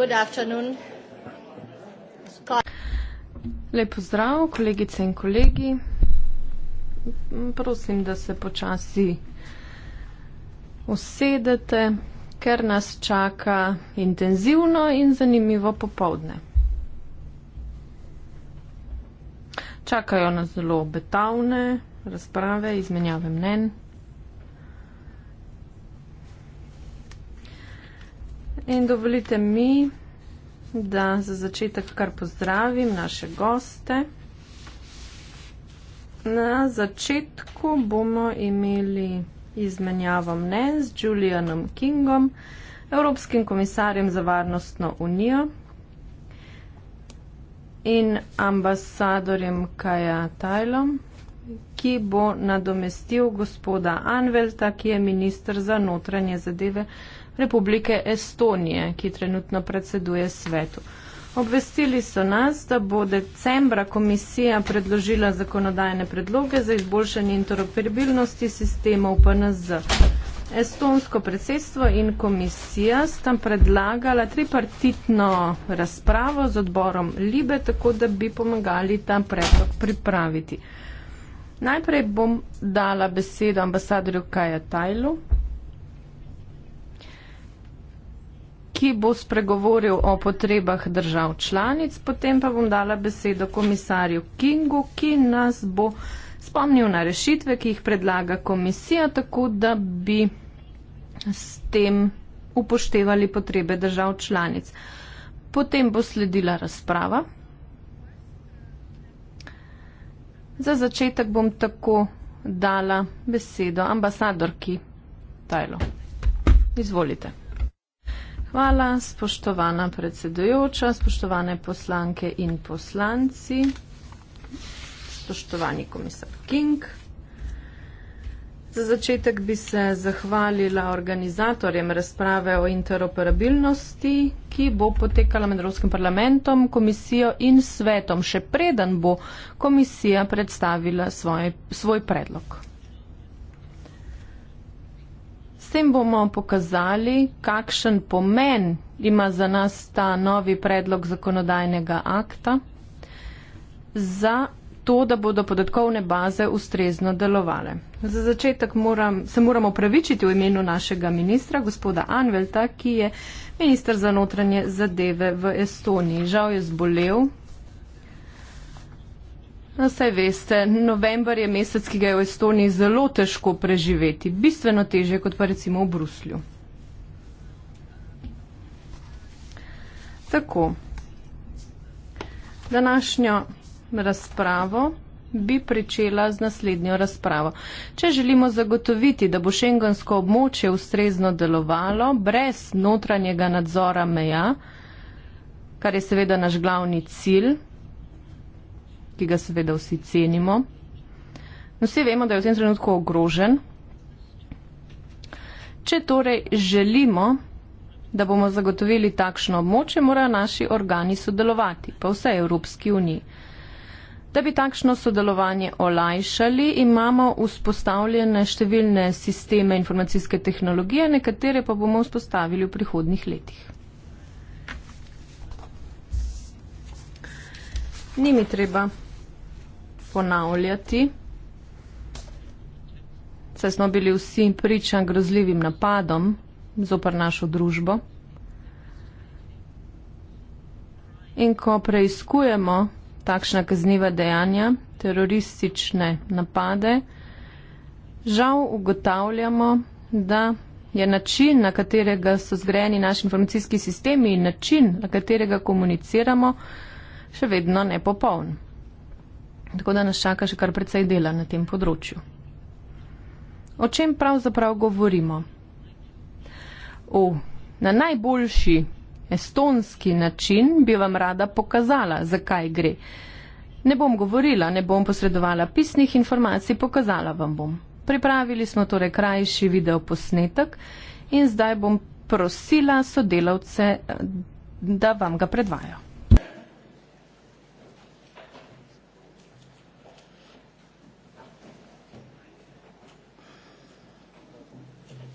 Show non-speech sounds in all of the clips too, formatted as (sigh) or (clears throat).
Good afternoon. Lep pozdrav, kolegice in kolegi. Prosim, da se počasi usedete, ker nas čaka intenzivno in zanimivo popovdne. Čakajo nas zelo obetavne razprave, izmenjave mnen. In dovolite mi, da za začetek kar pozdravim naše goste. Na začetku bomo imeli izmenjavo mnen z Julianom Kingom, Evropskim komisarjem za varnostno unijo in ambasadorjem Kaja Tajlom ki bo nadomestil gospoda Anvelta, ki je ministr za notranje zadeve Republike Estonije, ki trenutno predseduje svetu. Obvestili so nas, da bo decembra komisija predložila zakonodajne predloge za izboljšanje interoperabilnosti sistemov PNZ. Estonsko predsedstvo in komisija sta predlagala tripartitno razpravo z odborom Libe, tako da bi pomagali ta predlog pripraviti. Najprej bom dala besedo ambasadorju Kaja Tajlu. ki bo spregovoril o potrebah držav članic, potem pa bom dala besedo komisarju Kingu, ki nas bo spomnil na rešitve, ki jih predlaga komisija, tako da bi s tem upoštevali potrebe držav članic. Potem bo sledila razprava. Za začetek bom tako dala besedo ambasadorki Tajlo. Izvolite. Hvala, spoštovana predsedujoča, spoštovane poslanke in poslanci, spoštovani komisar King. Za začetek bi se zahvalila organizatorjem razprave o interoperabilnosti, ki bo potekala med Evropskim parlamentom, komisijo in svetom, še preden bo komisija predstavila svoj, svoj predlog tem bomo pokazali, kakšen pomen ima za nas ta novi predlog zakonodajnega akta za to, da bodo podatkovne baze ustrezno delovale. Za začetek moram, se moramo pravičiti v imenu našega ministra, gospoda Anvelta, ki je minister za notranje zadeve v Estoniji. Žal je zbolel, No, saj veste, november je mesec, ki ga je v Estoniji zelo težko preživeti. Bistveno teže kot pa recimo v Bruslju. Tako. Današnjo razpravo bi pričela z naslednjo razpravo. Če želimo zagotoviti, da bo šengensko območje ustrezno delovalo brez notranjega nadzora meja, kar je seveda naš glavni cilj, ki ga seveda vsi cenimo. No, vsi vemo, da je v tem trenutku ogrožen. Če torej želimo, da bomo zagotovili takšno območje, morajo naši organi sodelovati, pa vse Evropski uniji. Da bi takšno sodelovanje olajšali, imamo vzpostavljene številne sisteme informacijske tehnologije, nekatere pa bomo vzpostavili v prihodnih letih. Ni mi treba ponavljati. Saj smo bili vsi priča grozljivim napadom zopr našo družbo. In ko preiskujemo takšna kazniva dejanja, teroristične napade, žal ugotavljamo, da je način, na katerega so zgrajeni naši informacijski sistemi in način, na katerega komuniciramo, še vedno nepopoln. Tako da nas čaka še kar precej dela na tem področju. O čem pravzaprav govorimo? O, na najboljši estonski način bi vam rada pokazala, zakaj gre. Ne bom govorila, ne bom posredovala pisnih informacij, pokazala vam bom. Pripravili smo torej krajši videoposnetek in zdaj bom prosila sodelavce, da vam ga predvajajo.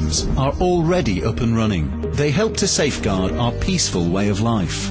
systems are already up and running. They help to safeguard our peaceful way of life.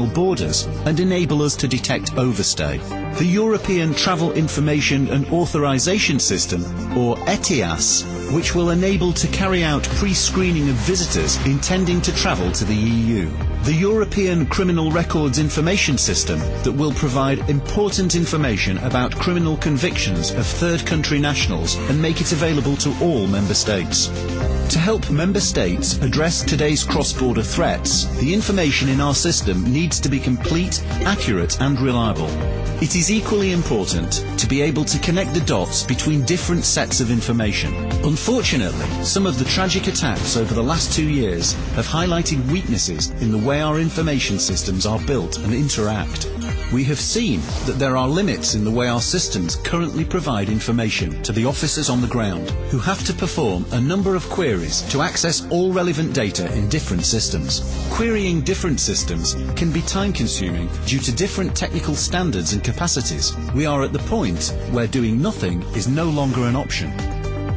national borders and enable us to detect overstay. The European Travel Information and Authorization System, or ETIAS, which will enable to carry out pre-screening of visitors intending to travel to the EU. The European Criminal Records Information System that will provide important information about criminal convictions of third country nationals and make it available to all member states. To help member states address today's cross-border threats, the information in our system needs needs to be complete, accurate, and reliable. It is equally important to be able to connect the dots between different sets of information. Unfortunately, some of the tragic attacks over the last two years have highlighted weaknesses in the way our information systems are built and interact. We have seen that there are limits in the way our systems currently provide information to the officers on the ground who have to perform a number of queries to access all relevant data in different systems. Querying different systems can be time consuming due to different technical standards and capacities, we are at the point where doing nothing is no longer an option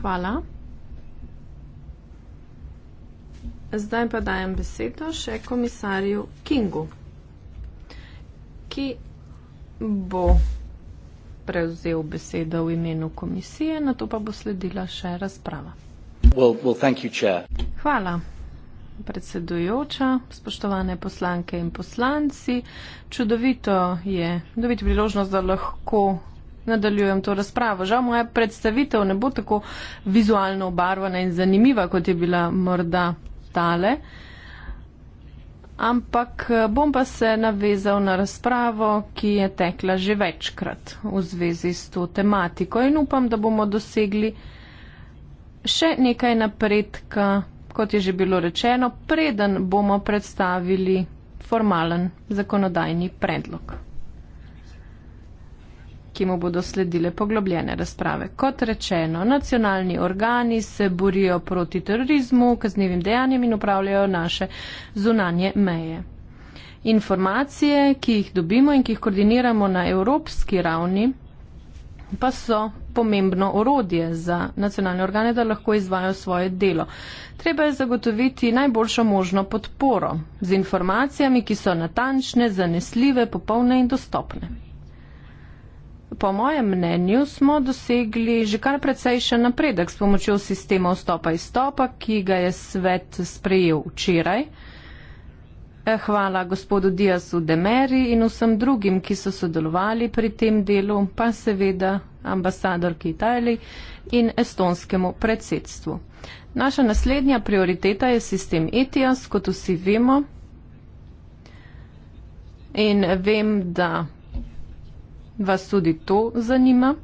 Hvala. Zdaj pa dajem besedo še komisarju Kingu, ki bo prevzel besedo v imenu komisije, na to pa bo sledila še razprava. Well, well, you, Hvala, predsedujoča, spoštovane poslanke in poslanci. Čudovito je, dobiti priložnost, da lahko nadaljujem to razpravo. Žal moja predstavitev ne bo tako vizualno obarvana in zanimiva, kot je bila morda tale. Ampak eh, bom pa se navezal na razpravo, ki je tekla že večkrat v zvezi s to tematiko in upam, da bomo dosegli še nekaj napredka, kot je že bilo rečeno, preden bomo predstavili formalen zakonodajni predlog ki mu bodo sledile poglobljene razprave. Kot rečeno, nacionalni organi se borijo proti terorizmu, kaznivim dejanjem in upravljajo naše zunanje meje. Informacije, ki jih dobimo in ki jih koordiniramo na evropski ravni, pa so pomembno orodje za nacionalne organe, da lahko izvajo svoje delo. Treba je zagotoviti najboljšo možno podporo z informacijami, ki so natančne, zanesljive, popolne in dostopne po mojem mnenju, smo dosegli že kar precejšen napredek s pomočjo sistema vstopa in stopa, ki ga je svet sprejel včeraj. Eh, hvala gospodu Diasu Demeri in vsem drugim, ki so sodelovali pri tem delu, pa seveda ambasadorki Italiji in estonskemu predsedstvu. Naša naslednja prioriteta je sistem ETIAS, kot vsi vemo. In vem, da Vas tudi to zanima?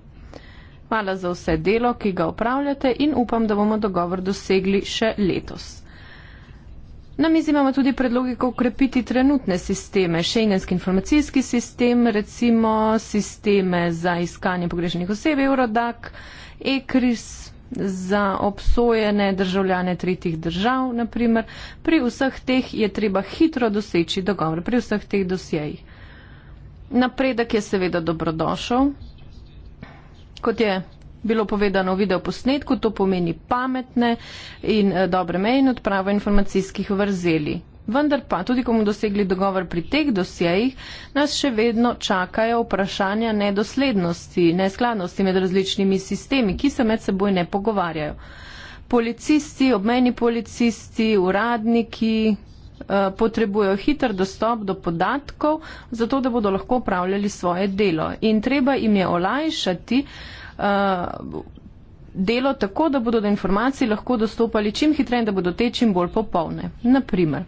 Hvala za vse delo, ki ga upravljate in upam, da bomo dogovor dosegli še letos. Na mizi imamo tudi predloge, kako ukrepiti trenutne sisteme, šengenski informacijski sistem, recimo sisteme za iskanje pogrešenih oseb, Eurodac, ECRIS za obsojene državljane tretjih držav, naprimer. Pri vseh teh je treba hitro doseči dogovor, pri vseh teh dosjejih. Napredek je seveda dobrodošel. Kot je bilo povedano v videoposnetku, to pomeni pametne in eh, dobre meje in odpravo informacijskih vrzeli. Vendar pa, tudi ko bomo dosegli dogovor pri teh dosjejih, nas še vedno čakajo vprašanja nedoslednosti, neskladnosti med različnimi sistemi, ki se med seboj ne pogovarjajo. Policisti, obmejni policisti, uradniki, Eh, potrebujejo hiter dostop do podatkov, zato da bodo lahko upravljali svoje delo. In treba jim je olajšati eh, delo tako, da bodo do informacij lahko dostopali čim hitreje in da bodo te čim bolj popolne. Naprimer,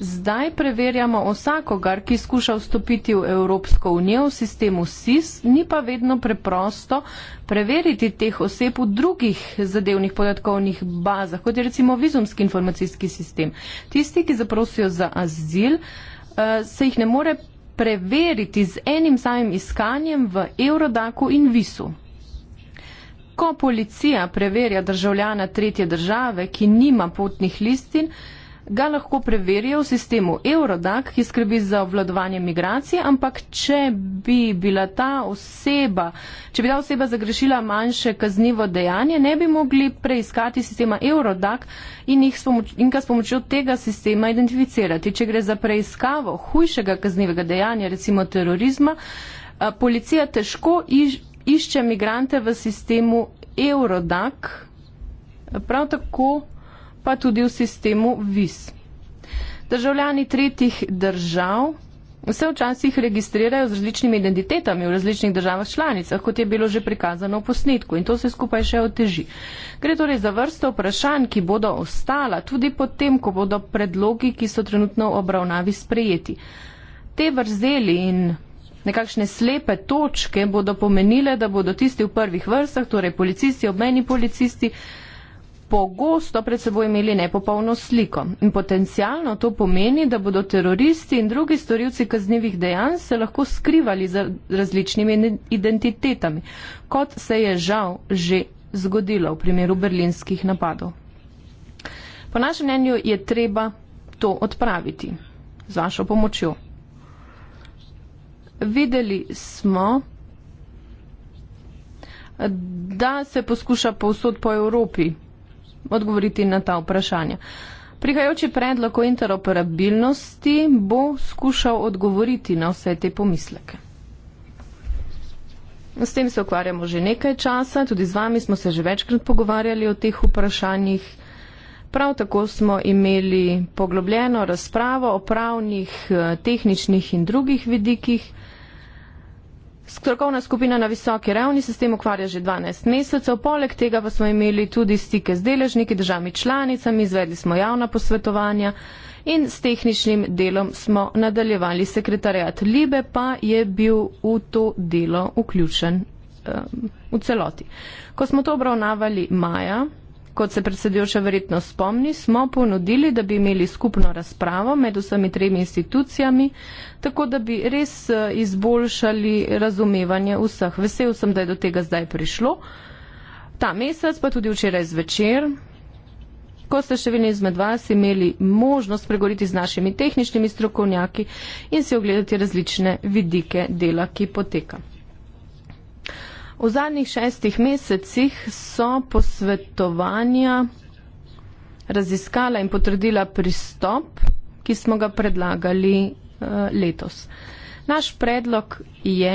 Zdaj preverjamo vsakogar, ki skuša vstopiti v Evropsko unijo v sistemu SIS, ni pa vedno preprosto preveriti teh oseb v drugih zadevnih podatkovnih bazah, kot je recimo vizumski informacijski sistem. Tisti, ki zaprosijo za azil, eh, se jih ne more preveriti z enim samim iskanjem v Eurodaku in visu. Ko policija preverja državljana tretje države, ki nima potnih listin, ga lahko preverijo v sistemu Eurodac, ki skrbi za obvladovanje migracije, ampak če bi bila ta oseba, če bi ta oseba zagrešila manjše kaznivo dejanje, ne bi mogli preiskati sistema Eurodac in, spomoč, in ga s pomočjo tega sistema identificirati. Če gre za preiskavo hujšega kaznivega dejanja, recimo terorizma, eh, policija težko iš, išče migrante v sistemu Eurodac. Prav tako pa tudi v sistemu VIS. Državljani tretjih držav vse včasih registrirajo z različnimi identitetami v različnih državah članicah, kot je bilo že prikazano v posnetku in to se skupaj še oteži. Gre torej za vrsto vprašanj, ki bodo ostala tudi potem, ko bodo predlogi, ki so trenutno v obravnavi sprejeti. Te vrzeli in nekakšne slepe točke bodo pomenile, da bodo tisti v prvih vrstah, torej policisti, obmeni policisti, pogosto pred seboj imeli nepopolno sliko. In potencialno to pomeni, da bodo teroristi in drugi storilci kaznjivih dejanj se lahko skrivali za različnimi identitetami, kot se je žal že zgodilo v primeru berlinskih napadov. Po našem mnenju je treba to odpraviti z vašo pomočjo. Videli smo, da se poskuša povsod po Evropi odgovoriti na ta vprašanja. Prihajajoči predlog o interoperabilnosti bo skušal odgovoriti na vse te pomisleke. S tem se ukvarjamo že nekaj časa, tudi z vami smo se že večkrat pogovarjali o teh vprašanjih. Prav tako smo imeli poglobljeno razpravo o pravnih, eh, tehničnih in drugih vidikih. Strokovna skupina na visoki ravni se s tem ukvarja že 12 mesecev, poleg tega pa smo imeli tudi stike z deležniki, državami članicami, izvedli smo javna posvetovanja in s tehničnim delom smo nadaljevali. Sekretarjat Libe pa je bil v to delo vključen um, v celoti. Ko smo to obravnavali maja, Kot se predsedujoča verjetno spomni, smo ponudili, da bi imeli skupno razpravo med vsemi tremi institucijami, tako da bi res eh, izboljšali razumevanje vseh. Vesel sem, da je do tega zdaj prišlo. Ta mesec, pa tudi včeraj zvečer, ko ste številni izmed vas imeli možnost pregovoriti z našimi tehničnimi strokovnjaki in si ogledati različne vidike dela, ki poteka. V zadnjih šestih mesecih so posvetovanja raziskala in potrdila pristop, ki smo ga predlagali eh, letos. Naš predlog je,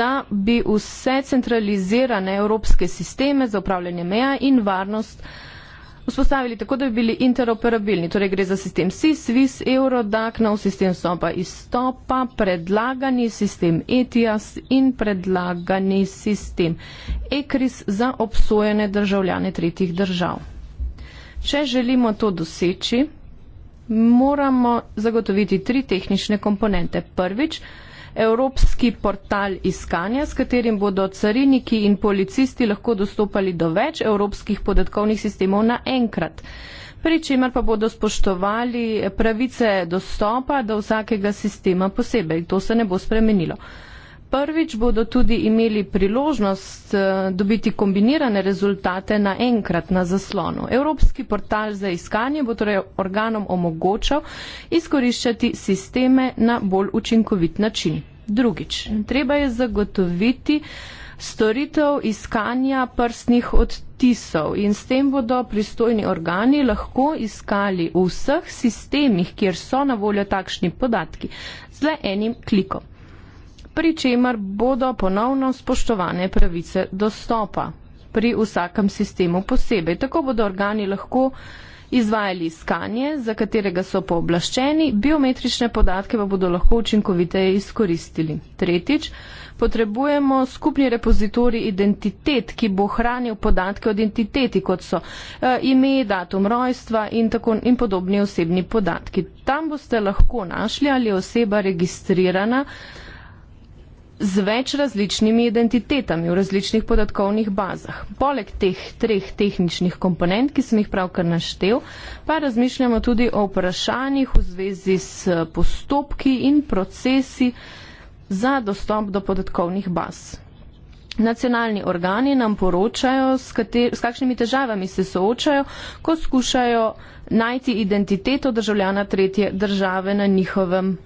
da bi vse centralizirane evropske sisteme za upravljanje meja in varnost vsega, vzpostavili tako, da bi bili interoperabilni. Torej gre za sistem SIS, SWIS, Eurodac, nov sistem SOPA izstopa, predlagani sistem ETIAS in predlagani sistem ECRIS za obsojene državljane tretjih držav. Če želimo to doseči, moramo zagotoviti tri tehnične komponente. Prvič, evropski portal iskanja, s katerim bodo cariniki in policisti lahko dostopali do več evropskih podatkovnih sistemov naenkrat. Pri čemer pa bodo spoštovali pravice dostopa do vsakega sistema posebej. To se ne bo spremenilo prvič bodo tudi imeli priložnost eh, dobiti kombinirane rezultate naenkrat na zaslonu. Evropski portal za iskanje bo torej organom omogočal izkoriščati sisteme na bolj učinkovit način. Drugič, treba je zagotoviti storitev iskanja prstnih odtisov in s tem bodo pristojni organi lahko iskali v vseh sistemih, kjer so na voljo takšni podatki, z le enim klikom pri čemer bodo ponovno spoštovane pravice dostopa pri vsakem sistemu posebej. Tako bodo organi lahko izvajali iskanje, za katerega so pooblaščeni, biometrične podatke pa bodo lahko učinkoviteje izkoristili. Tretjič, potrebujemo skupni repozitori identitet, ki bo hranil podatke o identiteti, kot so e, ime, datum rojstva in, tako, in podobni osebni podatki. Tam boste lahko našli, ali je oseba registrirana z več različnimi identitetami v različnih podatkovnih bazah. Poleg teh treh tehničnih komponent, ki sem jih pravkar naštel, pa razmišljamo tudi o vprašanjih v zvezi s postopki in procesi za dostop do podatkovnih baz. Nacionalni organi nam poročajo, s, kater, s kakšnimi težavami se soočajo, ko skušajo najti identiteto državljana tretje države na njihovem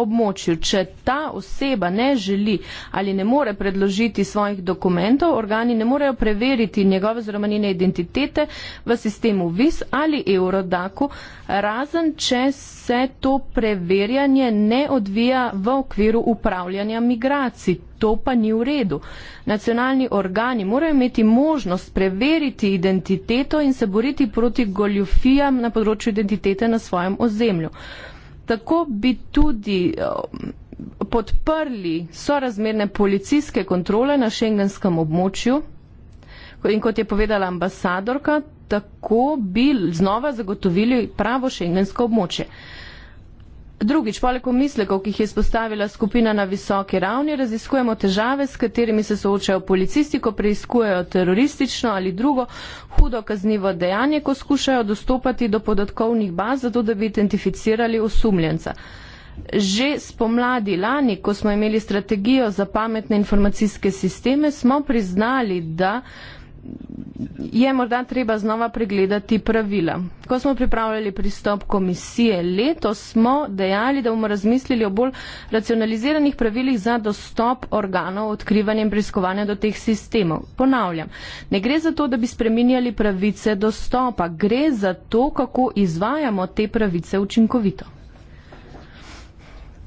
območju, če ta oseba ne želi ali ne more predložiti svojih dokumentov, organi ne morejo preveriti njegove oziroma njene identitete v sistemu VIS ali Eurodaku, razen če se to preverjanje ne odvija v okviru upravljanja migracij. To pa ni v redu. Nacionalni organi morajo imeti možnost preveriti identiteto in se boriti proti goljofijam na področju identitete na svojem ozemlju tako bi tudi eh, podprli sorazmerne policijske kontrole na šengenskem območju in kot je povedala ambasadorka, tako bi znova zagotovili pravo šengensko območje. Drugič, poleg pomislekov, ki jih je spostavila skupina na visoki ravni, raziskujemo težave, s katerimi se soočajo policisti, ko preiskujejo teroristično ali drugo hudo kaznivo dejanje, ko skušajo dostopati do podatkovnih baz, zato da bi identificirali osumljenca. Že spomladi lani, ko smo imeli strategijo za pametne informacijske sisteme, smo priznali, da je morda treba znova pregledati pravila. Ko smo pripravljali pristop komisije letos, smo dejali, da bomo razmislili o bolj racionaliziranih pravilih za dostop organov odkrivanja in preiskovanja do teh sistemov. Ponavljam, ne gre za to, da bi spreminjali pravice dostopa, gre za to, kako izvajamo te pravice učinkovito.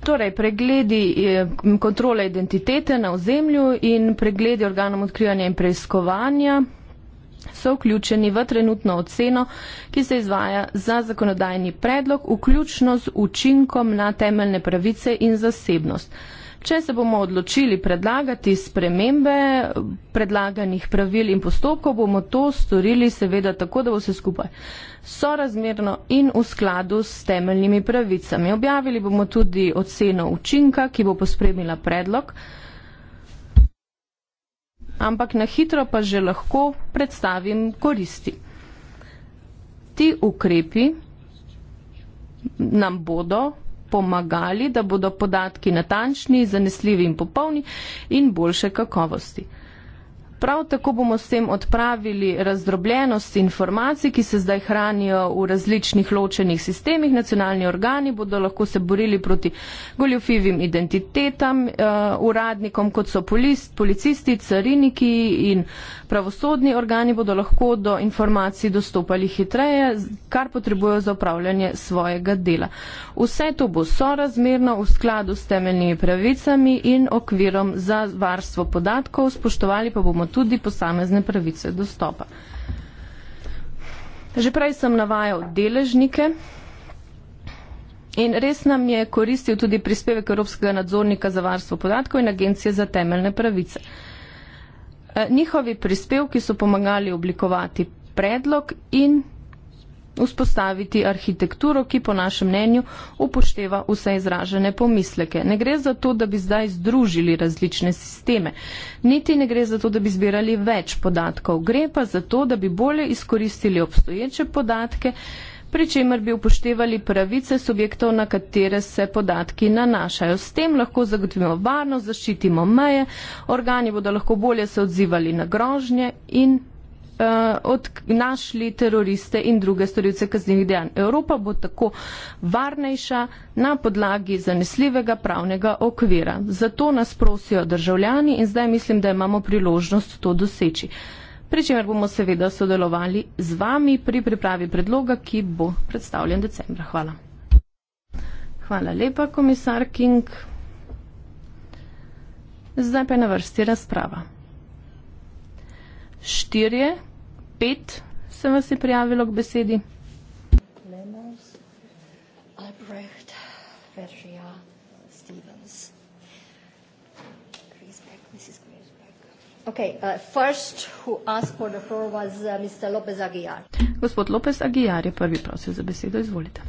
Torej, pregledi eh, kontrole identitete na ozemlju in pregledi organom odkrivanja in preiskovanja so vključeni v trenutno oceno, ki se izvaja za zakonodajni predlog, vključno z učinkom na temeljne pravice in zasebnost. Če se bomo odločili predlagati spremembe predlaganih pravil in postopkov, bomo to storili seveda tako, da bo vse skupaj sorazmerno in v skladu s temeljnimi pravicami. Objavili bomo tudi oceno učinka, ki bo pospremila predlog. Ampak na hitro pa že lahko predstavim koristi. Ti ukrepi nam bodo pomagali, da bodo podatki natančni, zanesljivi in popolni in boljše kakovosti. Prav tako bomo s tem odpravili razdrobljenost informacij, ki se zdaj hranijo v različnih ločenih sistemih. Nacionalni organi bodo lahko se borili proti goljofivim identitetam, uh, uradnikom, kot so polist, policisti, cariniki in pravosodni organi bodo lahko do informacij dostopali hitreje, kar potrebujejo za upravljanje svojega dela. Vse to bo sorazmerno v skladu s temeljnimi pravicami in okvirom za varstvo podatkov, spoštovali pa bomo tudi posamezne pravice dostopa. Že prej sem navajal deležnike in res nam je koristil tudi prispevek Evropskega nadzornika za varstvo podatkov in Agencije za temeljne pravice. Eh, njihovi prispevki so pomagali oblikovati predlog in vzpostaviti arhitekturo, ki po našem mnenju upošteva vse izražene pomisleke. Ne gre za to, da bi zdaj združili različne sisteme, niti ne gre za to, da bi zbirali več podatkov, gre pa za to, da bi bolje izkoristili obstoječe podatke, pri čemer bi upoštevali pravice subjektov, na katere se podatki nanašajo. S tem lahko zagotovimo varnost, zaščitimo meje, organi bodo lahko bolje se odzivali na grožnje in uh, od, našli teroriste in druge storilce kaznjivih dejanj. Evropa bo tako varnejša na podlagi zanesljivega pravnega okvira. Zato nas prosijo državljani in zdaj mislim, da imamo priložnost to doseči. Pričemer bomo seveda sodelovali z vami pri pripravi predloga, ki bo predstavljen decembra. Hvala. Hvala lepa, komisar King. Zdaj pa je na vrsti razprava. Štirje pet se vas je prijavilo k besedi. Okay, uh, first who asked for the floor was uh, Mr. Lopez Aguiar. Gospod Lopez Aguiar je prvi prosil za besedo, izvolite.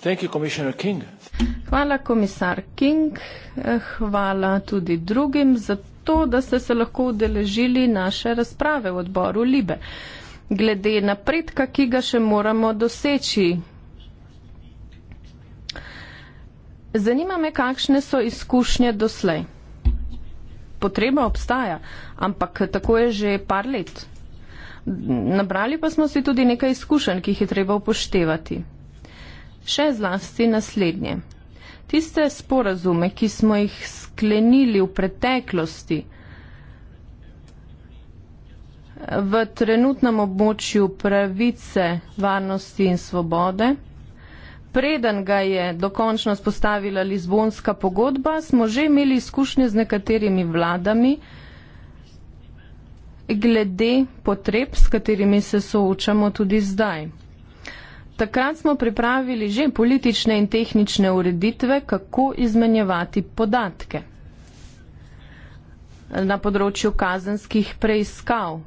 Thank you, Commissioner King. Hvala komisar King, eh, hvala tudi drugim za to, da ste se lahko udeležili naše razprave v odboru Libe. Glede napredka, ki ga še moramo doseči. Zanima me, kakšne so izkušnje doslej. Potreba obstaja, ampak tako je že par let. Nabrali pa smo si tudi nekaj izkušenj, ki jih je treba upoštevati. Še zlasti naslednje tiste sporazume, ki smo jih sklenili v preteklosti v trenutnem območju pravice, varnosti in svobode, preden ga je dokončno spostavila Lizbonska pogodba, smo že imeli izkušnje z nekaterimi vladami glede potreb, s katerimi se soočamo tudi zdaj takrat smo pripravili že politične in tehnične ureditve, kako izmenjevati podatke na področju kazenskih preiskav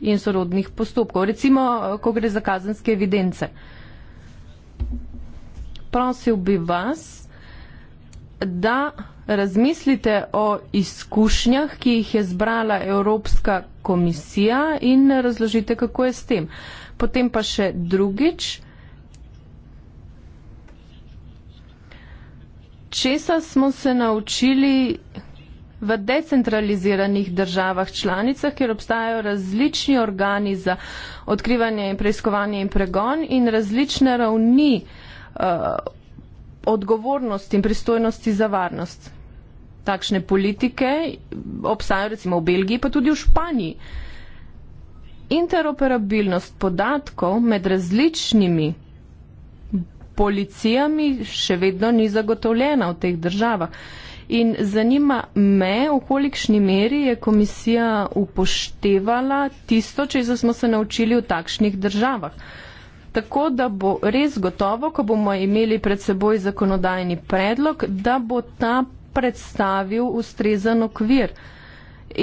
in sorodnih postopkov, recimo, ko gre za kazenske evidence. Prosil bi vas, da razmislite o izkušnjah, ki jih je zbrala Evropska komisija in razložite, kako je s tem. Potem pa še drugič. česa smo se naučili v decentraliziranih državah članicah, kjer obstajajo različni organi za odkrivanje in preiskovanje in pregon in različne ravni uh, odgovornosti in pristojnosti za varnost. Takšne politike obstajajo recimo v Belgiji, pa tudi v Španiji. Interoperabilnost podatkov med različnimi policijami še vedno ni zagotovljena v teh državah. In zanima me, v kolikšni meri je komisija upoštevala tisto, če smo se naučili v takšnih državah. Tako da bo res gotovo, ko bomo imeli pred seboj zakonodajni predlog, da bo ta predstavil ustrezan okvir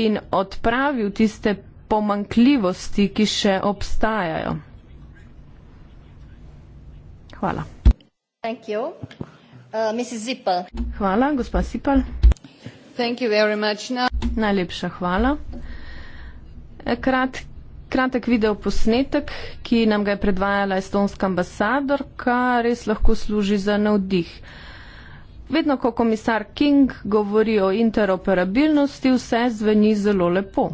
in odpravil tiste pomankljivosti, ki še obstajajo. Hvala. Thank you. Uh, Zippel. Hvala, gospa Sipal. Thank you very much. No. Najlepša hvala. E, krat, kratek video posnetek, ki nam ga je predvajala estonska ambasadorka, res lahko služi za navdih. Vedno, ko komisar King govori o interoperabilnosti, vse zveni zelo lepo.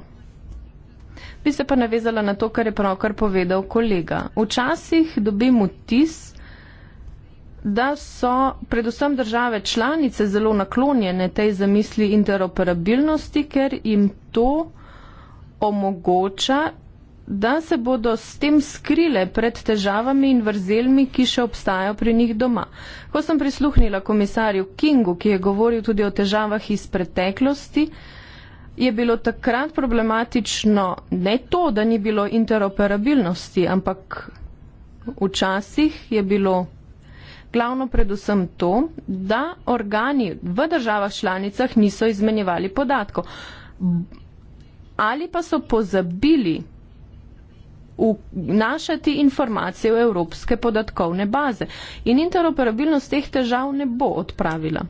Bi se pa navezala na to, kar je pravkar povedal kolega. Včasih dobim vtis, da so predvsem države članice zelo naklonjene tej zamisli interoperabilnosti, ker jim to omogoča, da se bodo s tem skrile pred težavami in vrzelmi, ki še obstajajo pri njih doma. Ko sem prisluhnila komisarju Kingu, ki je govoril tudi o težavah iz preteklosti, je bilo takrat problematično ne to, da ni bilo interoperabilnosti, ampak včasih je bilo glavno predvsem to, da organi v državah članicah niso izmenjevali podatkov. Ali pa so pozabili vnašati informacije v evropske podatkovne baze. In interoperabilnost teh težav ne bo odpravila.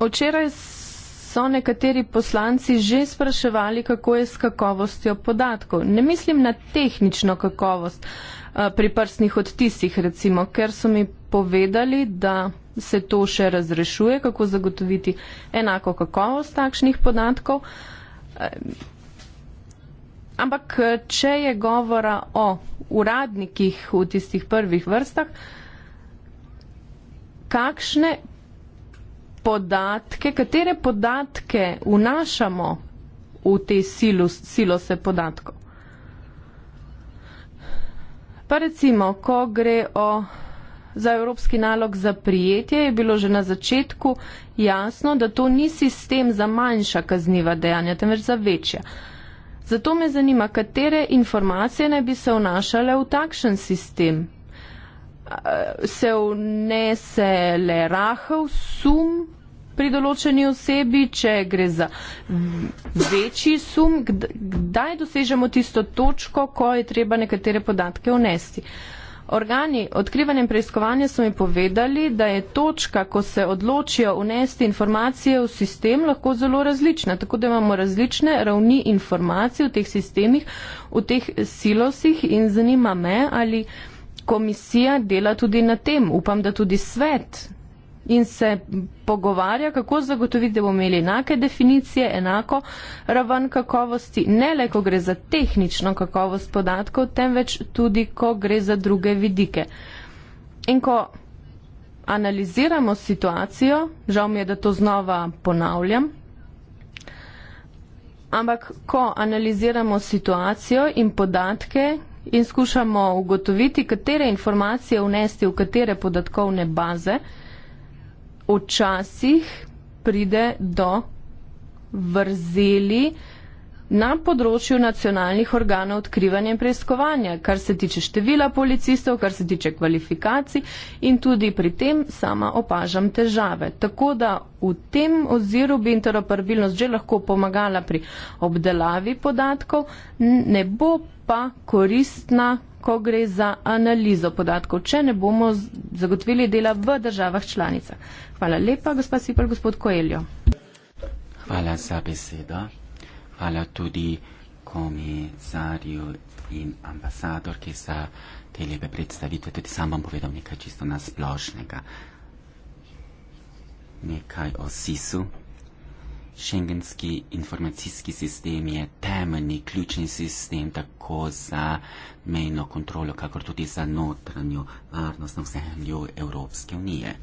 Včeraj so nekateri poslanci že spraševali, kako je s kakovostjo podatkov. Ne mislim na tehnično kakovost, Eh, pri prstnih odtisih, recimo, ker so mi povedali, da se to še razrešuje, kako zagotoviti enako kakovost takšnih podatkov. Eh, ampak, če je govora o uradnikih v tistih prvih vrstah, kakšne podatke, katere podatke vnašamo v te silose podatkov? Pa recimo, ko gre o, za evropski nalog za prijetje, je bilo že na začetku jasno, da to ni sistem za manjša kazniva dejanja, temveč za večja. Zato me zanima, katere informacije naj bi se vnašale v takšen sistem. Se vnese le rahel sum pri določeni osebi, če gre za večji sum, kdaj dosežemo tisto točko, ko je treba nekatere podatke unesti. Organi odkrivanja in preiskovanja so mi povedali, da je točka, ko se odločijo unesti informacije v sistem, lahko zelo različna. Tako da imamo različne ravni informacij v teh sistemih, v teh silosih in zanima me, ali komisija dela tudi na tem. Upam, da tudi svet in se pogovarja, kako zagotoviti, da bomo imeli enake definicije, enako raven kakovosti, ne le, ko gre za tehnično kakovost podatkov, temveč tudi, ko gre za druge vidike. In ko analiziramo situacijo, žal mi je, da to znova ponavljam, ampak ko analiziramo situacijo in podatke in skušamo ugotoviti, katere informacije vnesti v katere podatkovne baze, včasih pride do vrzeli na področju nacionalnih organov odkrivanja in preiskovanja, kar se tiče števila policistov, kar se tiče kvalifikacij in tudi pri tem sama opažam težave. Tako da v tem oziru bi interoperabilnost že lahko pomagala pri obdelavi podatkov, ne bo pa koristna ko gre za analizo podatkov, če ne bomo zagotovili dela v državah članicah. Hvala lepa, gospa Sipel, gospod Koeljo. Hvala za besedo. Hvala tudi komisarju in ambasadorki za te lepe predstavitve. Tudi sam bom povedal nekaj čisto nasplošnega. Nekaj o SIS-u, Šengenski informacijski sistem je temeljni, ključni sistem tako za mejno kontrolo, kakor tudi za notranjo varnost na vzemlju Evropske unije.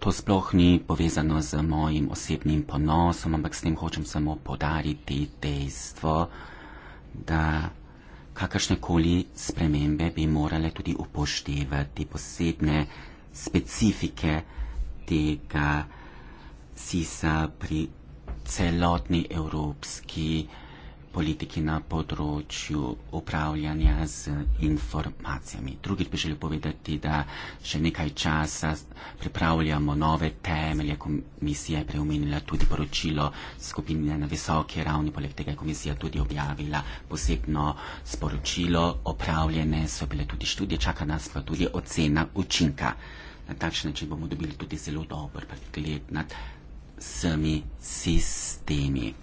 To sploh ni povezano z mojim osebnim ponosom, ampak s tem hočem samo podariti dejstvo, da kakršnekoli spremembe bi morale tudi upoštevati posebne specifike tega, Sisa pri celotni evropski politiki na področju upravljanja z informacijami. Drugič bi želel povedati, da še nekaj časa pripravljamo nove temelje. Komisija je preomenila tudi poročilo skupine na visoki ravni, poleg tega je komisija tudi objavila posebno sporočilo. Opravljene so bile tudi študije, čaka nas pa tudi ocena učinka. Na takšen način bomo dobili tudi zelo dober pregled nad vsemi sistemi.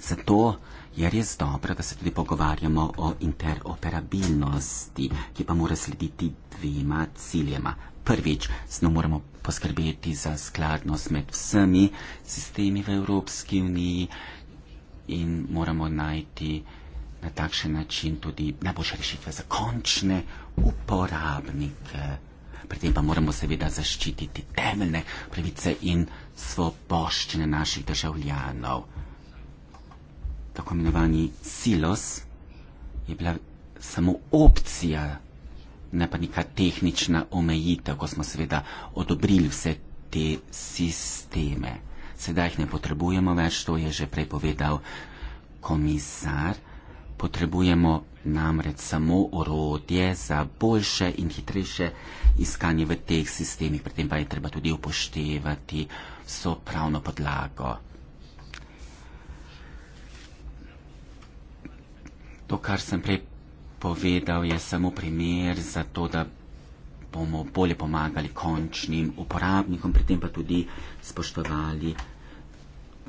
Zato je res dobro, da se tudi pogovarjamo o interoperabilnosti, ki pa mora slediti dvema ciljema. Prvič, smo moramo poskrbeti za skladnost med vsemi sistemi v Evropski uniji in moramo najti na takšen način tudi najboljše rešitve za končne uporabnike. Pri tem pa moramo seveda zaščititi temeljne pravice in svoboščine naših državljanov. Tako imenovani silos je bila samo opcija, ne pa neka tehnična omejitev, ko smo seveda odobrili vse te sisteme. Sedaj jih ne potrebujemo več, to je že prej povedal komisar. Potrebujemo namreč samo orodje za boljše in hitrejše iskanje v teh sistemih, pri tem pa je treba tudi upoštevati vso pravno podlago. To, kar sem prej povedal, je samo primer za to, da bomo bolje pomagali končnim uporabnikom, pri tem pa tudi spoštovali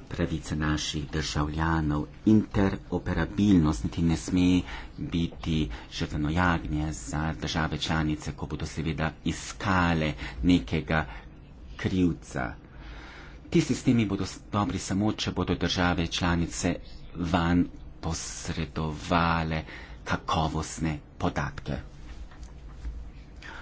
pravice naših državljanov. Interoperabilnost niti ne sme biti žrtveno jagnje za države članice, ko bodo seveda iskale nekega krivca. Ti sistemi bodo dobri samo, če bodo države članice van posredovale kakovostne podatke.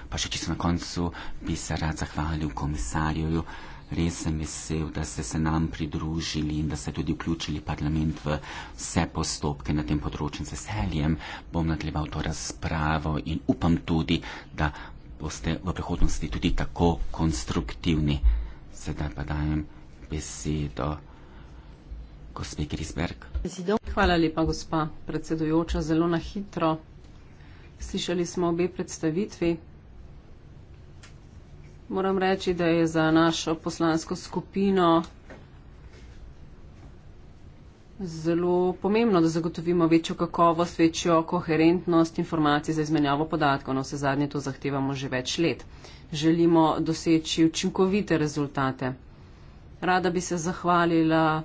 Pa še čisto na koncu bi se rad zahvalil komisarju. Res sem vesel, da ste se nam pridružili in da ste tudi vključili parlament v vse postopke na tem področju. Z veseljem bom nadaljeval to razpravo in upam tudi, da boste v prihodnosti tudi tako konstruktivni. Sedaj pa dajem besedo gospe Grisberg. Hvala lepa, gospa predsedujoča, zelo na hitro. Slišali smo obe predstavitvi. Moram reči, da je za našo poslansko skupino zelo pomembno, da zagotovimo večjo kakovost, večjo koherentnost informacij za izmenjavo podatkov. Na no, vse zadnje to zahtevamo že več let. Želimo doseči učinkovite rezultate. Rada bi se zahvalila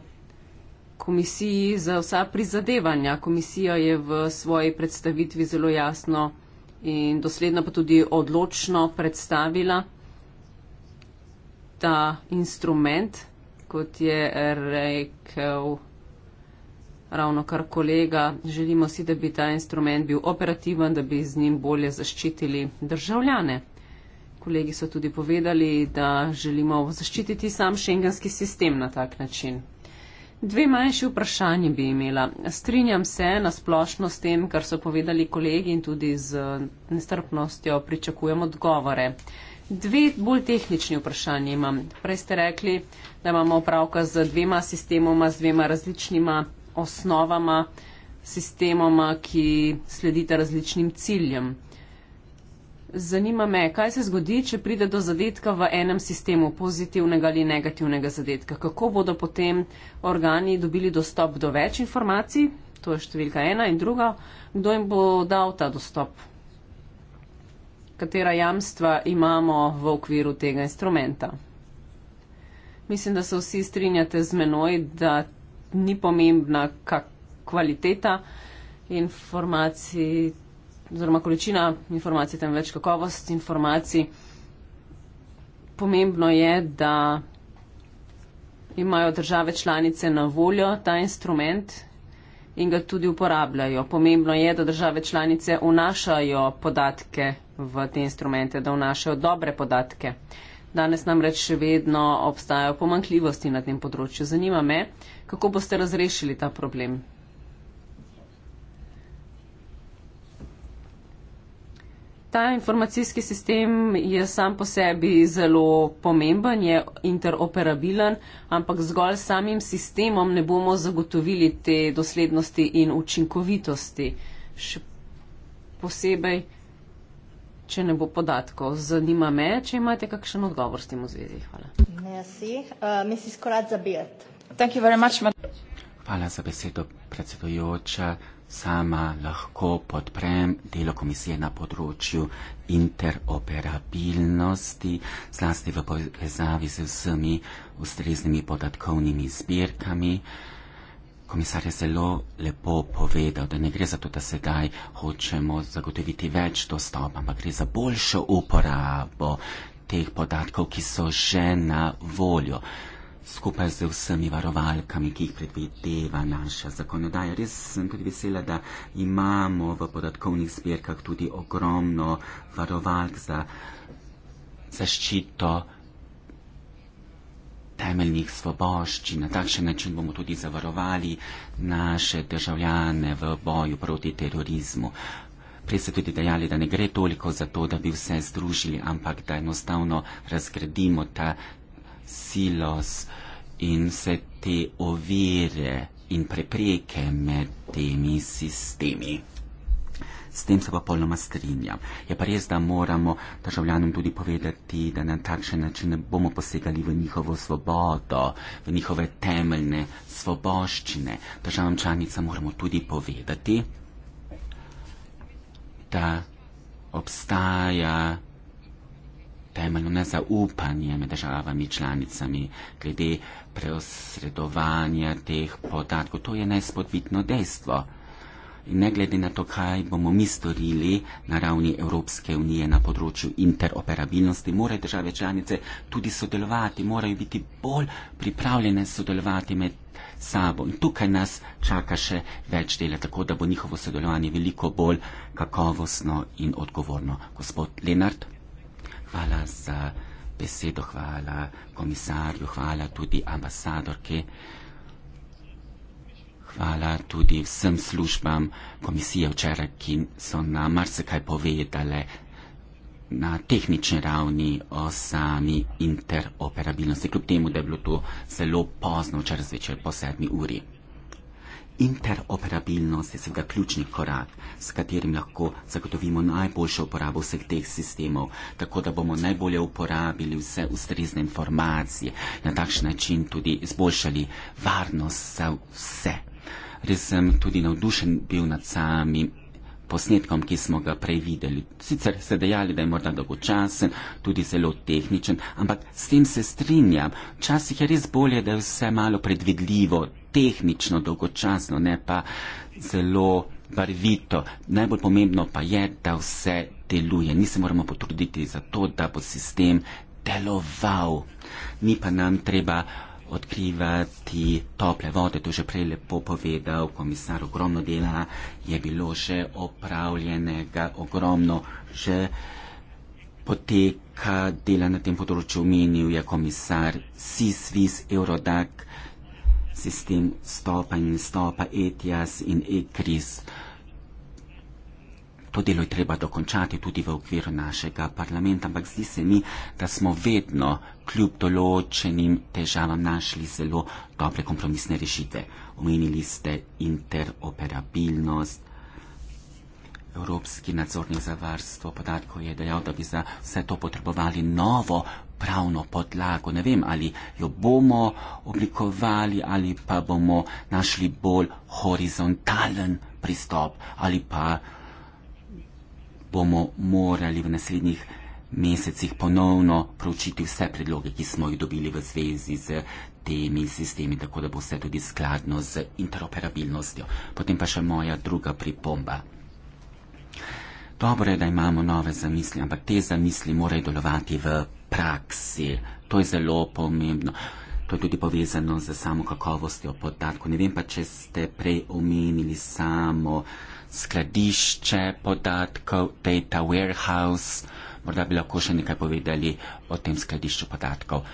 komisiji za vsa prizadevanja. Komisija je v svoji predstavitvi zelo jasno in dosledno pa tudi odločno predstavila ta instrument, kot je rekel ravno kar kolega. Želimo si, da bi ta instrument bil operativen, da bi z njim bolje zaščitili državljane. Kolegi so tudi povedali, da želimo zaščititi sam šengenski sistem na tak način. Dve manjši vprašanje bi imela. Strinjam se na splošno s tem, kar so povedali kolegi in tudi z nestrpnostjo pričakujem odgovore. Uh, Dve bolj tehnični vprašanji imam. Prej ste rekli, da imamo opravka z dvema sistemoma, z dvema različnima osnovama, sistemoma, ki sledite različnim ciljem. Zanima me, kaj se zgodi, če pride do zadetka v enem sistemu, pozitivnega ali negativnega zadetka. Kako bodo potem organi dobili dostop do več informacij? To je številka ena in druga. Kdo jim bo dal ta dostop? katera jamstva imamo v okviru tega instrumenta. Mislim, da se vsi strinjate z menoj, da ni pomembna kvaliteta informacij, oziroma količina informacij, temveč kakovost informacij. Pomembno je, da imajo države članice na voljo ta instrument in ga tudi uporabljajo. Pomembno je, da države članice vnašajo podatke v te instrumente, da vnašajo dobre podatke. Danes namreč še vedno obstajajo pomankljivosti na tem področju. Zanima me, kako boste razrešili ta problem. Ta informacijski sistem je sam po sebi zelo pomemben, je interoperabilen, ampak zgolj samim sistemom ne bomo zagotovili te doslednosti in učinkovitosti. Še posebej, če ne bo podatkov. Zanima me, če imate kakšen odgovor s tem v zvezi. Hvala. Uh, Hvala za besedo, predsedujoča sama lahko podprem delo komisije na področju interoperabilnosti, zlasti v povezavi z vsemi ustreznimi podatkovnimi zbirkami. Komisar je zelo lepo povedal, da ne gre za to, da sedaj hočemo zagotoviti več dostopa, ampak gre za boljšo uporabo teh podatkov, ki so že na voljo skupaj z vsemi varovalkami, ki jih predvideva naša zakonodaja. Res sem tudi vesela, da imamo v podatkovnih zbirkah tudi ogromno varovalk za zaščito temeljnih svoboščin. Na takšen način bomo tudi zavarovali naše državljane v boju proti terorizmu. Prej ste tudi dejali, da ne gre toliko za to, da bi vse združili, ampak da enostavno razgradimo ta silos in vse te ovire in prepreke med temi sistemi. S tem se pa polnoma strinjam. Je pa res, da moramo državljanom tudi povedati, da na takšen način ne bomo posegali v njihovo svobodo, v njihove temeljne svoboščine. Državam članica moramo tudi povedati, da obstaja temeljno nezaupanje med državami članicami glede preosredovanja teh podatkov. To je nespodbitno dejstvo. In ne glede na to, kaj bomo mi storili na ravni Evropske unije na področju interoperabilnosti, morajo države članice tudi sodelovati, morajo biti bolj pripravljene sodelovati med sabo. In tukaj nas čaka še več dela, tako da bo njihovo sodelovanje veliko bolj kakovostno in odgovorno. Gospod Lenart. Hvala za besedo, hvala komisarju, hvala tudi ambasadorki. Hvala tudi vsem službam komisije včeraj, ki so nam marsikaj povedale na tehnični ravni o sami interoperabilnosti, kljub temu, da je bilo to zelo pozno, včeraj zvečer po sedmi uri. Interoperabilnost je seveda ključni korak, s katerim lahko zagotovimo najboljšo uporabo vseh teh sistemov, tako da bomo najbolje uporabili vse ustrezne informacije, na takšen način tudi izboljšali varnost za vse. Res sem tudi navdušen bil nad samim posnetkom, ki smo ga prej videli. Sicer ste dejali, da je morda dolgočasen, tudi zelo tehničen, ampak s tem se strinjam. Včasih je res bolje, da je vse malo predvidljivo, tehnično, dolgočasno, ne pa zelo barvito. Najbolj pomembno pa je, da vse deluje. Mi se moramo potruditi za to, da bo sistem deloval. Ni pa nam treba odkrivati tople vode. To že prej lepo povedal komisar, ogromno dela je bilo že opravljenega, ogromno že poteka dela na tem področju, menil je komisar SISVIS, Eurodac, sistem stopa in stopa ETIAS in ECRIS to delo je treba dokončati tudi v okviru našega parlamenta, ampak zdi se mi, da smo vedno kljub določenim težavam našli zelo dobre kompromisne rešitve. Omenili ste interoperabilnost. Evropski nadzornik za varstvo podatkov je dejal, da bi za vse to potrebovali novo pravno podlago. Ne vem, ali jo bomo oblikovali, ali pa bomo našli bolj horizontalen pristop, ali pa bomo morali v naslednjih mesecih ponovno pravčiti vse predloge, ki smo jih dobili v zvezi z temi sistemi, tako da bo vse tudi skladno z interoperabilnostjo. Potem pa še moja druga pripomba. Dobro je, da imamo nove zamisli, ampak te zamisli morajo delovati v praksi. To je zelo pomembno. To je tudi povezano z samo kakovostjo podatkov. Ne vem pa, če ste prej omenili samo uh, skladišče podatkov, data warehouse. Morda bi lahko še nekaj povedali o tem skladišču podatkov.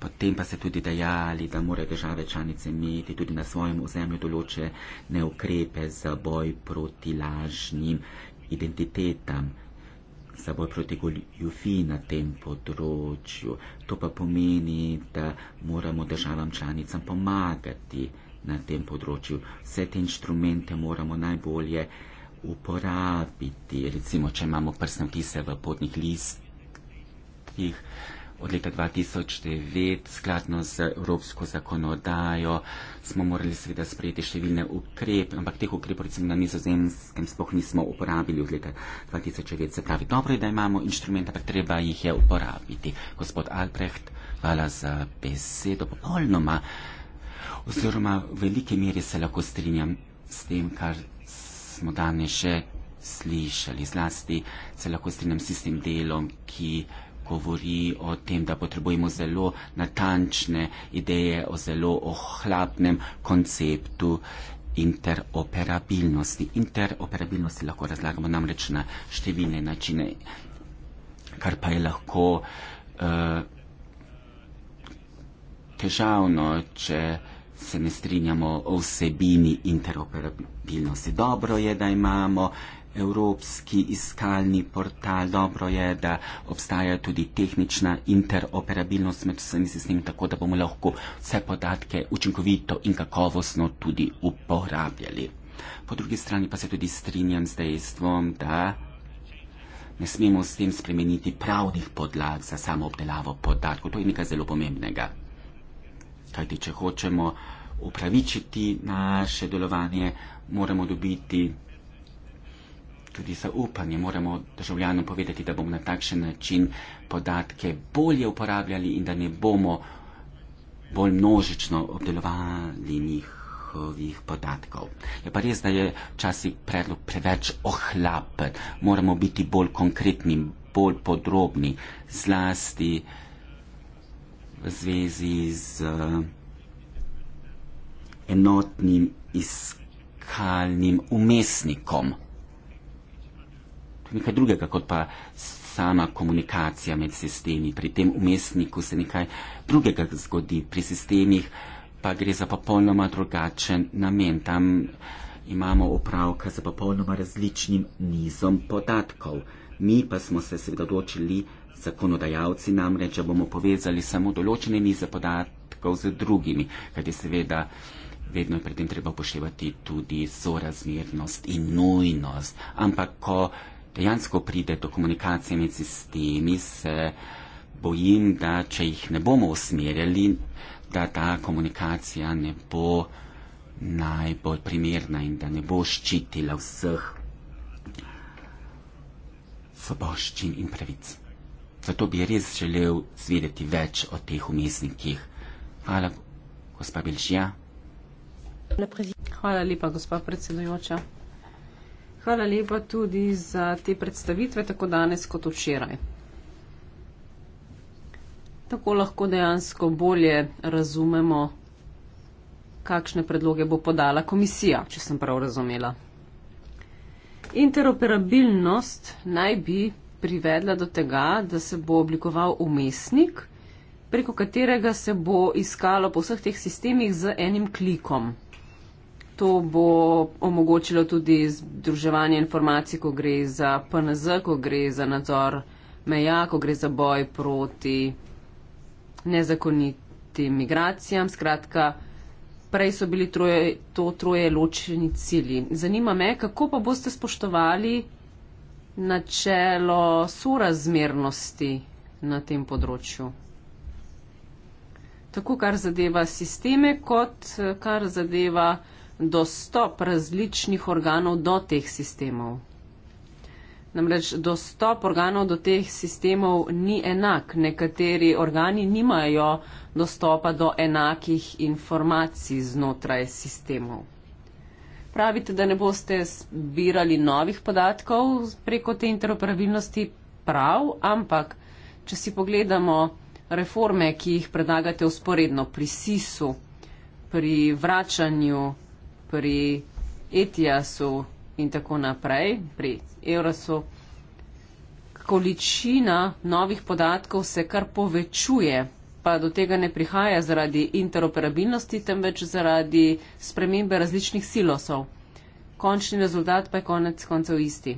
Potem pa ste tudi dejali, da morajo države članice imeti tudi na svojem ozemlju določene ukrepe za boj proti lažnim identitetam, za boj proti goljufiji na tem področju. To pa pomeni, da moramo državam članicam pomagati na tem področju. Vse te inštrumente moramo najbolje uporabiti. Recimo, če imamo prsne vtise v potnih listih, od leta 2009, skladno z evropsko zakonodajo, smo morali seveda sprejeti številne ukrepe, ampak teh ukrepov recimo na nizozemskem spoh nismo uporabili od leta 2009. Se pravi, dobro je, da imamo inštrumente, ampak treba jih je uporabiti. Gospod Albrecht, hvala za besedo. Popolnoma oziroma v velike meri se lahko strinjam s tem, kar smo danes še slišali. Zlasti se lahko strinjam s tem delom, ki govori o tem, da potrebujemo zelo natančne ideje o zelo ohlapnem konceptu interoperabilnosti. Interoperabilnosti lahko razlagamo namreč na številne načine, kar pa je lahko uh, težavno, če uh, se ne strinjamo o vsebini interoperabilnosti. Dobro je, da imamo evropski iskalni portal, dobro je, da obstaja tudi tehnična interoperabilnost med vsemi sistemi, tako da bomo lahko vse podatke učinkovito in kakovostno tudi uporabljali. Po drugi strani pa se tudi strinjam z dejstvom, da ne smemo s tem spremeniti pravnih podlag za samo obdelavo podatkov. To je nekaj zelo pomembnega. Kajti, če hočemo upravičiti naše delovanje, moramo dobiti tudi zaupanje, moramo državljanom povedati, da bomo na takšen način podatke bolje uporabljali in da ne bomo bolj množično obdelovali njihovih podatkov. Je pa res, da je včasih predlog preveč ohlapen, moramo biti bolj konkretni, bolj podrobni, zlasti v zvezi z uh, enotnim iskalnim umestnikom. To je nekaj drugega, kot pa sama komunikacija med sistemi. Pri tem umestniku se nekaj drugega zgodi, pri sistemih pa gre za popolnoma drugačen namen. Tam imamo opravka z popolnoma različnim nizom podatkov. Mi pa smo se seveda odločili, zakonodajalci namreč, da bomo povezali samo določene nize podatkov z drugimi, kajti seveda vedno je pri tem treba upoštevati tudi sorazmernost in nujnost. Ampak, ko dejansko pride do komunikacije med sistemi, se bojim, da če jih ne bomo usmerjali, da ta komunikacija ne bo najbolj primerna in da ne bo ščitila vseh svoboščin in pravic. Zato bi res želel zvedeti več o teh umestnikih. Hvala, gospa Bilžija. Hvala lepa, gospod predsedujoča. Hvala lepa tudi za te predstavitve, tako danes kot včeraj. Tako lahko dejansko bolje razumemo, kakšne predloge bo podala komisija, če sem prav razumela. Interoperabilnost naj bi privedla do tega, da se bo oblikoval umestnik, preko katerega se bo iskalo po vseh teh sistemih z enim klikom. To bo omogočilo tudi združevanje informacij, ko gre za PNZ, ko gre za nadzor meja, ko gre za boj proti nezakonitim migracijam. Skratka, prej so bili troje, to troje ločeni cilji. Zanima me, kako pa boste spoštovali načelo sorazmernosti na tem področju. Tako kar zadeva sisteme, kot kar zadeva dostop različnih organov do teh sistemov. Namreč dostop organov do teh sistemov ni enak. Nekateri organi nimajo dostopa do enakih informacij znotraj sistemov. Pravite, da ne boste zbirali novih podatkov preko te interoperabilnosti, prav, ampak če si pogledamo reforme, ki jih predlagate usporedno pri SIS-u, pri vračanju pri ETIAS-u in tako naprej, pri Eurosu, količina novih podatkov se kar povečuje, pa do tega ne prihaja zaradi interoperabilnosti, temveč zaradi spremembe različnih silosov. Končni rezultat pa je konec koncev isti.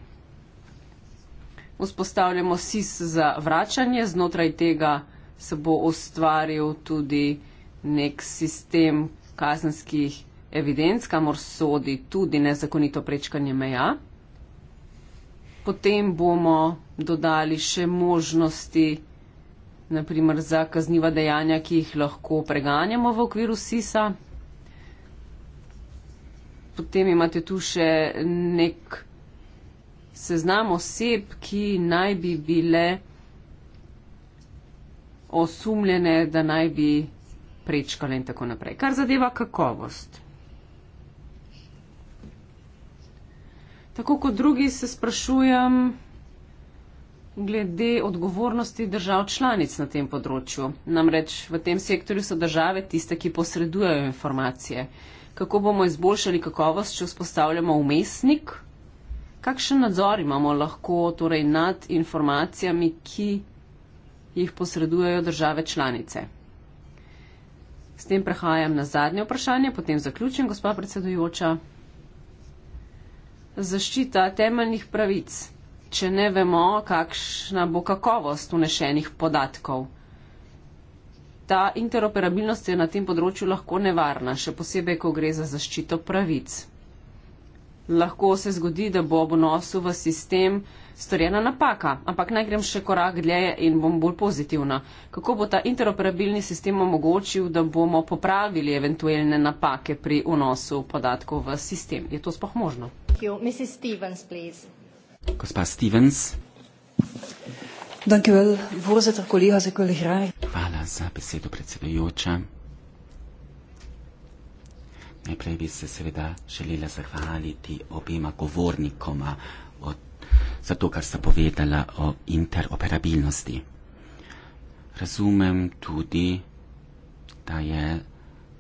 Vzpostavljamo SIS za vračanje, znotraj tega se bo ustvaril tudi nek sistem kazenskih evidenc, kamor sodi tudi nezakonito prečkanje meja. Potem bomo dodali še možnosti, naprimer za kazniva dejanja, ki jih lahko preganjamo v okviru SIS-a. Potem imate tu še nek seznam oseb, ki naj bi bile osumljene, da naj bi prečkale in tako naprej. Kar zadeva kakovost. Tako kot drugi se sprašujem glede odgovornosti držav članic na tem področju. Namreč v tem sektorju so države tiste, ki posredujejo informacije. Kako bomo izboljšali kakovost, če vzpostavljamo umestnik? Kakšen nadzor imamo lahko torej, nad informacijami, ki jih posredujejo države članice? S tem prehajam na zadnje vprašanje, potem zaključim, gospa predsedujoča zaščita temeljnih pravic, če ne vemo, kakšna bo kakovost unešenih podatkov. Ta interoperabilnost je na tem področju lahko nevarna, še posebej, ko gre za zaščito pravic. Lahko se zgodi, da bo ob nosu v sistem storjena napaka, ampak naj grem še korak dlje in bom bolj pozitivna. Kako bo ta interoperabilni sistem omogočil, da bomo popravili eventuelne napake pri vnosu podatkov v sistem? Je to spoh možno? Thank you. Mrs. Stevens, please. Gospa Stevens. Dankjewel, voorzitter, collega's, ik wil graag. Hvala za besedo, predsedujoča. Najprej bi se seveda želela zahvaliti obima govornikoma od, za to, kar sta povedala o interoperabilnosti. Razumem tudi, da je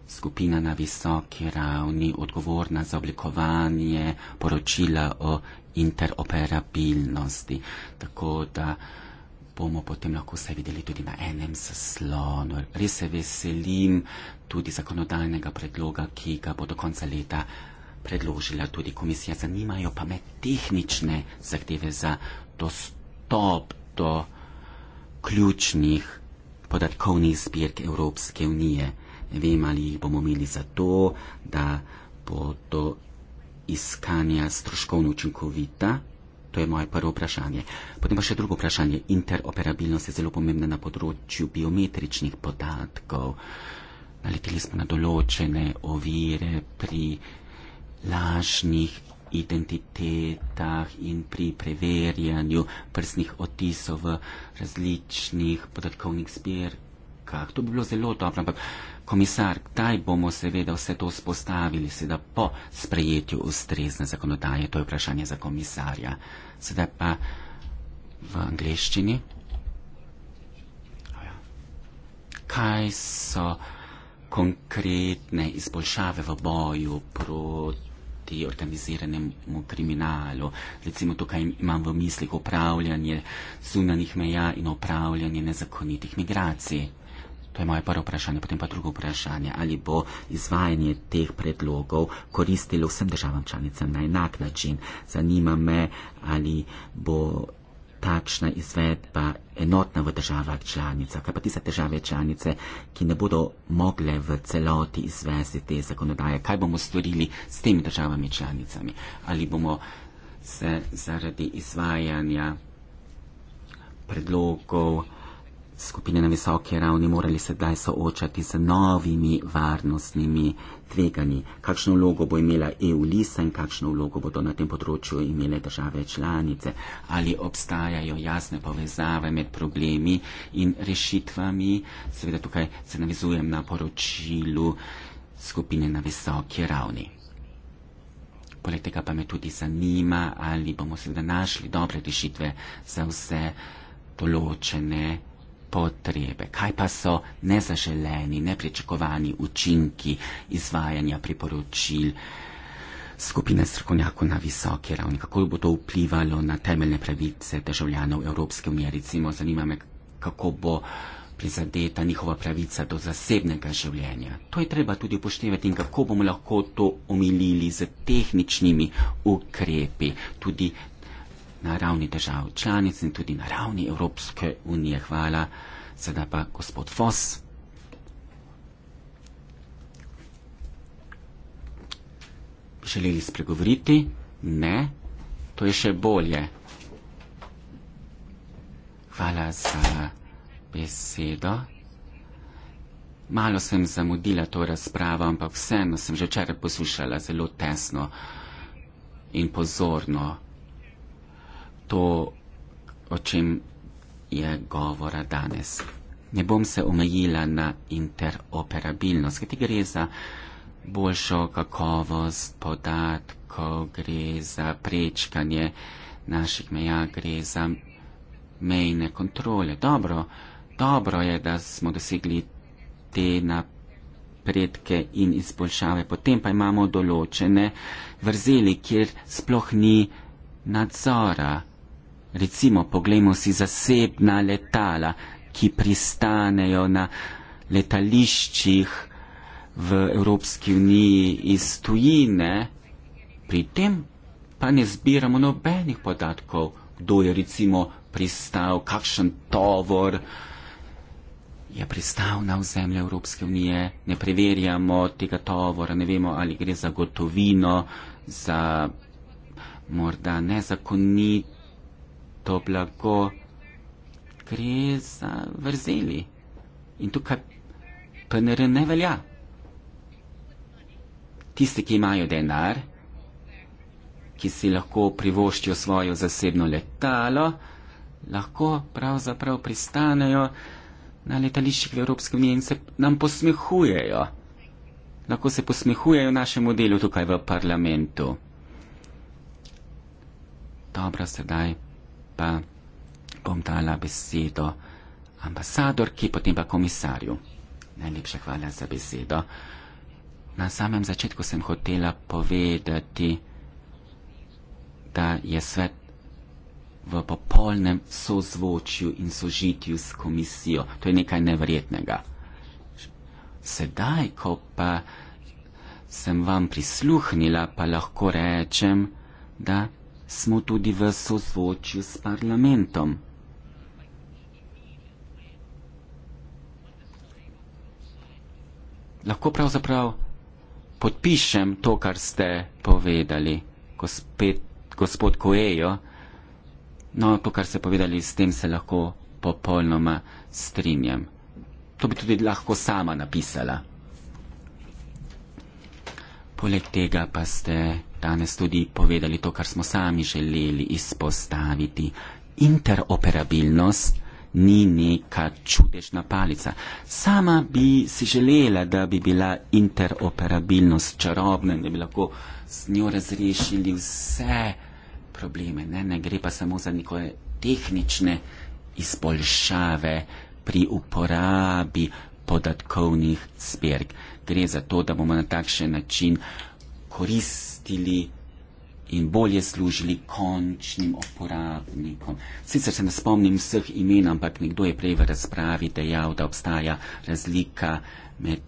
skupina na visoki ravni odgovorna za oblikovanje poročila o interoperabilnosti. Tako da bomo potem lahko vse videli tudi na enem zaslonu. Res se veselim tudi zakonodajnega predloga, ki ga bo do konca leta predložila tudi komisija. Zanimajo pa me tehnične zahteve za dostop do ključnih podatkovnih zbirk Evropske unije ne vem, ali jih bomo imeli za to, da bo to iskanja stroškovno učinkovita. To je moje prvo vprašanje. Potem pa še drugo vprašanje. Interoperabilnost je zelo pomembna na področju biometričnih podatkov. Naleteli smo na določene ovire pri lažnih identitetah in pri preverjanju prsnih otisov v različnih podatkovnih zbirkah rokah. To bi bilo zelo dobro, ampak komisar, kdaj bomo seveda vse to spostavili, seveda po sprejetju ustrezne zakonodaje, to je vprašanje za komisarja. Sedaj pa v angleščini. Ja. Kaj so konkretne izboljšave v boju proti organiziranemu kriminalu? Recimo tukaj imam v mislih upravljanje zunanih meja in upravljanje nezakonitih migracij. To je moje prvo vprašanje, potem pa drugo vprašanje, ali bo izvajanje teh predlogov koristilo vsem državam članicam na enak način. Zanima me, ali bo takšna izvedba enotna v državah članicah, kaj pa tiste države članice, ki ne bodo mogle v celoti izvesti te zakonodaje, kaj bomo storili s temi državami članicami, ali bomo se zaradi izvajanja predlogov skupine na visoki ravni morali sedaj soočati z novimi varnostnimi tveganji. Kakšno vlogo bo imela EU lisa in kakšno vlogo bodo na tem področju imele države članice? Ali obstajajo jasne povezave med problemi in rešitvami? Seveda tukaj se navizujem na poročilu skupine na visoki ravni. Poleg tega pa me tudi zanima, ali bomo seveda našli dobre rešitve za vse določene potrebe, kaj pa so nezaželeni, nepričakovani učinki izvajanja priporočil skupine strokovnjakov na visoke ravni, kako bo to vplivalo na temeljne pravice državljanov Evropske unije. Recimo, zanima me, kako bo prizadeta njihova pravica do zasebnega življenja. To je treba tudi upoštevati in kako bomo lahko to omilili z tehničnimi ukrepi, tudi na ravni držav članic in tudi na ravni Evropske unije. Hvala. Sedaj pa gospod Fos. Želeli spregovoriti? Ne. To je še bolje. Hvala za besedo. Malo sem zamudila to razpravo, ampak vseeno sem že včeraj poslušala zelo tesno in pozorno to, o čem je govora danes. Ne bom se omejila na interoperabilnost, kajti gre za boljšo kakovost podatkov, gre za prečkanje naših meja, gre za mejne kontrole. Dobro, dobro je, da smo dosegli te napredke in izboljšave. Potem pa imamo določene vrzeli, kjer sploh ni nadzora. Recimo, poglejmo si zasebna letala, ki pristanejo na letališčih v Evropski uniji iz tujine, pri tem pa ne zbiramo nobenih podatkov, kdo je recimo pristal, kakšen tovor je pristal na ozemlje Evropske unije, ne preverjamo tega tovora, ne vemo, ali gre za gotovino, za morda nezakonit to blago, gre za vrzeli. In tukaj PNR ne velja. Tisti, ki imajo denar, ki si lahko privoščijo svojo zasebno letalo, lahko pravzaprav pristanejo na letališčih v Evropski uniji in se nam posmehujejo. Lahko se posmehujejo našemu delu tukaj v parlamentu. Dobro, sedaj pa bom dala besedo ambasadorki, potem pa komisarju. Najlepša hvala za besedo. Na samem začetku sem hotela povedati, da je svet v popolnem sozvočju in sožitju s komisijo. To je nekaj nevrjetnega. Sedaj, ko pa sem vam prisluhnila, pa lahko rečem, da smo tudi v sozvočju s parlamentom. Lahko pravzaprav podpišem to, kar ste povedali, gospet, gospod Koejo. No, to, kar ste povedali, s tem se lahko popolnoma strinjam. To bi tudi lahko sama napisala. Poleg tega pa ste danes tudi povedali to, kar smo sami želeli izpostaviti. Interoperabilnost ni neka čudežna palica. Sama bi si želela, da bi bila interoperabilnost čarobna in da bi lahko z njo razrešili vse probleme. Ne, ne gre pa samo za neko tehnične izboljšave pri uporabi podatkovnih zbirk. Gre za to, da bomo na takšen način koristili čistili in bolje služili končnim uporabnikom. Sicer se ne spomnim vseh imen, ampak nekdo je prej v razpravi dejal, da obstaja razlika med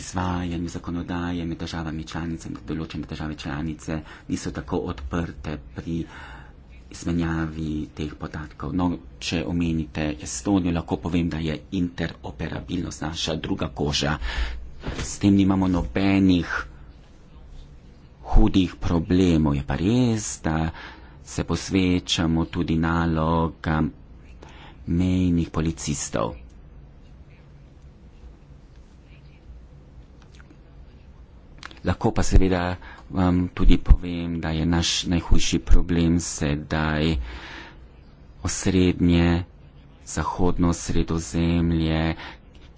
izvajanjem zakonodaje med državami članicami, določene države članice niso tako odprte pri izmenjavi teh podatkov. No, če omenite Estonijo, lahko povem, da je interoperabilnost naša druga koža. S tem nimamo nobenih hudih problemov. Je pa res, da se posvečamo tudi nalogam mejnih policistov. Lahko pa seveda vam tudi povem, da je naš najhujši problem sedaj osrednje, zahodno sredozemlje,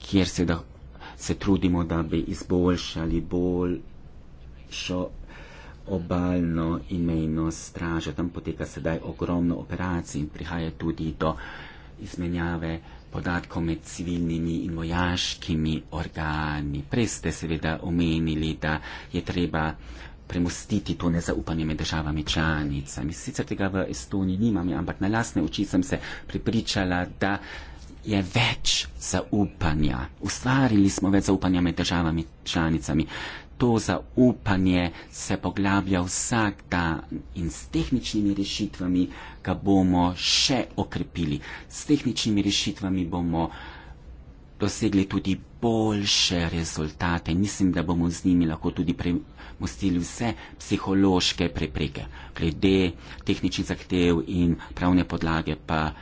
kjer se, da, se trudimo, da bi izboljšali boljšo obaljno imejno stražo. Tam poteka sedaj ogromno operacij in prihaja tudi do izmenjave podatkov med civilnimi in vojaškimi organi. Prej ste seveda omenili, da je treba premustiti to nezaupanje med državami članicami. Sicer tega v Estoniji nimam, ampak na lasne oči sem se prepričala, da je več zaupanja. Ustvarili smo več zaupanja med državami članicami to zaupanje se poglablja vsak dan in s tehničnimi rešitvami ga bomo še okrepili. S tehničnimi rešitvami bomo dosegli tudi boljše rezultate. Mislim, da bomo z njimi lahko tudi premostili vse psihološke prepreke. Glede tehničnih zahtev in pravne podlage pa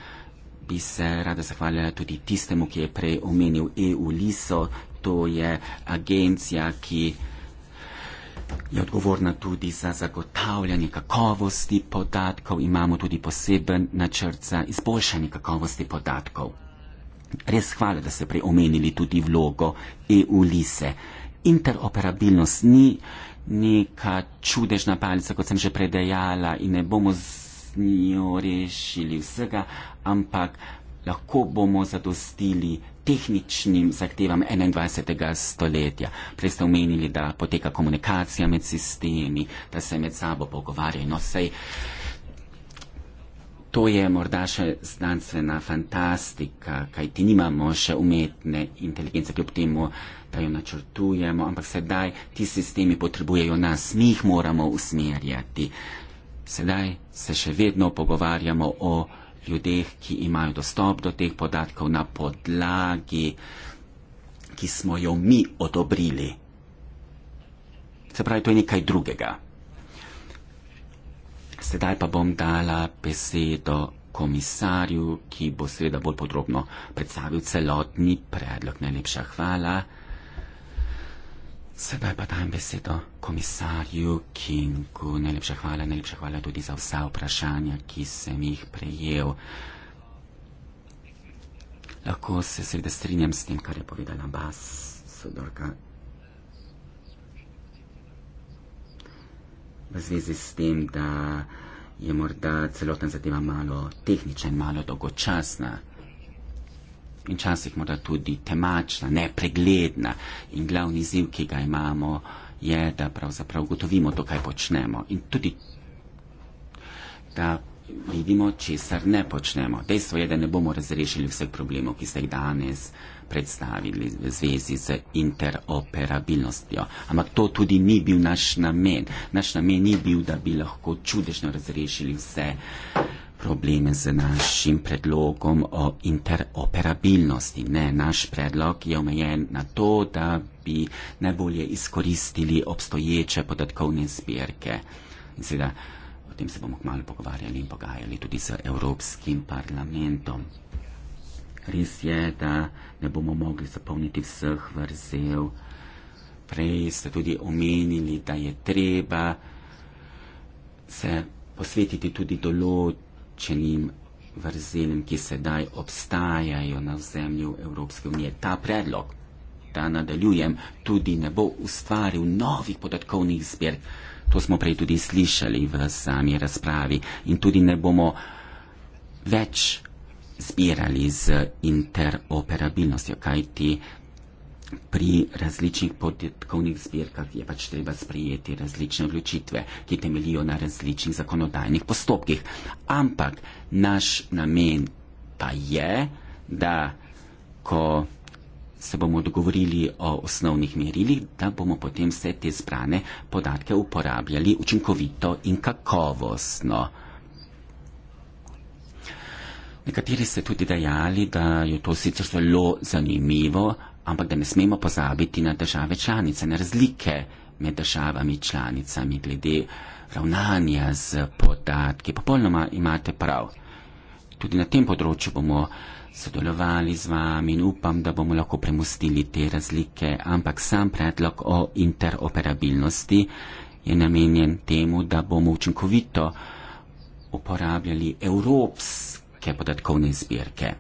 bi se rada zahvalila tudi tistemu, ki je prej omenil EU-LISO, to je agencija, ki je odgovorna tudi za zagotavljanje kakovosti podatkov. Imamo tudi poseben načrt za izboljšanje kakovosti podatkov. Res hvala, da ste prej omenili tudi vlogo EU-lise. Interoperabilnost ni neka čudežna palica, kot sem že predajala in ne bomo z njo rešili vsega, ampak lahko bomo zadostili tehničnim zahtevam 21. stoletja. Prej ste omenili, da poteka komunikacija med sistemi, da se med sabo pogovarjajo. No, to je morda še znanstvena fantastika, kaj ti nimamo še umetne inteligence, kljub temu, da jo načrtujemo, ampak sedaj ti sistemi potrebujejo nas, mi jih moramo usmerjati. Sedaj se še vedno pogovarjamo o ljudeh, ki imajo dostop do teh podatkov na podlagi, ki smo jo mi odobrili. Se pravi, to je nekaj drugega. Sedaj pa bom dala besedo komisarju, ki bo seveda bolj podrobno predstavil celotni predlog. Najlepša hvala. Sedaj pa dajem besedo komisarju Kingu. Najlepša hvala, najlepša hvala tudi za vsa vprašanja, ki sem jih prejel. Lahko se seveda strinjam s tem, kar je povedala Bas sodorka. V zvezi s tem, da je morda celoten zadeva malo tehničen, malo dolgočasna in časih morda tudi temačna, nepregledna. In glavni ziv, ki ga imamo, je, da pravzaprav ugotovimo to, kaj počnemo. In tudi, da vidimo, česar ne počnemo. Dejstvo je, da ne bomo razrešili vseh problemov, ki ste jih danes predstavili v zvezi z interoperabilnostjo. Ampak to tudi ni bil naš namen. Naš namen ni bil, da bi lahko čudežno razrešili vse uh, probleme z našim predlogom o interoperabilnosti. Ne, naš predlog je omejen na to, da bi najbolje izkoristili obstoječe podatkovne zbirke. In seveda, o tem se bomo malo pogovarjali in pogajali tudi z Evropskim parlamentom. Res je, da ne bomo mogli zapolniti vseh vrzel. Prej ste tudi omenili, da je treba se posvetiti tudi določenim določenim vrzelim, ki sedaj obstajajo na ozemlju Evropske unije. Ta predlog, da nadaljujem, tudi ne bo ustvaril novih podatkovnih zbir. To smo prej tudi slišali v sami razpravi in tudi ne bomo več zbirali z interoperabilnostjo, kajti pri različnih podatkovnih zbirkah je pač treba sprejeti različne odločitve, ki temelijo na različnih zakonodajnih postopkih. Ampak naš namen pa je, da ko se bomo dogovorili o osnovnih merilih, da bomo potem vse te zbrane podatke uporabljali učinkovito in kakovostno. Nekateri ste tudi dejali, da je to sicer zelo zanimivo, ampak da ne smemo pozabiti na države članice, na razlike med državami članicami glede ravnanja z podatki. Popolnoma imate prav. Tudi na tem področju bomo sodelovali z vami in upam, da bomo lahko premustili te razlike, ampak sam predlog o interoperabilnosti je namenjen temu, da bomo učinkovito uporabljali evropske podatkovne zbirke.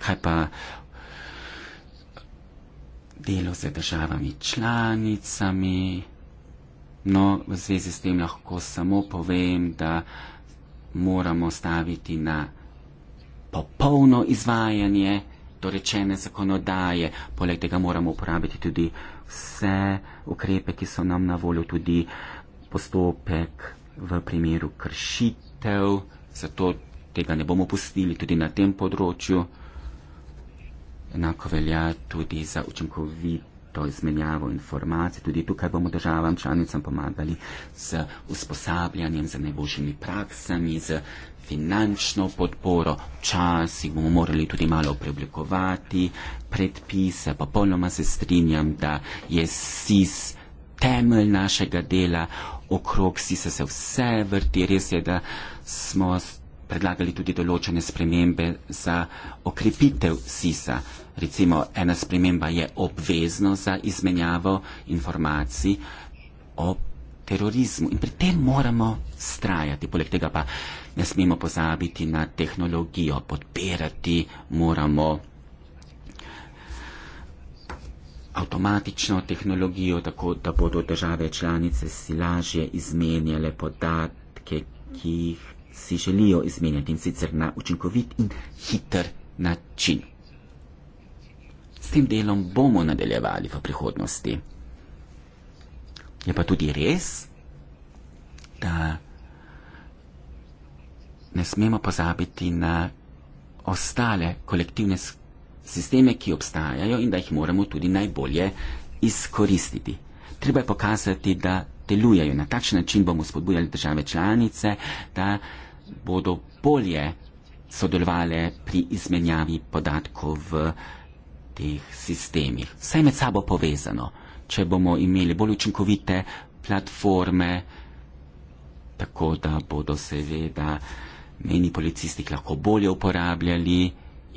Kaj pa delo z državami članicami. No, v zvezi s tem lahko samo povem, da moramo staviti na popolno izvajanje dorečene zakonodaje, poleg tega moramo uporabiti tudi vse ukrepe, ki so nam na voljo, tudi postopek v primeru kršitev, zato tega ne bomo pustili tudi na tem področju. Enako velja tudi za učinkovito izmenjavo informacij. Tudi tukaj bomo državam članicam pomagali z usposabljanjem, z najboljšimi praksami, z finančno podporo. Včasih bomo morali tudi malo preoblikovati predpise. Popolnoma se strinjam, da je SIS temelj našega dela, okrog SIS-a se vse vrti. Res je, da smo predlagali tudi določene spremembe za okrepitev SIS-a. Recimo ena sprememba je obvezno za izmenjavo informacij o terorizmu in pri tem moramo strajati. Poleg tega pa ne smemo pozabiti na tehnologijo, podpirati moramo avtomatično tehnologijo, tako da bodo države članice si lažje izmenjale podatke, ki jih si želijo izmenjati in sicer na učinkovit in hiter način. S tem delom bomo nadaljevali v prihodnosti. Je pa tudi res, da ne smemo pozabiti na ostale kolektivne sisteme, ki obstajajo in da jih moramo tudi najbolje izkoristiti. Treba je pokazati, da delujejo. Na takšen način bomo spodbujali države članice, da bodo bolje sodelovali pri izmenjavi podatkov v teh sistemih. Vse je med sabo povezano. Če bomo imeli bolj učinkovite platforme, tako da bodo seveda meni policisti lahko bolje uporabljali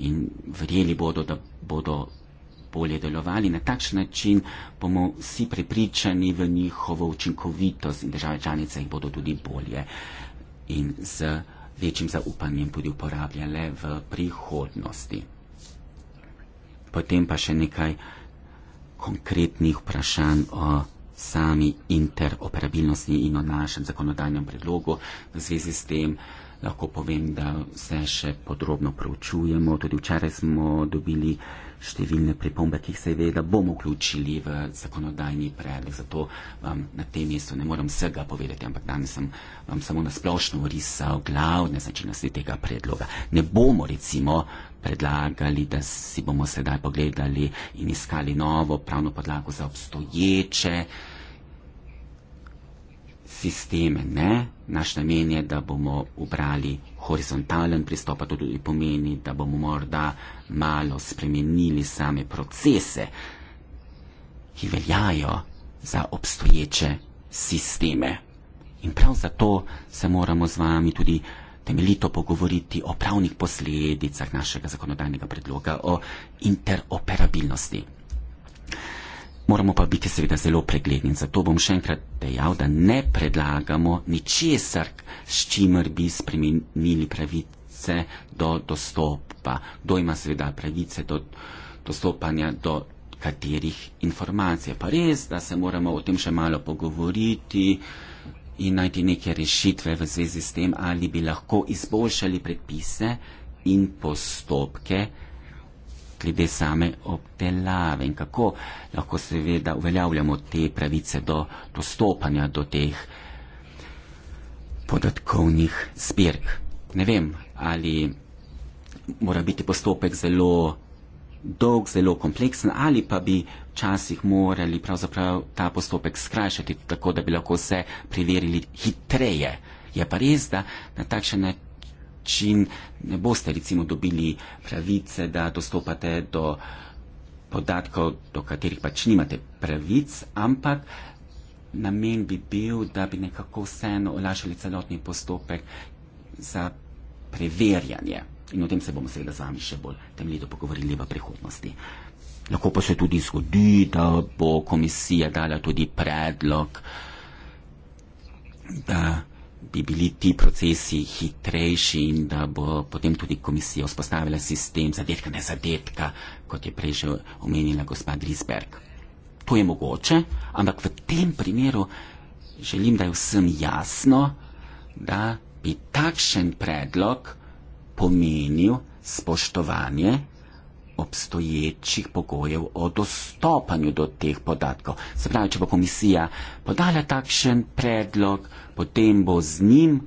in verjeli bodo, da bodo bolje delovali. Na takšen način bomo vsi prepričani v njihovo učinkovitost in države članice jih bodo tudi bolje in z večjim zaupanjem tudi uporabljale v prihodnosti. Potem pa še nekaj konkretnih vprašanj o sami interoperabilnosti in o našem zakonodajnem predlogu. V zvezi s tem lahko povem, da vse še podrobno preučujemo. Tudi včeraj smo dobili številne pripombe, ki jih seveda bomo vključili v zakonodajni predlog. Zato vam na tem mestu ne morem vsega povedati, ampak danes sem vam samo nasplošno vrisal glavne značilnosti tega predloga. Ne bomo recimo predlagali, da si bomo sedaj pogledali in iskali novo pravno podlago za obstoječe sisteme. Ne? Naš namen je, da bomo ubrali horizontalen pristop pa tudi pomeni, da bomo morda malo spremenili same procese, ki veljajo za obstoječe sisteme. In prav zato se moramo z vami tudi temeljito pogovoriti o pravnih posledicah našega zakonodajnega predloga, o interoperabilnosti. Moramo pa biti seveda zelo pregledni. Zato bom še enkrat dejal, da ne predlagamo ničesar, s čimer bi spremenili pravice do dostopa. Kdo ima seveda pravice do dostopanja do katerih informacij. Pa res, da se moramo o tem še malo pogovoriti in najti neke rešitve v zvezi s tem, ali bi lahko izboljšali predpise in postopke glede same obdelave in kako lahko seveda uveljavljamo te pravice do dostopanja do teh podatkovnih zbirk. Ne vem, ali mora biti postopek zelo dolg, zelo kompleksen, ali pa bi včasih morali pravzaprav ta postopek skrajšati, tako da bi lahko vse preverili hitreje. Je pa res, da na takšen način način ne boste recimo dobili pravice, da dostopate do podatkov, do katerih pač nimate pravic, ampak namen bi bil, da bi nekako vseeno olašali celotni postopek za preverjanje. In o tem se bomo seveda z vami še bolj temeljito pogovorili v prihodnosti. Lahko pa se tudi zgodi, da bo komisija dala tudi predlog, da bi bili ti procesi hitrejši in da bo potem tudi komisija vzpostavila sistem zadetka, ne zadetka, kot je prej že omenila gospod Risberg. To je mogoče, ampak v tem primeru želim, da je vsem jasno, da bi takšen predlog pomenil spoštovanje obstoječih pogojev o dostopanju do teh podatkov. Se pravi, če bo komisija podala takšen predlog, potem bo z njim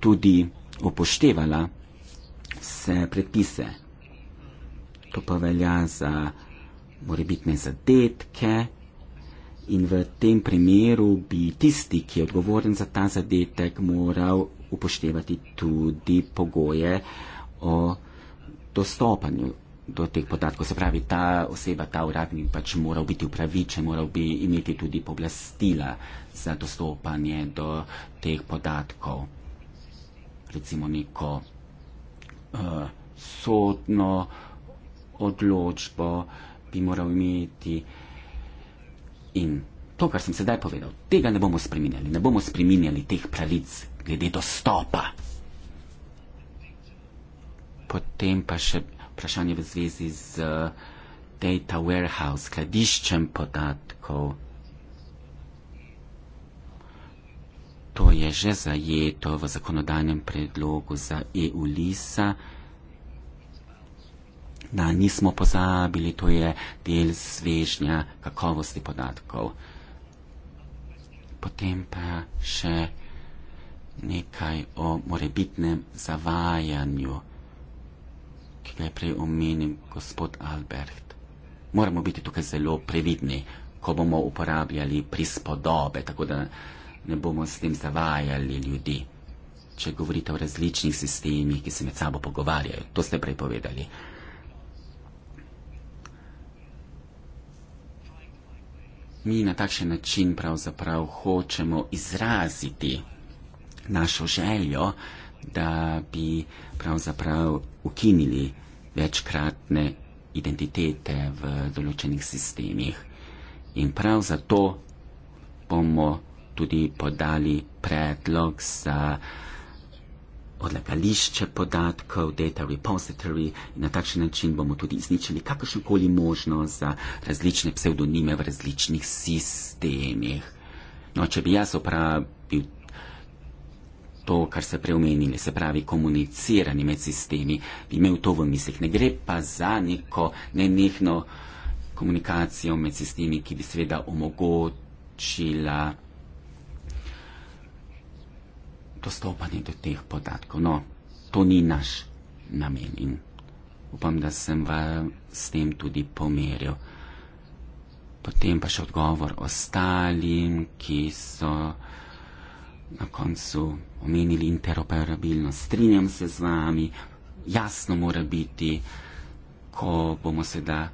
tudi upoštevala vse predpise. To pa velja za morebitne zadetke in v tem primeru bi tisti, ki je odgovoren za ta zadetek, moral upoštevati tudi pogoje o dostopen do teh podatkov. Se pravi, ta oseba, ta uradnik pač moral biti upravičen, moral bi imeti tudi povlastila za dostopanje do teh podatkov. Recimo neko uh, sodno odločbo bi moral imeti in to, kar sem sedaj povedal, tega ne bomo spreminjali, ne bomo spreminjali teh pravic glede dostopa potem pa še vprašanje v zvezi z eh, data warehouse, skladiščem podatkov. To je že zajeto v zakonodajnem predlogu za EU-LISA. Da nismo pozabili, to je del svežnja kakovosti podatkov. Potem pa še nekaj o morebitnem zavajanju ki ga je prej omenil gospod Albert. Moramo biti tukaj zelo previdni, ko bomo uporabljali prispodobe, tako da ne bomo s tem zavajali ljudi. Če govorite o različnih sistemih, ki se med sabo pogovarjajo, to ste prej povedali. Mi na takšen način pravzaprav hočemo izraziti našo željo, da bi pravzaprav ukinili večkratne identitete v določenih sistemih. In prav zato bomo tudi podali predlog za odlagališče podatkov, data repository, in na takšen način bomo tudi izničili kakršnokoli možnost za različne pseudonime v različnih sistemih. No, če bi jaz uporabil to, kar ste preomenili, se pravi komuniciranje med sistemi, imel to v mislih. Ne gre pa za neko nenehno komunikacijo med sistemi, ki bi seveda omogočila dostopanje do teh podatkov. No, to ni naš namen in upam, da sem vam s tem tudi pomeril. Potem pa še odgovor ostalim, ki so na koncu omenili interoperabilnost. Strinjam se z vami, jasno mora biti, ko bomo seveda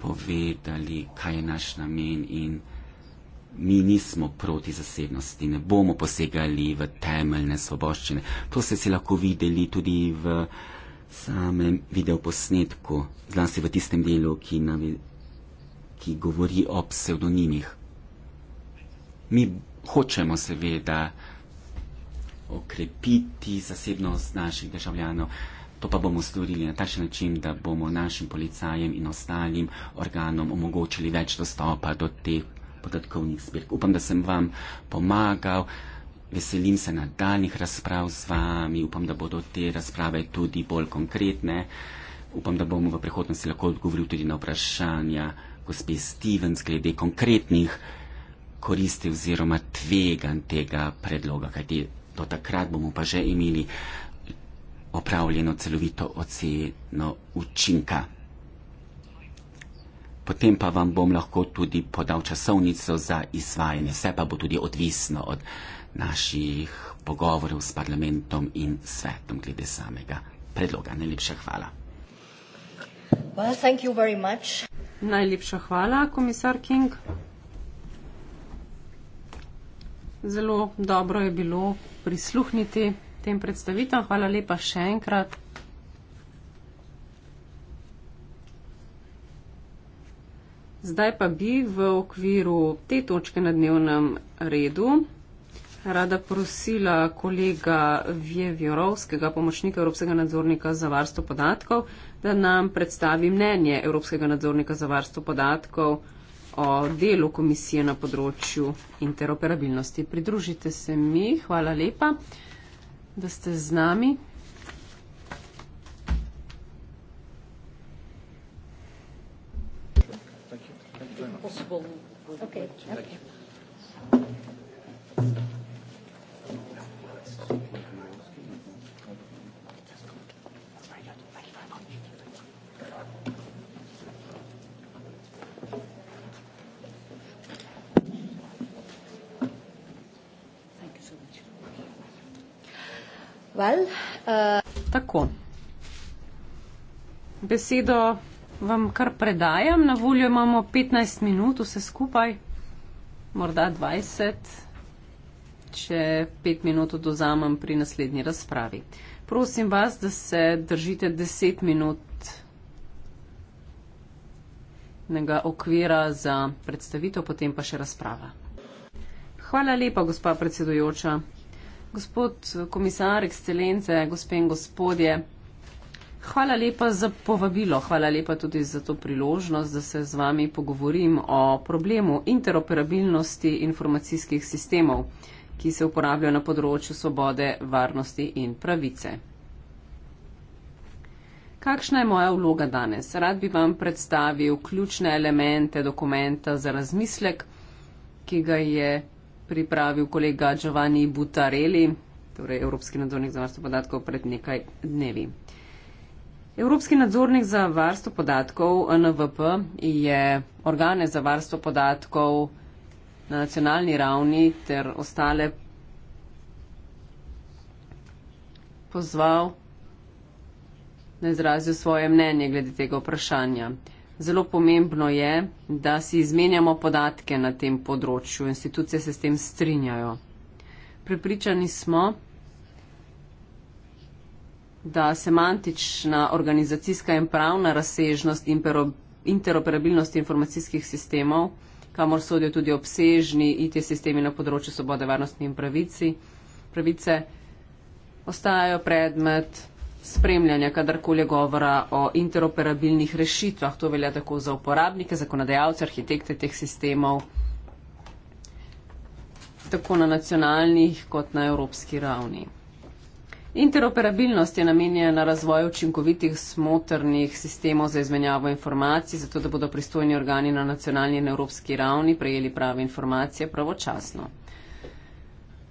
povedali, kaj je naš namen in mi nismo proti zasebnosti, ne bomo posegali v temeljne svoboščine. To ste si lahko videli tudi v samem videoposnetku, zlasti v tistem delu, ki, navi, ki govori o psevdonimih. Mi hočemo seveda okrepiti zasebnost naših državljanov, to pa bomo storili na takšen način, da bomo našim policajem in ostalim organom omogočili več dostopa do teh podatkovnih zbirk. Upam, da sem vam pomagal. Veselim se nadaljnih razprav z vami, upam, da bodo te razprave tudi bolj konkretne. Upam, da bomo v prihodnosti lahko odgovorili tudi na vprašanja gospe Stevens glede konkretnih koristi oziroma tvegan tega predloga, kajti do takrat bomo pa že imeli opravljeno celovito oceno učinka. Potem pa vam bom lahko tudi podal časovnico za izvajanje. Vse pa bo tudi odvisno od naših pogovorov s parlamentom in svetom glede samega predloga. Najlepša hvala. Well, Najlepša hvala, komisar King. Zelo dobro je bilo prisluhniti tem predstavitvam. Hvala lepa še enkrat. Zdaj pa bi v okviru te točke na dnevnem redu rada prosila kolega Vjevjorovskega, pomočnika Evropskega nadzornika za varstvo podatkov, da nam predstavi mnenje Evropskega nadzornika za varstvo podatkov o delu komisije na področju interoperabilnosti. Pridružite se mi. Hvala lepa, da ste z nami. Thank you. Thank you very much. Okay. Thank you. Thank you. Well, uh... Tako. Besedo vam kar predajam. Na voljo imamo 15 minut vse skupaj, morda 20, če 5 minut oduzamem pri naslednji razpravi. Prosim vas, da se držite 10 minut okvira za predstavitev, potem pa še razprava. Hvala lepa, gospa predsedujoča. Gospod komisar, ekscelence, gospe in gospodje, hvala lepa za povabilo, hvala lepa tudi za to priložnost, da se z vami pogovorim o problemu interoperabilnosti informacijskih sistemov, ki se uporabljajo na področju svobode, varnosti in pravice. Kakšna je moja vloga danes? Rad bi vam predstavil ključne elemente dokumenta za razmislek, ki ga je pripravil kolega Giovanni Butarelli, torej Evropski nadzornik za varstvo podatkov pred nekaj dnevi. Evropski nadzornik za varstvo podatkov NVP je organe za varstvo podatkov na nacionalni ravni ter ostale pozval, da izrazijo svoje mnenje glede tega vprašanja. Zelo pomembno je, da si izmenjamo podatke na tem področju. Institucije se s tem strinjajo. Pripričani smo, da semantična, organizacijska in pravna razsežnost interoperabilnosti informacijskih sistemov, kamor sodijo tudi obsežni IT sistemi na področju svobode, varnosti in pravici, pravice, ostajajo predmet spremljanja, kadarkoli govora o interoperabilnih rešitvah. To velja tako za uporabnike, zakonodajalce, arhitekte teh sistemov, tako na nacionalnih kot na evropski ravni. Interoperabilnost je namenjena razvoju učinkovitih smotrnih sistemov za izmenjavo informacij, zato da bodo pristojni organi na nacionalni in evropski ravni prejeli prave informacije pravočasno.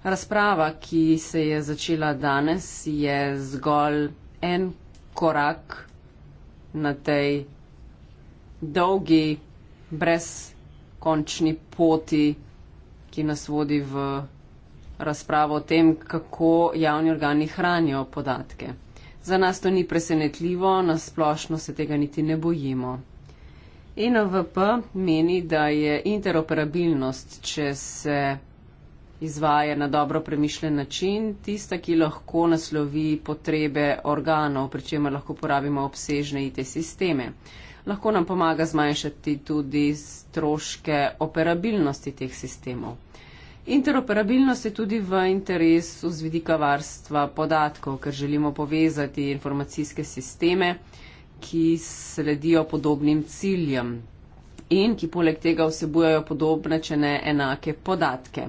Razprava, ki se je začela danes, je zgolj en korak na tej dolgi, brezkončni poti, ki nas vodi v razpravo o tem, kako javni organi hranijo podatke. Za nas to ni presenetljivo, nasplošno se tega niti ne bojimo. NVP meni, da je interoperabilnost, če se izvaja na dobro premišljen način, tista, ki lahko naslovi potrebe organov, pri čemer lahko uporabimo obsežne IT sisteme. Lahko nam pomaga zmanjšati tudi stroške operabilnosti teh sistemov. Interoperabilnost je tudi v interesu z vidika varstva podatkov, ker želimo povezati informacijske sisteme, ki sledijo podobnim ciljem in ki poleg tega vsebujajo podobne, če ne enake podatke.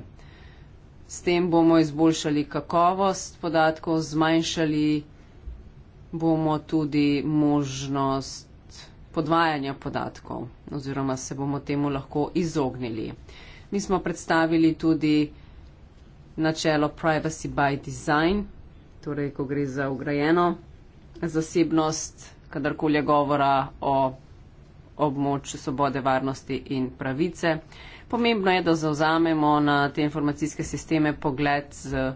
S tem bomo izboljšali kakovost podatkov, zmanjšali bomo tudi možnost podvajanja podatkov oziroma se bomo temu lahko izognili. Mi smo predstavili tudi načelo privacy by design, torej ko gre za ugrajeno zasebnost, kadarkoli je govora o območju svobode, varnosti in pravice pomembno je, da zauzamemo na te informacijske sisteme pogled z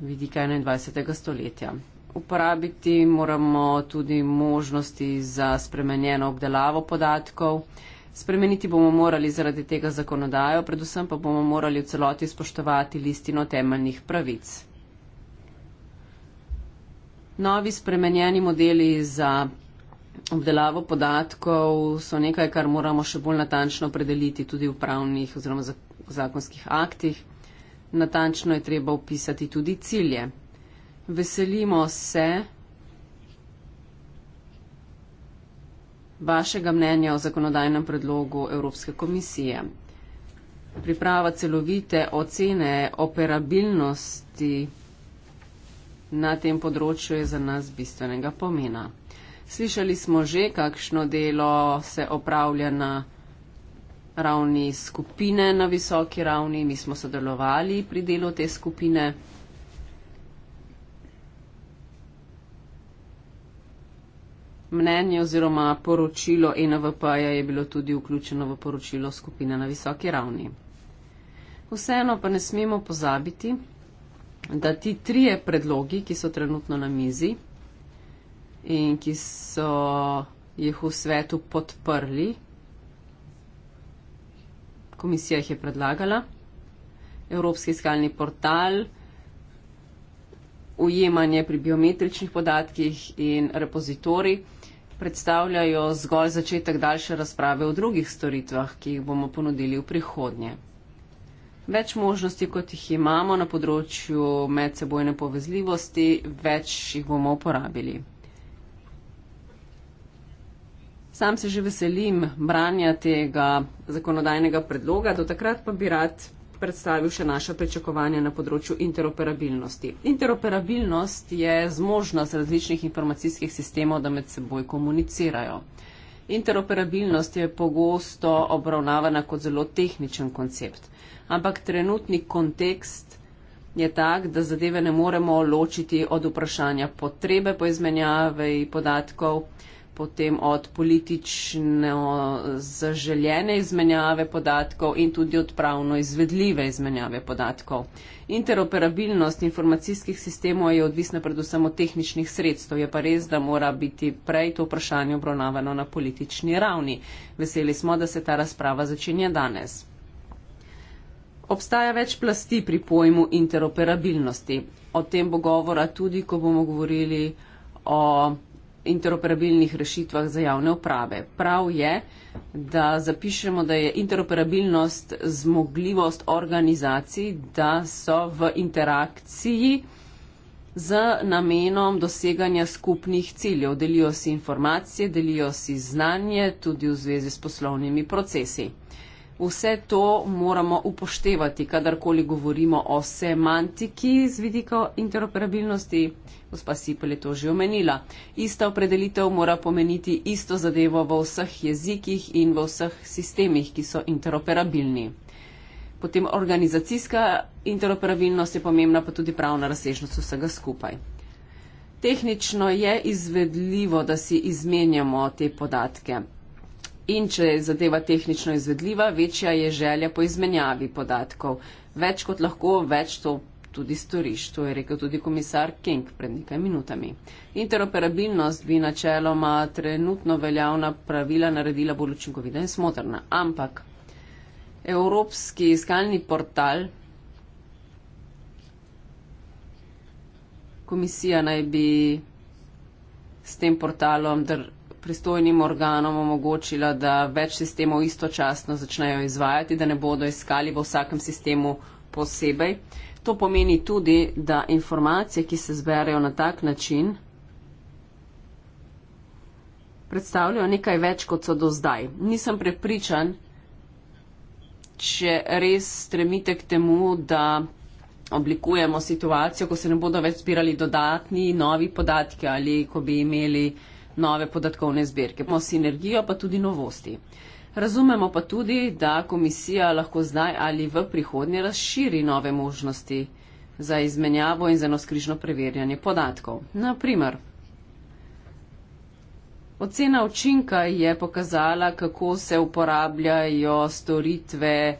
vidika 21. stoletja. Uporabiti moramo tudi možnosti za spremenjeno obdelavo podatkov. Spremeniti bomo morali zaradi tega zakonodajo, predvsem pa bomo morali v celoti spoštovati listino temeljnih pravic. Novi spremenjeni modeli za obdelavo podatkov so nekaj, kar moramo še bolj natančno predeliti tudi v pravnih oziroma zakonskih aktih. Natančno je treba upisati tudi cilje. Veselimo se vašega mnenja o zakonodajnem predlogu Evropske komisije. Priprava celovite ocene operabilnosti na tem področju je za nas bistvenega pomena. Slišali smo že, kakšno delo se opravlja na ravni skupine, na visoki ravni. Mi smo sodelovali pri delu te skupine. Mnenje oziroma poročilo e NVP-ja je bilo tudi vključeno v poročilo skupine na visoki ravni. Vseeno pa ne smemo pozabiti, da ti trije predlogi, ki so trenutno na mizi, in ki so jih v svetu podprli. Komisija jih je predlagala. Evropski iskalni portal, ujemanje pri biometričnih podatkih in repozitori predstavljajo zgolj začetek daljše razprave o drugih storitvah, ki jih bomo ponudili v prihodnje. Več možnosti, kot jih imamo na področju medsebojne povezljivosti, več jih bomo uporabili. Sam se že veselim branja tega zakonodajnega predloga, do takrat pa bi rad predstavil še naše pričakovanja na področju interoperabilnosti. Interoperabilnost je zmožnost različnih informacijskih sistemov, da med seboj komunicirajo. Interoperabilnost je pogosto obravnavana kot zelo tehničen koncept, ampak trenutni kontekst je tak, da zadeve ne moremo ločiti od vprašanja potrebe po izmenjavi podatkov, potem od politično zaželjene izmenjave podatkov in tudi od pravno izvedljive izmenjave podatkov. Interoperabilnost informacijskih sistemov je odvisna predvsem od tehničnih sredstev. Je pa res, da mora biti prej to vprašanje obravnavano na politični ravni. Veseli smo, da se ta razprava začenja danes. Obstaja več plasti pri pojmu interoperabilnosti. O tem bo govora tudi, ko bomo govorili o interoperabilnih rešitvah za javne uprave. Prav je, da zapišemo, da je interoperabilnost zmogljivost organizacij, da so v interakciji z namenom doseganja skupnih ciljev. Delijo si informacije, delijo si znanje, tudi v zvezi s poslovnimi procesi. Vse to moramo upoštevati, kadarkoli govorimo o semantiki z vidika interoperabilnosti. Gospa Sipel je to že omenila. Ista opredelitev mora pomeniti isto zadevo v vseh jezikih in v vseh sistemih, ki so interoperabilni. Potem organizacijska interoperabilnost je pomembna, pa tudi pravna razsežnost vsega skupaj. Tehnično je izvedljivo, da si izmenjamo te podatke in če je zadeva tehnično izvedljiva, večja je želja po izmenjavi podatkov. Več kot lahko, več to tudi storiš, to je rekel tudi komisar King pred nekaj minutami. Interoperabilnost bi načeloma trenutno veljavna pravila naredila bolj učinkovita in smotrna, ampak Evropski iskalni portal komisija naj bi s tem portalom držala pristojnim organom omogočila, da več sistemov istočasno začnejo izvajati, da ne bodo iskali v vsakem sistemu posebej. To pomeni tudi, da informacije, ki se zberejo na tak način, predstavljajo nekaj več, kot so do zdaj. Nisem prepričan, če res stremite k temu, da oblikujemo situacijo, ko se ne bodo več zbirali dodatni, novi podatki ali ko bi imeli nove podatkovne zbirke, pa sinergijo, pa tudi novosti. Razumemo pa tudi, da komisija lahko zdaj ali v prihodnje razširi nove možnosti za izmenjavo in za enoskrižno preverjanje podatkov. Naprimer, ocena učinka je pokazala, kako se uporabljajo storitve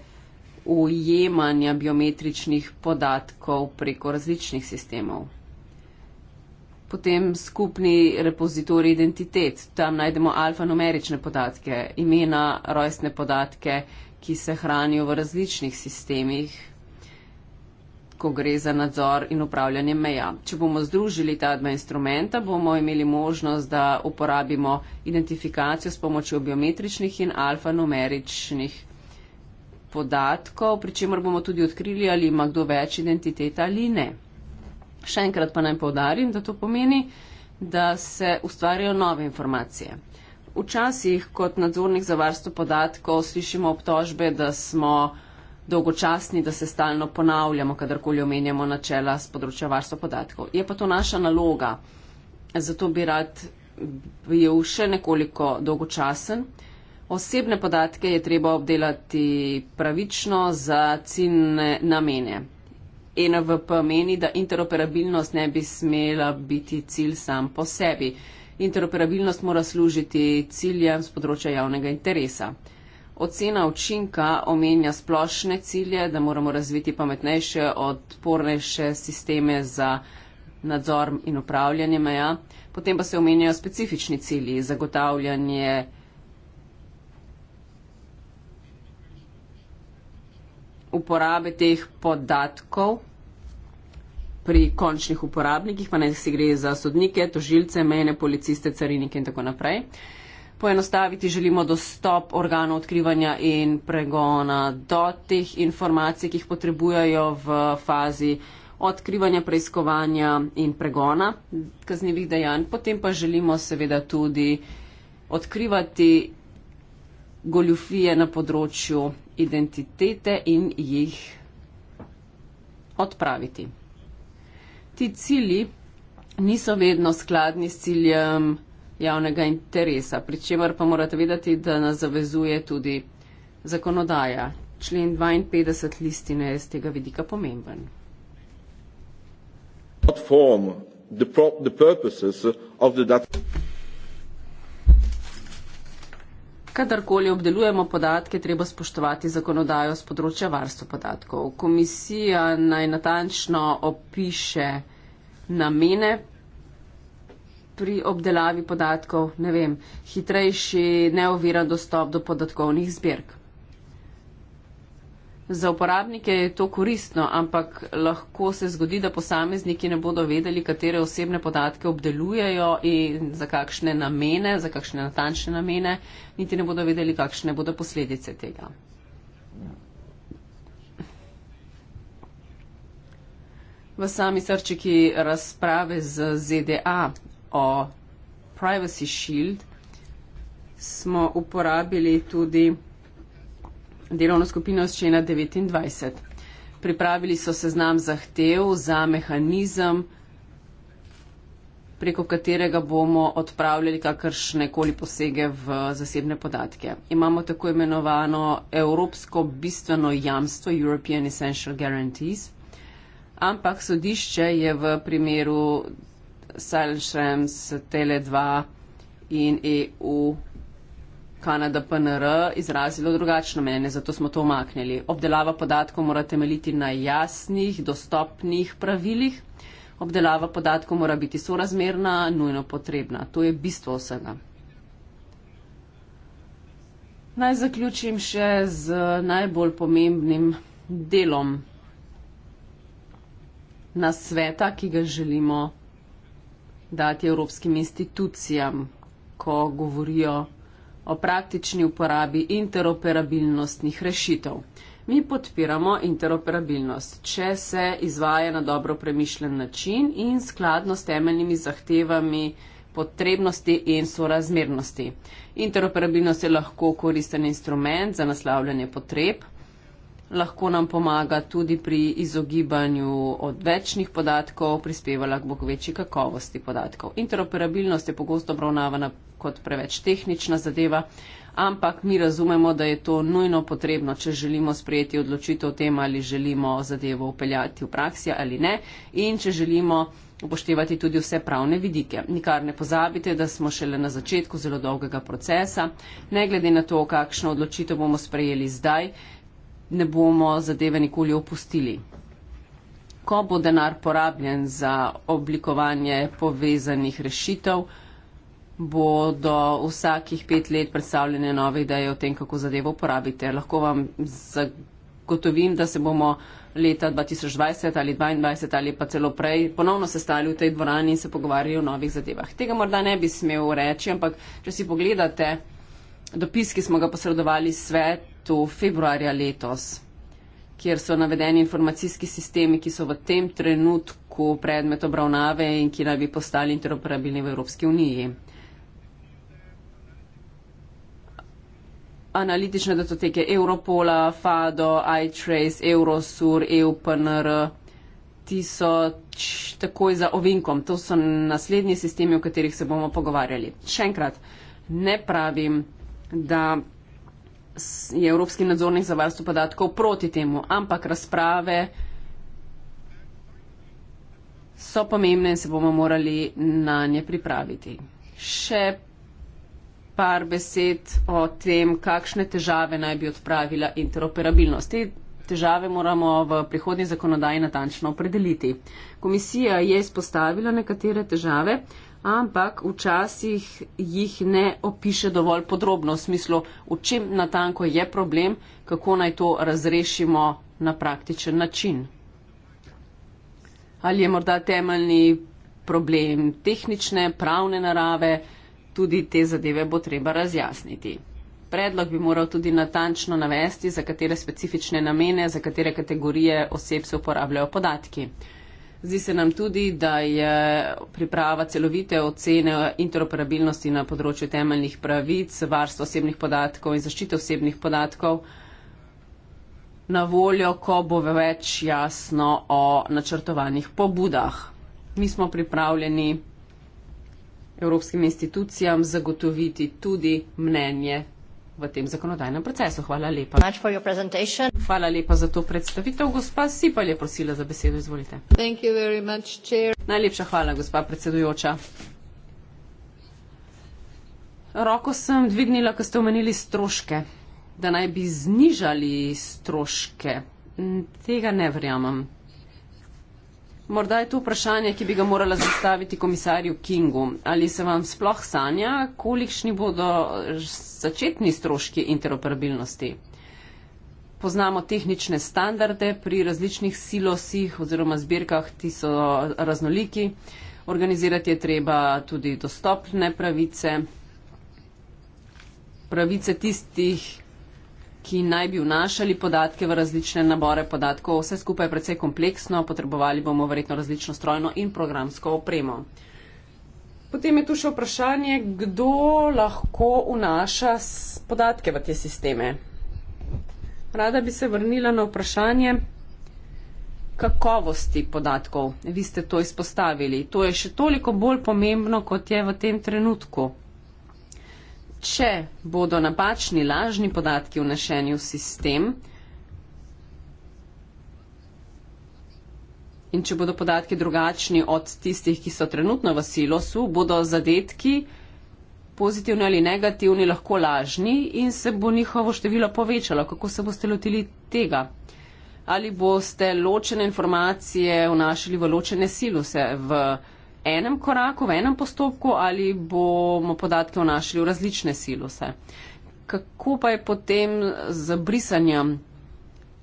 ujemanja biometričnih podatkov preko različnih sistemov potem skupni repozitori identitet. Tam najdemo alfanumerične podatke, imena, rojstne podatke, ki se hranijo v različnih sistemih, ko gre za nadzor in upravljanje meja. Če bomo združili ta dva instrumenta, bomo imeli možnost, da uporabimo identifikacijo s pomočjo biometričnih in alfanumeričnih podatkov, pri čemer bomo tudi odkrili, ali ima kdo več identitet ali ne. Še enkrat pa naj povdarim, da to pomeni, da se ustvarjajo nove informacije. Včasih kot nadzornik za varstvo podatkov slišimo obtožbe, da smo dolgočasni, da se stalno ponavljamo, kadarkoli omenjamo načela z področja varstva podatkov. Je pa to naša naloga. Zato bi rad bil še nekoliko dolgočasen. Osebne podatke je treba obdelati pravično za ciljne namene. NVP meni, da interoperabilnost ne bi smela biti cilj sam po sebi. Interoperabilnost mora služiti ciljem z področja javnega interesa. Ocena učinka omenja splošne cilje, da moramo razviti pametnejše, odpornejše sisteme za nadzor in upravljanje meja. Potem pa se omenjajo specifični cilji, zagotavljanje uporabe teh podatkov pri končnih uporabnikih, pa naj si gre za sodnike, tožilce, mejne policiste, carinike in tako naprej. Poenostaviti želimo dostop organov odkrivanja in pregona do teh informacij, ki jih potrebujejo v fazi odkrivanja, preiskovanja in pregona kaznjivih dejanj. Potem pa želimo seveda tudi odkrivati goljufije na področju identitete in jih odpraviti. Ti cilji niso vedno skladni s ciljem javnega interesa, pri čemer pa morate vedeti, da nas zavezuje tudi zakonodaja. Člen 52 listine je z tega vidika pomemben. Form the, pro the purposes of the data. Kadarkoli obdelujemo podatke, treba spoštovati zakonodajo z področja varstva podatkov. Komisija naj natančno opiše namene pri obdelavi podatkov, ne vem, hitrejši, neoviran dostop do podatkovnih zbirk. Za uporabnike je to koristno, ampak lahko se zgodi, da posamezniki ne bodo vedeli, katere osebne podatke obdelujejo in za kakšne namene, za kakšne natančne namene, niti ne bodo vedeli, kakšne bodo posledice tega. V sami srčiki razprave z ZDA o Privacy Shield smo uporabili tudi delovno skupino z člena 29. Pripravili so seznam zahtev za mehanizem, preko katerega bomo odpravljali kakršne koli posege v zasebne podatke. Imamo tako imenovano Evropsko bistveno jamstvo, European Essential Guarantees, ampak sodišče je v primeru Silent Shrems, Tele2 in EU Kanada PNR izrazilo drugačno mnenje, zato smo to omaknili. Obdelava podatkov mora temeljiti na jasnih, dostopnih pravilih. Obdelava podatkov mora biti sorazmerna, nujno potrebna. To je bistvo vsega. Naj zaključim še z najbolj pomembnim delom na sveta, ki ga želimo dati evropskim institucijam, ko govorijo o praktični uporabi interoperabilnostnih rešitev. Mi podpiramo interoperabilnost, če se izvaja na dobro premišljen način in skladno s temeljnimi zahtevami potrebnosti in sorazmernosti. Interoperabilnost je lahko koristen instrument za naslavljanje potreb, lahko nam pomaga tudi pri izogibanju odvečnih podatkov, prispevala k bogvečji kakovosti podatkov. Interoperabilnost je pogosto obravnavana kot preveč tehnična zadeva, ampak mi razumemo, da je to nujno potrebno, če želimo sprejeti odločitev o tem, ali želimo zadevo upeljati v praksi ali ne in če želimo upoštevati tudi vse pravne vidike. Nikar ne pozabite, da smo šele na začetku zelo dolgega procesa. Ne glede na to, kakšno odločitev bomo sprejeli zdaj, ne bomo zadeve nikoli opustili. Ko bo denar porabljen za oblikovanje povezanih rešitev, bo do vsakih pet let predstavljene nove ideje o tem, kako zadevo uporabite. Lahko vam zagotovim, da se bomo leta 2020 ali 2022 ali pa celo prej ponovno sestali v tej dvorani in se pogovarjali o novih zadevah. Tega morda ne bi smel reči, ampak če si pogledate, dopis, ki smo ga posredovali svetu februarja letos, kjer so navedeni informacijski sistemi, ki so v tem trenutku predmet obravnave in ki naj bi postali interoperabilni v Evropski uniji. Analitične datoteke Europola, FADO, iTrace, Eurosur, EUPNR, ti so takoj za ovinkom. To so naslednji sistemi, o katerih se bomo pogovarjali. Še enkrat, ne pravim, da je Evropski nadzornik za varstvo podatkov proti temu, ampak razprave so pomembne in se bomo morali na nje pripraviti. Še par besed o tem, kakšne težave naj bi odpravila interoperabilnost. Te težave moramo v prihodnji zakonodaji natančno opredeliti. Komisija je izpostavila nekatere težave ampak včasih jih ne opiše dovolj podrobno v smislu, v čem natanko je problem, kako naj to razrešimo na praktičen način. Ali je morda temeljni problem tehnične, pravne narave, tudi te zadeve bo treba razjasniti. Predlog bi moral tudi natančno navesti, za katere specifične namene, za katere kategorije oseb se uporabljajo podatki. Zdi se nam tudi, da je priprava celovite ocene interoperabilnosti na področju temeljnih pravic, varstva osebnih podatkov in zaščite osebnih podatkov na voljo, ko bo več jasno o načrtovanih pobudah. Mi smo pripravljeni evropskim institucijam zagotoviti tudi mnenje v tem zakonodajnem procesu. Hvala lepa. Hvala lepa za to predstavitev, gospa Sipal je prosila za besedo. Izvolite. Much, Najlepša hvala, gospa predsedujoča. Roko sem dvignila, ko ste omenili stroške, da naj bi znižali stroške. Tega ne verjamem. Morda je to vprašanje, ki bi ga morala zastaviti komisarju Kingu. Ali se vam sploh sanja, kolikšni bodo začetni stroški interoperabilnosti? Poznamo tehnične standarde pri različnih silosih oziroma zbirkah, ti so raznoliki. Organizirati je treba tudi dostopne pravice, pravice tistih, ki naj bi vnašali podatke v različne nabore podatkov. Vse skupaj je precej kompleksno, potrebovali bomo verjetno različno strojno in programsko opremo. Potem je tu še vprašanje, kdo lahko vnaša podatke v te sisteme. Rada bi se vrnila na vprašanje kakovosti podatkov. Vi ste to izpostavili. To je še toliko bolj pomembno, kot je v tem trenutku če bodo napačni lažni podatki vnešeni v sistem in če bodo podatki drugačni od tistih, ki so trenutno v silosu, bodo zadetki pozitivni ali negativni lahko lažni in se bo njihovo število povečalo. Kako se boste lotili tega? Ali boste ločene informacije vnašali v ločene siluse? V enem koraku, v enem postopku ali bomo podatke vnašali v različne silose. Kako pa je potem z brisanjem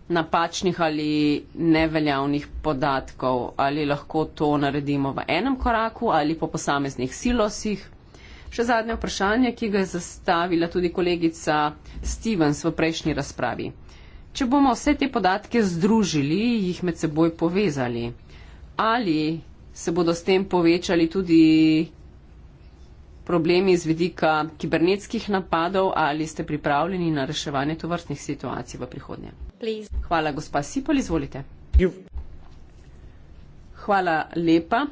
napačnih ali neveljavnih podatkov, ali lahko to naredimo v enem koraku ali po posameznih silosih? Še zadnje vprašanje, ki ga je zastavila tudi kolegica Stevens v prejšnji razpravi. Če bomo vse te podatke združili, jih med seboj povezali, ali se bodo s tem povečali tudi problemi z vidika kibernetskih napadov ali ste pripravljeni na reševanje tovrstnih situacij v prihodnje? Please. Hvala, gospa Sipol, izvolite. You. Hvala lepa.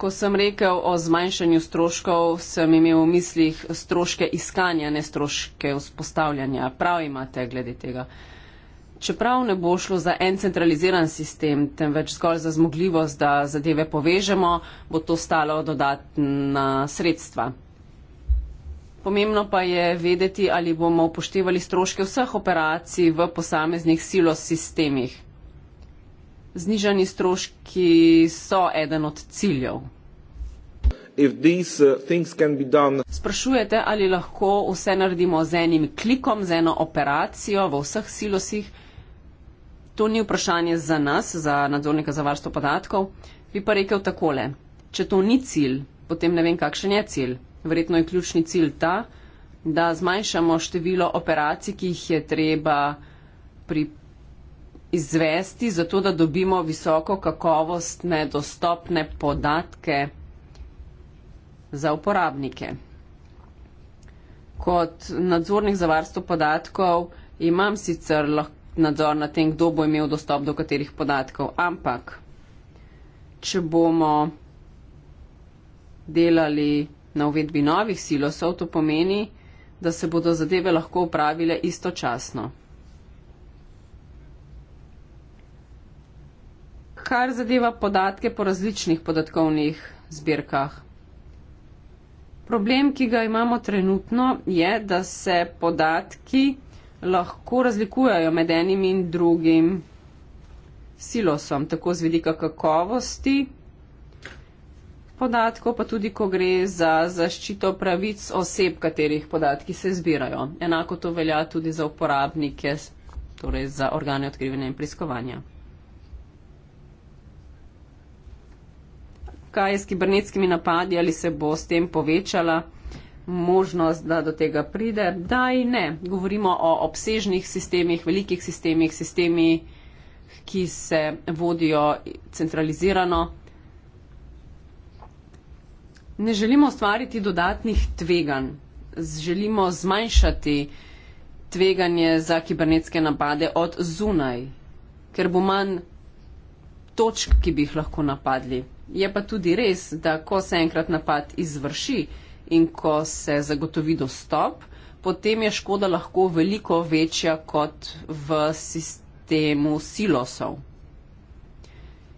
Ko sem rekel o zmanjšanju stroškov, sem imel v mislih stroške iskanja, ne stroške vzpostavljanja. Prav imate glede tega. Uh, Čeprav ne bo šlo za en centraliziran sistem, temveč zgolj za zmogljivost, da zadeve povežemo, bo to stalo dodatna sredstva. Pomembno pa je vedeti, ali bomo upoštevali stroške vseh operacij v posameznih silos sistemih. Znižani stroški so eden od ciljev. These, uh, Sprašujete, ali lahko vse naredimo z enim klikom, z eno operacijo v vseh silosih? To ni vprašanje za nas, za nadzornika za varstvo podatkov. Bi pa rekel takole. Če to ni cilj, potem ne vem, kakšen je cilj. Verjetno je ključni cilj ta, da zmanjšamo število operacij, ki jih je treba pri izvesti, zato da dobimo visoko kakovostne dostopne podatke za uporabnike. Kot nadzornik za varstvo podatkov imam sicer lahko nadzor nad tem, kdo bo imel dostop do katerih podatkov. Ampak, če bomo delali na uvedbi novih silosov, to pomeni, da se bodo zadeve lahko upravile istočasno. Kar zadeva podatke po različnih podatkovnih zbirkah. Problem, ki ga imamo trenutno, je, da se podatki lahko razlikujejo med enim in drugim silosom, tako z vidika kakovosti podatkov, pa tudi, ko gre za zaščito pravic oseb, katerih podatki se zbirajo. Enako to velja tudi za uporabnike, torej za organe odkrivanja in preiskovanja. Kaj je s kibernetskimi napadi ali se bo s tem povečala? možnost, da do tega pride. Da in ne. Govorimo o obsežnih sistemih, velikih sistemih, sistemi, ki se vodijo centralizirano. Ne želimo ustvariti dodatnih tveganj. Želimo zmanjšati tveganje za kibernetske napade od zunaj, ker bo manj točk, ki bi jih lahko napadli. Je pa tudi res, da ko se enkrat napad izvrši, in ko se zagotovi dostop, potem je škoda lahko veliko večja kot v sistemu silosov.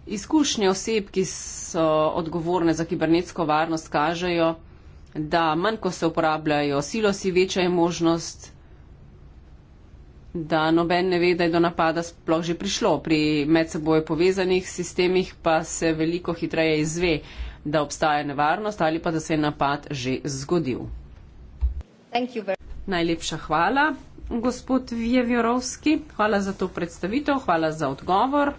Izkušnje oseb, ki so odgovorne za kibernetsko varnost, kažejo, da manj, ko se uporabljajo silosi, večja je možnost, da noben ne ve, da je do napada sploh že prišlo. Pri medseboj povezanih sistemih pa se veliko hitreje izve, da obstaja nevarnost ali pa da se je napad že zgodil. Najlepša hvala, gospod Vjevjorovski. Hvala za to predstavitev, hvala za odgovor.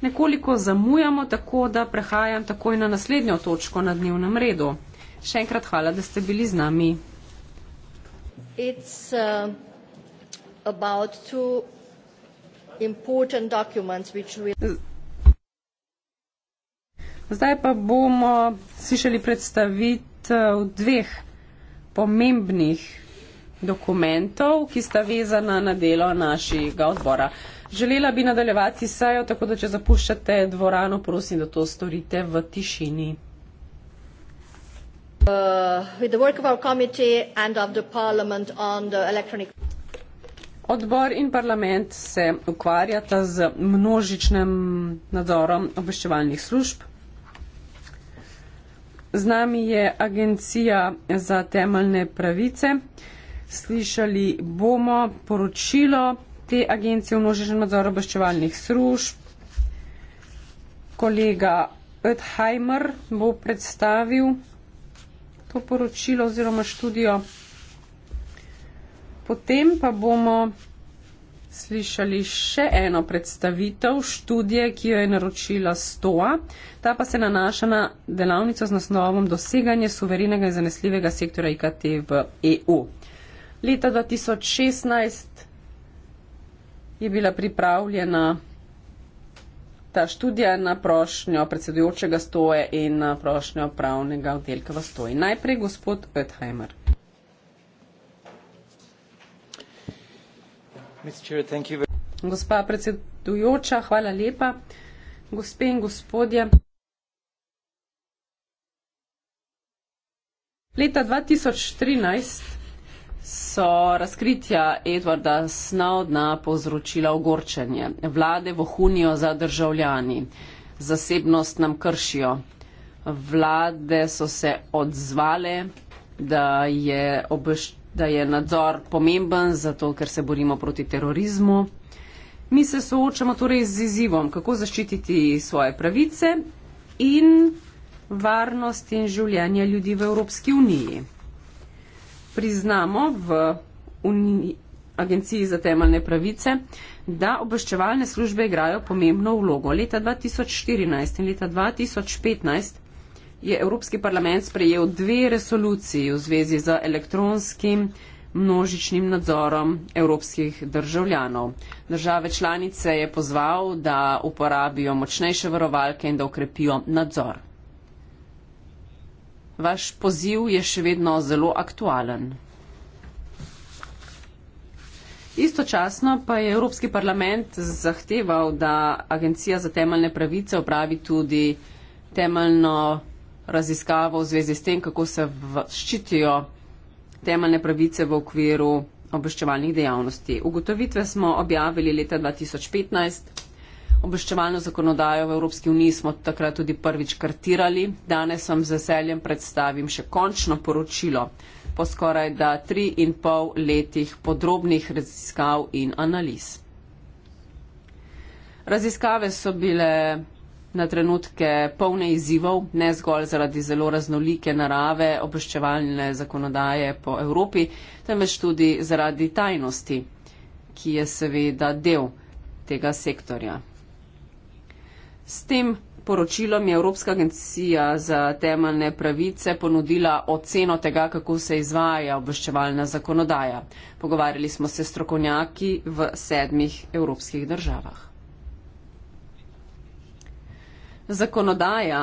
Nekoliko zamujamo, tako da prehajam takoj na naslednjo točko na dnevnem redu. Še enkrat hvala, da ste bili z nami. It's, uh... About two important documents which will. Zdaj pa bomo slišali predstavitev dveh pomembnih dokumentov, ki sta vezana na delo našega odbora. Želela bi nadaljevati sajo, tako da če zapuščate dvorano, prosim, da to storite v tišini. Uh, Odbor in parlament se ukvarjata z množičnim nadzorom obveščevalnih služb. Z nami je Agencija za temeljne pravice. Slišali bomo poročilo te agencije v množičnem nadzoru obveščevalnih služb. Kolega Ötheimer bo predstavil to poročilo oziroma študijo. Potem pa bomo slišali še eno predstavitev študije, ki jo je naročila STOA. Ta pa se nanaša na delavnico z naslovom doseganje suverenega in zanesljivega sektora IKT v EU. Leta 2016 je bila pripravljena ta študija na prošnjo predsedujočega STOE in na prošnjo pravnega oddelka v STOE. Najprej gospod Oetheimer. Gospa predsedujoča, hvala lepa. Gospe in gospodje. Leta 2013 so razkritja Edwarda Snowdna povzročila ogorčenje. Vlade vohunijo za državljani, zasebnost nam kršijo. Vlade so se odzvale, da je obveščenje da je nadzor pomemben, zato ker se borimo proti terorizmu. Mi se soočamo torej z izzivom, kako zaščititi svoje pravice in varnost in življenje ljudi v Evropski uniji. Priznamo v uniji, Agenciji za temeljne pravice, da obveščevalne službe igrajo pomembno vlogo. Leta 2014 in leta 2015 je Evropski parlament sprejel dve resoluciji v zvezi z elektronskim množičnim nadzorom evropskih državljanov. Države članice je pozval, da uporabijo močnejše varovalke in da okrepijo nadzor. Vaš poziv je še vedno zelo aktualen. Istočasno pa je Evropski parlament zahteval, da Agencija za temeljne pravice opravi tudi temeljno raziskavo v zvezi s tem, kako se ščitijo temeljne pravice v okviru obveščevalnih dejavnosti. Ugotovitve smo objavili leta 2015. Obveščevalno zakonodajo v Evropski uniji smo takrat tudi prvič kartirali. Danes vam z veseljem predstavim še končno poročilo po skoraj da tri in pol letih podrobnih raziskav in analiz. Raziskave so bile na trenutke polne izzivov, ne zgolj zaradi zelo raznolike narave obveščevalne zakonodaje po Evropi, temveč tudi zaradi tajnosti, ki je seveda del tega sektorja. S tem poročilom je Evropska agencija za temeljne pravice ponudila oceno tega, kako se izvaja obveščevalna zakonodaja. Pogovarjali smo se s strokovnjaki v sedmih evropskih državah. Zakonodaja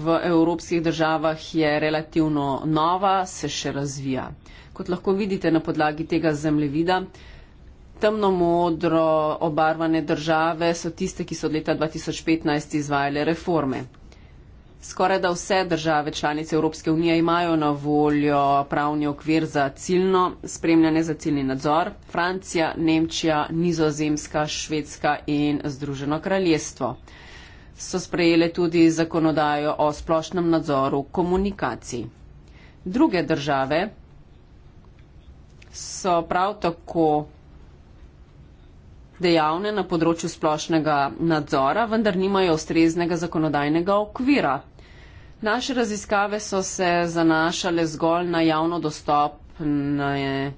v evropskih državah je relativno nova, se še razvija. Kot lahko vidite na podlagi tega zemljevida, temno-modro obarvane države so tiste, ki so od leta 2015 izvajale reforme. Skoraj da vse države članice Evropske unije imajo na voljo pravni okvir za ciljno spremljanje za ciljni nadzor. Francija, Nemčija, Nizozemska, Švedska in Združeno kraljestvo so sprejele tudi zakonodajo o splošnem nadzoru komunikacij. Druge države so prav tako dejavne na področju splošnega nadzora, vendar nimajo ustreznega zakonodajnega okvira. Naše raziskave so se zanašale zgolj na javno dostopne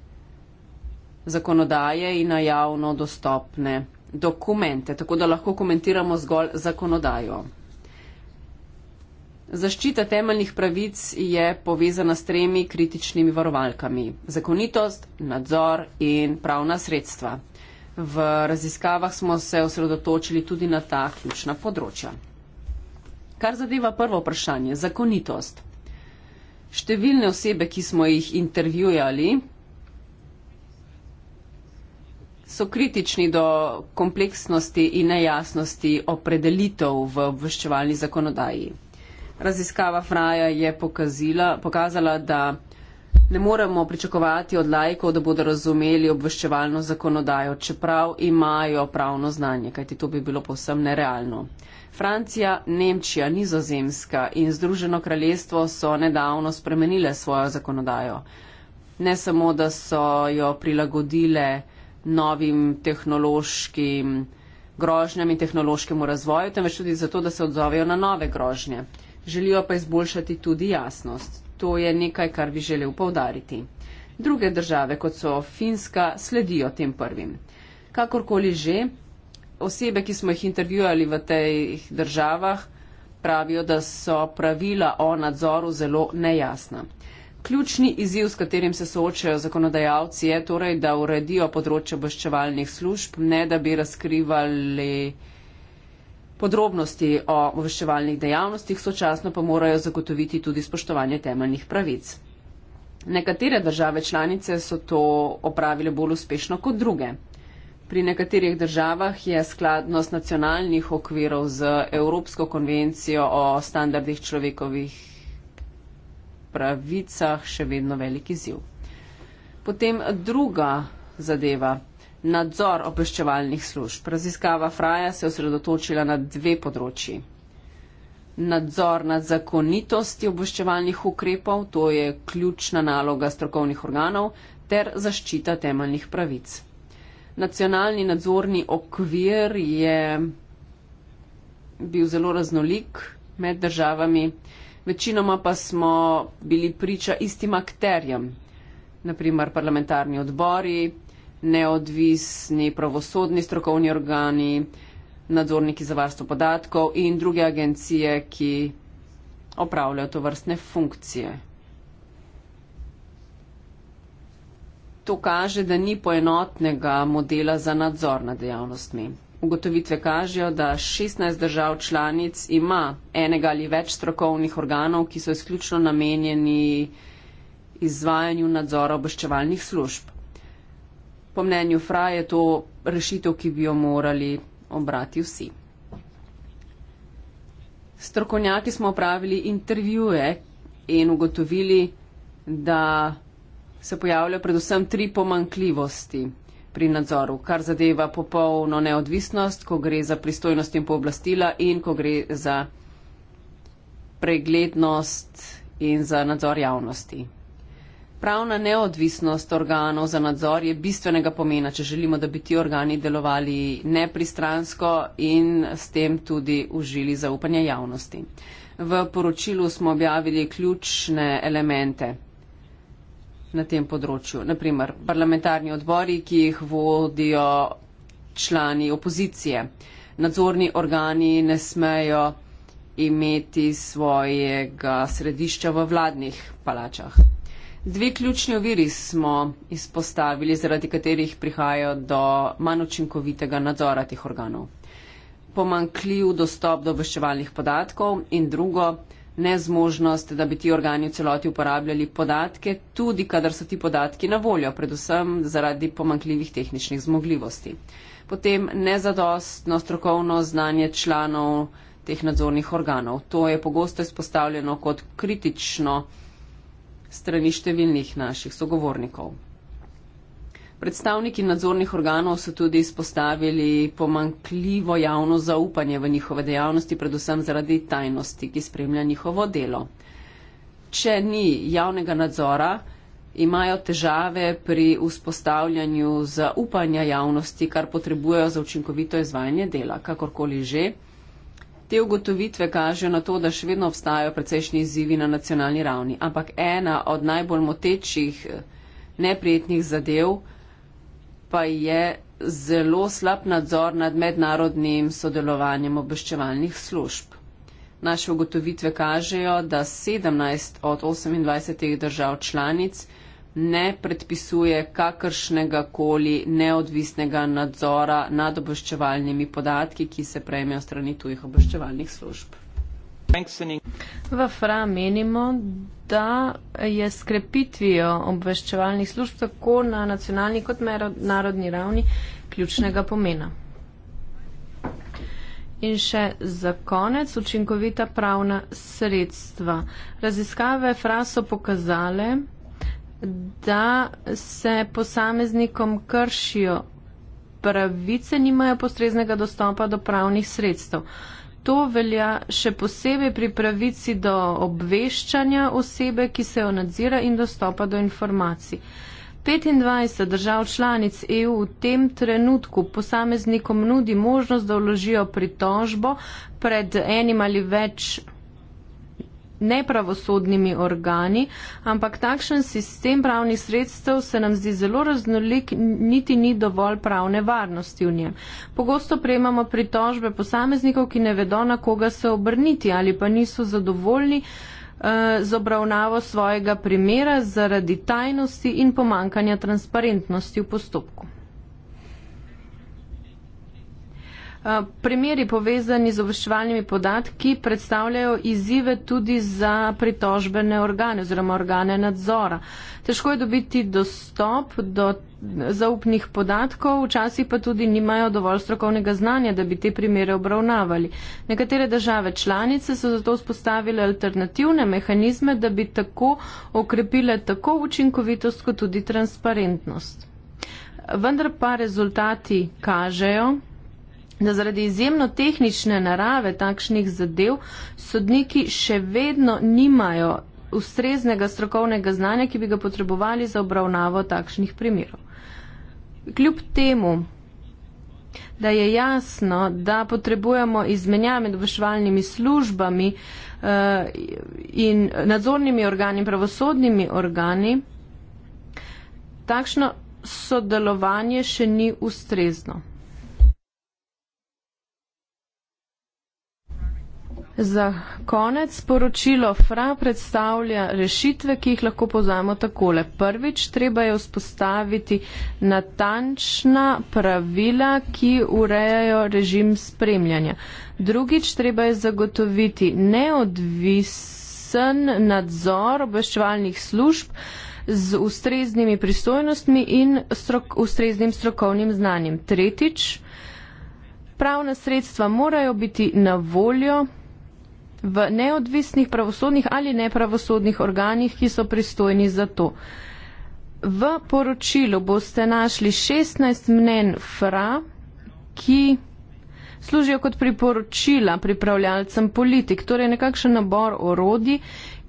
zakonodaje in na javno dostopne dokumente, tako da lahko komentiramo zgolj zakonodajo. Zaščita temeljnih pravic je povezana s tremi kritičnimi varovalkami - zakonitost, nadzor in pravna sredstva. V raziskavah smo se osredotočili tudi na ta ključna področja. Kar zadeva prvo vprašanje, zakonitost. Številne osebe, ki smo jih intervjujali, so kritični do kompleksnosti in nejasnosti opredelitev v obveščevalni zakonodaji. Raziskava Fraja je pokazila, pokazala, da ne moremo pričakovati od lajkov, da bodo razumeli obveščevalno zakonodajo, čeprav imajo pravno znanje, kajti to bi bilo povsem nerealno. Francija, Nemčija, Nizozemska in Združeno kraljestvo so nedavno spremenile svojo zakonodajo. Ne samo, da so jo prilagodile novim tehnološkim grožnjam in tehnološkemu razvoju, temveč tudi zato, da se odzovejo na nove grožnje. Želijo pa izboljšati tudi jasnost. To je nekaj, kar bi želel povdariti. Druge države, kot so Finska, sledijo tem prvim. Kakorkoli že, osebe, ki smo jih intervjuvali v teh državah, pravijo, da so pravila o nadzoru zelo nejasna. Ključni izziv, s katerim se soočajo zakonodajalci, je torej, da uredijo področje obveščevalnih služb, ne da bi razkrivali podrobnosti o obveščevalnih dejavnostih, sočasno pa morajo zagotoviti tudi spoštovanje temeljnih pravic. Nekatere države članice so to opravile bolj uspešno kot druge. Pri nekaterih državah je skladnost nacionalnih okvirov z Evropsko konvencijo o standardih človekovih pravicah še vedno veliki ziv. Potem druga zadeva. Nadzor obveščevalnih služb. Raziskava Fraja se je osredotočila na dve področji. Nadzor nad zakonitosti obveščevalnih ukrepov, to je ključna naloga strokovnih organov, ter zaščita temeljnih pravic. Nacionalni nadzorni okvir je bil zelo raznolik med državami, večinoma pa smo bili priča istim akterjem, naprimer parlamentarni odbori, neodvisni pravosodni strokovni organi, nadzorniki za varstvo podatkov in druge agencije, ki opravljajo to vrstne funkcije. To kaže, da ni poenotnega modela za nadzor nad dejavnostmi. Ugotovitve kažejo, da 16 držav članic ima enega ali več strokovnih organov, ki so izključno namenjeni izvajanju nadzora obveščevalnih služb. Po mnenju FRA je to rešitev, ki bi jo morali obrati vsi. Strokovnjaki smo opravili intervjuje in ugotovili, da se pojavljajo predvsem tri pomankljivosti pri nadzoru, kar zadeva popolno neodvisnost, ko gre za pristojnost in pooblastila in ko gre za preglednost in za nadzor javnosti. Pravna neodvisnost organov za nadzor je bistvenega pomena, če želimo, da bi ti organi delovali nepristransko in s tem tudi užili zaupanje javnosti. V poročilu smo objavili ključne elemente na tem področju. Naprimer, parlamentarni odbori, ki jih vodijo člani opozicije. Nadzorni organi ne smejo imeti svojega središča v vladnih palačah. Dve ključni oviri smo izpostavili, zaradi katerih prihajajo do manj učinkovitega nadzora teh organov. Pomankljiv dostop do obveščevalnih podatkov in drugo, nezmožnost, da bi ti organi v celoti uporabljali podatke, tudi kadar so ti podatki na voljo, predvsem zaradi pomankljivih tehničnih zmogljivosti. Potem nezadostno strokovno znanje članov teh nadzornih organov. To je pogosto izpostavljeno kot kritično strani številnih naših sogovornikov. Predstavniki nadzornih organov so tudi izpostavili pomankljivo javno zaupanje v njihove dejavnosti, predvsem zaradi tajnosti, ki spremlja njihovo delo. Če ni javnega nadzora, imajo težave pri vzpostavljanju zaupanja javnosti, kar potrebujejo za učinkovito izvajanje dela, kakorkoli že. Te ugotovitve kažejo na to, da še vedno obstajajo precejšnji izzivi na nacionalni ravni, ampak ena od najbolj motečih eh, neprijetnih zadev, pa je zelo slab nadzor nad mednarodnim sodelovanjem obveščevalnih služb. Naše ugotovitve kažejo, da 17 od 28 držav članic ne predpisuje kakršnega koli neodvisnega nadzora nad obveščevalnimi podatki, ki se prejmejo strani tujih obveščevalnih služb. V FRA menimo, da je s krepitvijo obveščevalnih služb tako na nacionalni kot narodni ravni ključnega pomena. In še za konec učinkovita pravna sredstva. Raziskave FRA so pokazale, da se posameznikom kršijo pravice, nimajo postreznega dostopa do pravnih sredstev. Uh, To velja še posebej pri pravici do obveščanja osebe, ki se jo nadzira in dostopa do informacij. 25 držav članic EU v tem trenutku posameznikom nudi možnost, da vložijo pritožbo pred enim ali več nepravosodnimi organi, ampak takšen sistem pravnih sredstev se nam zdi zelo raznolik, niti ni dovolj pravne varnosti v njem. Pogosto prejmamo pritožbe posameznikov, ki ne vedo, na koga se obrniti ali pa niso zadovoljni eh, z obravnavo svojega primera zaradi tajnosti in pomankanja transparentnosti v postopku. Eh, primeri povezani z obveščevalnimi podatki predstavljajo izzive tudi za pritožbene organe oziroma organe nadzora. Težko je dobiti dostop do zaupnih podatkov, včasih pa tudi nimajo dovolj strokovnega znanja, da bi te primere obravnavali. Nekatere države članice so zato spostavile alternativne mehanizme, da bi tako okrepile tako učinkovitost kot tudi transparentnost. Vendar pa rezultati kažejo, da zaradi izjemno tehnične narave takšnih zadev sodniki še vedno nimajo ustreznega strokovnega znanja, ki bi ga potrebovali za obravnavo takšnih primerov. Kljub temu, da je jasno, da potrebujemo izmenjave med obveščevalnimi službami uh, in nadzornimi organi, pravosodnimi organi, takšno sodelovanje še ni ustrezno. Za konec poročilo FRA predstavlja rešitve, ki jih lahko poznamo takole. Prvič, treba je vzpostaviti natančna pravila, ki urejajo režim spremljanja. Drugič, treba je zagotoviti neodvisen nadzor obveščevalnih služb z ustreznimi pristojnostmi in strok, ustreznim strokovnim znanjem. Tretjič, pravna sredstva morajo biti na voljo, v neodvisnih pravosodnih ali nepravosodnih organih, ki so pristojni za to. V poročilu boste našli 16 mnen FRA, ki služijo kot priporočila pripravljalcem politik, torej nekakšen nabor orodi,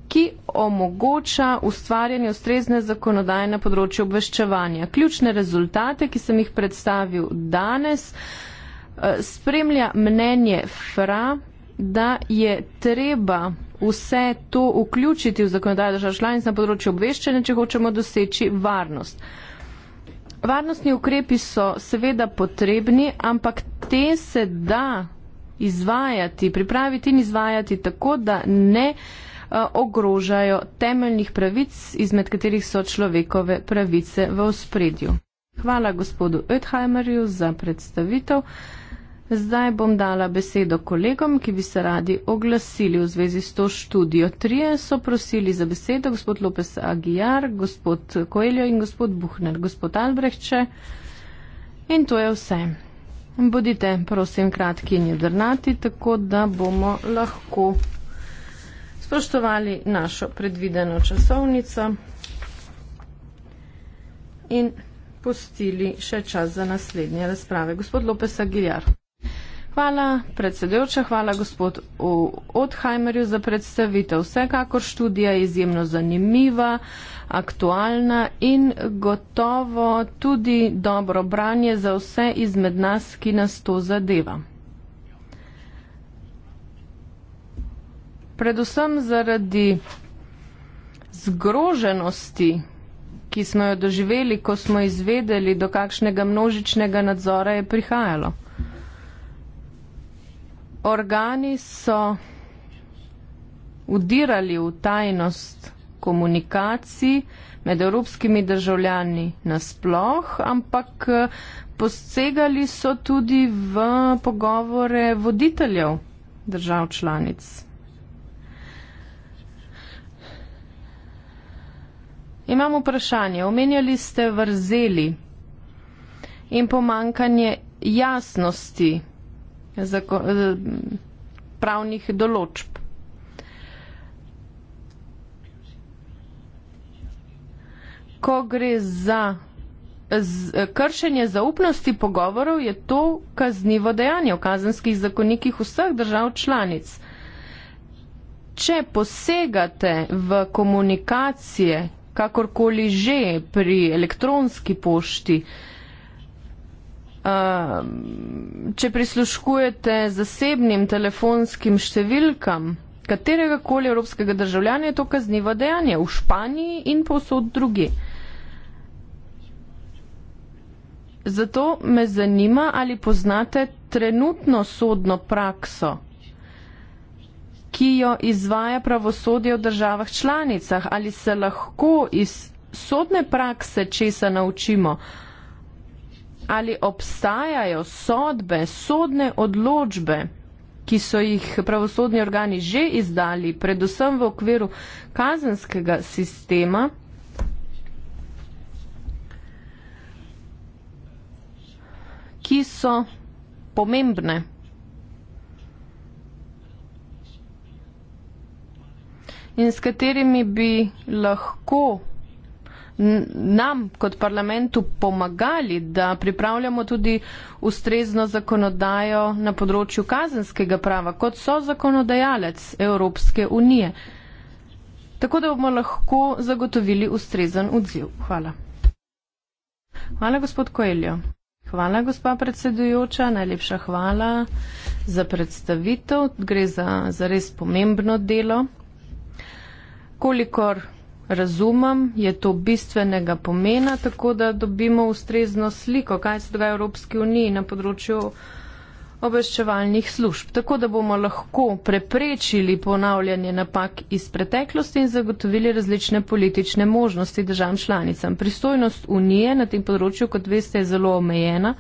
ki omogoča ustvarjanje ustrezne zakonodaje na področju obveščevanja. Ključne rezultate, ki sem jih predstavil danes, eh, spremlja mnenje FRA, da je treba vse to vključiti v zakonodajo držav članic na področju obveščanja, če hočemo doseči varnost. Varnostni ukrepi so seveda potrebni, ampak te se da izvajati, pripraviti in izvajati tako, da ne eh, ogrožajo temeljnih pravic, izmed katerih so človekove pravice v ospredju. Hvala gospodu Oethheimerju za predstavitev. Zdaj bom dala besedo kolegom, ki bi se radi oglasili v zvezi s to študijo. Trije so prosili za besedo, gospod Lopes Agijar, gospod Koeljo in gospod Buhner, gospod Albrehče. In to je vse. Bodite, prosim, kratki in jedrnati, tako da bomo lahko spoštovali našo predvideno časovnico in pustili še čas za naslednje razprave. Gospod Lopes Agijar. Hvala predsedujoča, hvala gospod Odhajmerju za predstavitev. Vsekakor študija je izjemno zanimiva, aktualna in gotovo tudi dobro branje za vse izmed nas, ki nas to zadeva. Predvsem zaradi zgroženosti, ki smo jo doživeli, ko smo izvedeli, do kakšnega množičnega nadzora je prihajalo organi so udirali v tajnost komunikacij med evropskimi državljani nasploh, ampak eh, posegali so tudi v pogovore voditeljev držav članic. Imam vprašanje. Omenjali ste vrzeli in pomankanje jasnosti zako, eh, pravnih določb. Ko gre za z, eh, kršenje zaupnosti pogovorov, je to kaznivo dejanje v kazenskih zakonikih vseh držav članic. Če posegate v komunikacije, kakorkoli že pri elektronski pošti, eh, Ehm, če prisluškujete zasebnim telefonskim številkam katerega koli evropskega državljana, je to kaznivo dejanje v Španiji in povsod drugi. Zato me zanima, ali poznate trenutno sodno prakso, ki jo izvaja pravosodje v državah članicah, ali se lahko iz sodne prakse česa naučimo, ali obstajajo sodbe, sodne odločbe, ki so jih pravosodni organi že izdali, predvsem v okviru kazenskega sistema. ki so pomembne. In s katerimi bi lahko nam kot parlamentu pomagali, da pripravljamo tudi ustrezno zakonodajo na področju kazenskega prava, kot so zakonodajalec Evropske unije. Tako da bomo lahko zagotovili ustrezen odziv. Hvala. Hvala, gospod Koeljo. Hvala, gospa predsedujoča. Najlepša hvala za predstavitev. Gre za, za res pomembno delo. Kolikor razumem, je to bistvenega pomena, tako da dobimo ustrezno sliko, kaj se dogaja v Evropski uniji na področju obveščevalnih služb, tako da bomo lahko preprečili ponavljanje napak iz preteklosti in zagotovili različne politične možnosti državam članicam. Pristojnost Unije na tem področju, kot veste, je zelo omejena,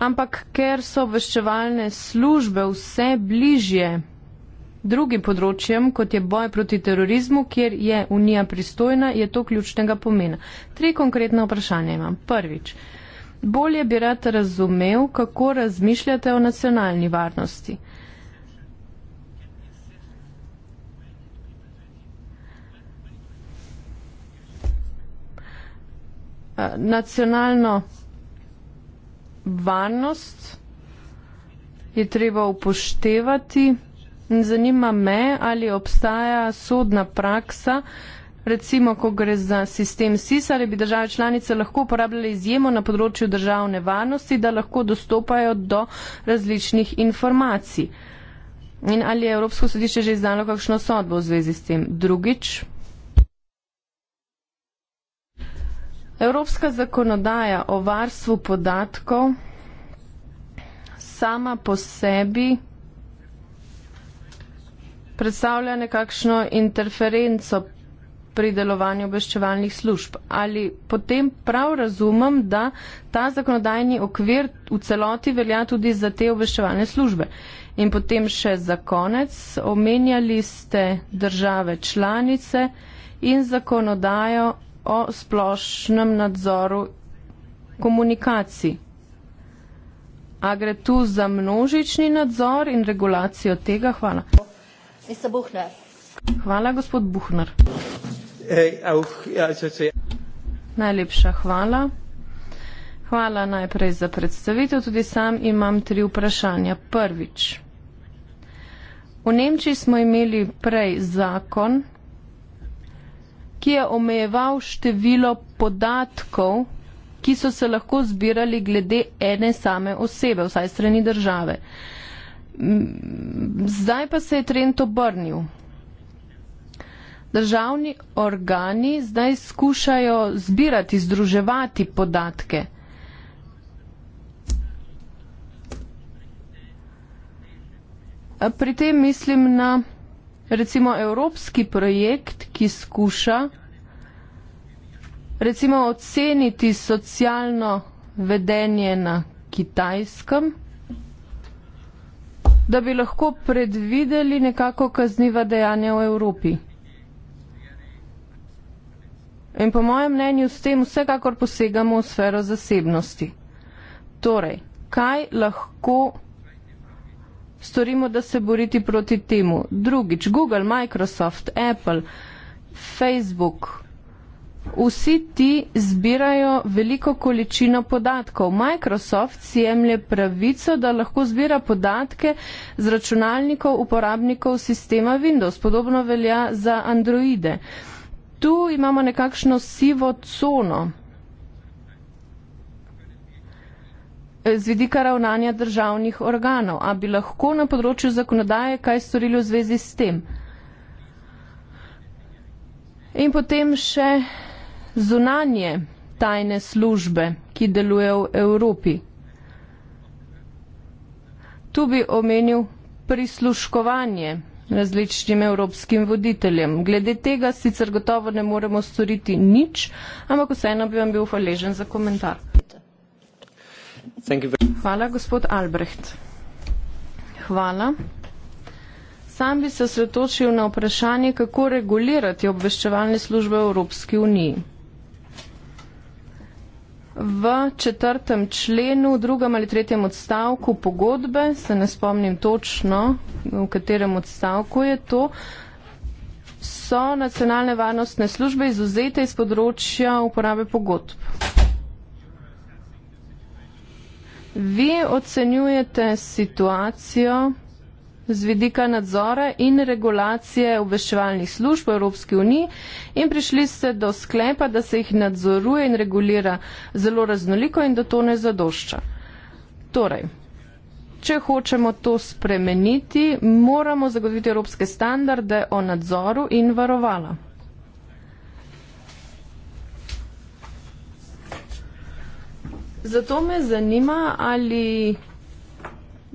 ampak ker so obveščevalne službe vse bližje drugim področjem, kot je boj proti terorizmu, kjer je Unija pristojna, je to ključnega pomena. Tri konkretna vprašanja imam. Prvič. Bolje bi rad razumel, kako razmišljate o nacionalni varnosti. Eh, nacionalno varnost je treba upoštevati. In zanima me, ali obstaja sodna praksa, recimo, ko gre za sistem SIS, ali bi države članice lahko uporabljali izjemo na področju državne varnosti, da lahko dostopajo do različnih informacij. In ali je Evropsko sodišče že izdalo kakšno sodbo v zvezi s tem? Drugič. Evropska zakonodaja o varstvu podatkov sama po sebi predstavlja nekakšno interferenco pri delovanju obveščevalnih služb. Ali potem prav razumem, da ta zakonodajni okvir v celoti velja tudi za te obveščevalne službe? In potem še za konec, omenjali ste države članice in zakonodajo o splošnem nadzoru komunikacij. A gre tu za množični nadzor in regulacijo tega? Hvala. Buhner. Hvala, gospod Buhner. Ja, Najlepša hvala. Hvala najprej za predstavitev. Tudi sam imam tri vprašanja. Prvič. V Nemčiji smo imeli prej zakon, ki je omejeval število podatkov, ki so se lahko zbirali glede ene same osebe, vsaj strani države. Mm, zdaj pa se je trend obrnil. Državni organi zdaj skušajo zbirati, združevati podatke. Pri tem mislim na recimo evropski projekt, ki skuša recimo oceniti socialno vedenje na kitajskem da bi lahko predvideli nekako kazniva dejanja v Evropi. In po mojem mnenju s tem vsekakor posegamo v sfero zasebnosti. Torej, kaj lahko storimo, da se boriti proti temu? Drugič, Google, Microsoft, Apple, Facebook, Vsi ti zbirajo veliko količino podatkov. Microsoft si jemlje pravico, da lahko zbira podatke z računalnikov uporabnikov sistema Windows. Podobno velja za Androide. Tu imamo nekakšno sivo cono z vidika ravnanja državnih organov. A bi lahko na področju zakonodaje kaj storili v zvezi s tem? In potem še zunanje tajne službe, ki deluje v Evropi. Tu bi omenil prisluškovanje različnim evropskim voditeljem. Glede tega sicer gotovo ne moremo storiti nič, ampak vseeno bi vam bil hvaležen za komentar. Hvala, gospod Albrecht. Hvala. Sam bi se osredotočil na vprašanje, kako regulirati obveščevalne službe v Evropski uniji v četrtem členu, drugem ali tretjem odstavku pogodbe, se ne spomnim točno, v katerem odstavku je to, so nacionalne varnostne službe izuzete iz področja uporabe pogodb. Vi ocenjujete situacijo, z vidika nadzora in regulacije obveščevalnih služb v Evropski uniji in prišli ste do sklepa, da se jih nadzoruje in regulira zelo raznoliko in da to ne zadošča. Torej, če hočemo to spremeniti, moramo zagotoviti evropske standarde o nadzoru in varovala. Zato me zanima, ali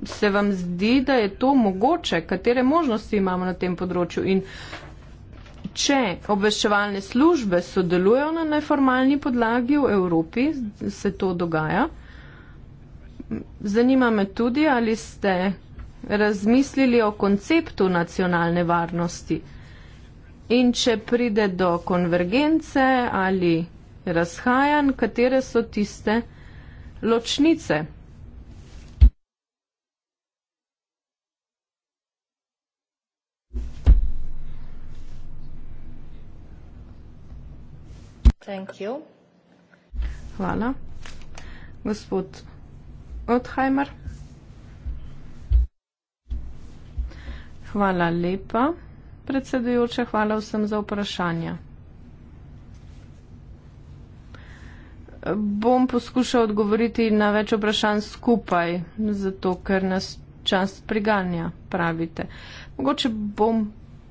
se vam zdi, da je to mogoče, katere možnosti imamo na tem področju in če obveščevalne službe sodelujo na neformalni podlagi v Evropi, se to dogaja. Zanima me tudi, ali ste razmislili o konceptu nacionalne varnosti in če pride do konvergence ali razhajanj, katere so tiste ločnice. Thank you. Hvala. Gospod Otheimer. Hvala lepa, predsedujoča. Hvala vsem za vprašanja. Bom poskušal odgovoriti na več vprašanj skupaj, zato ker nas čas priganja, pravite. Mogoče bom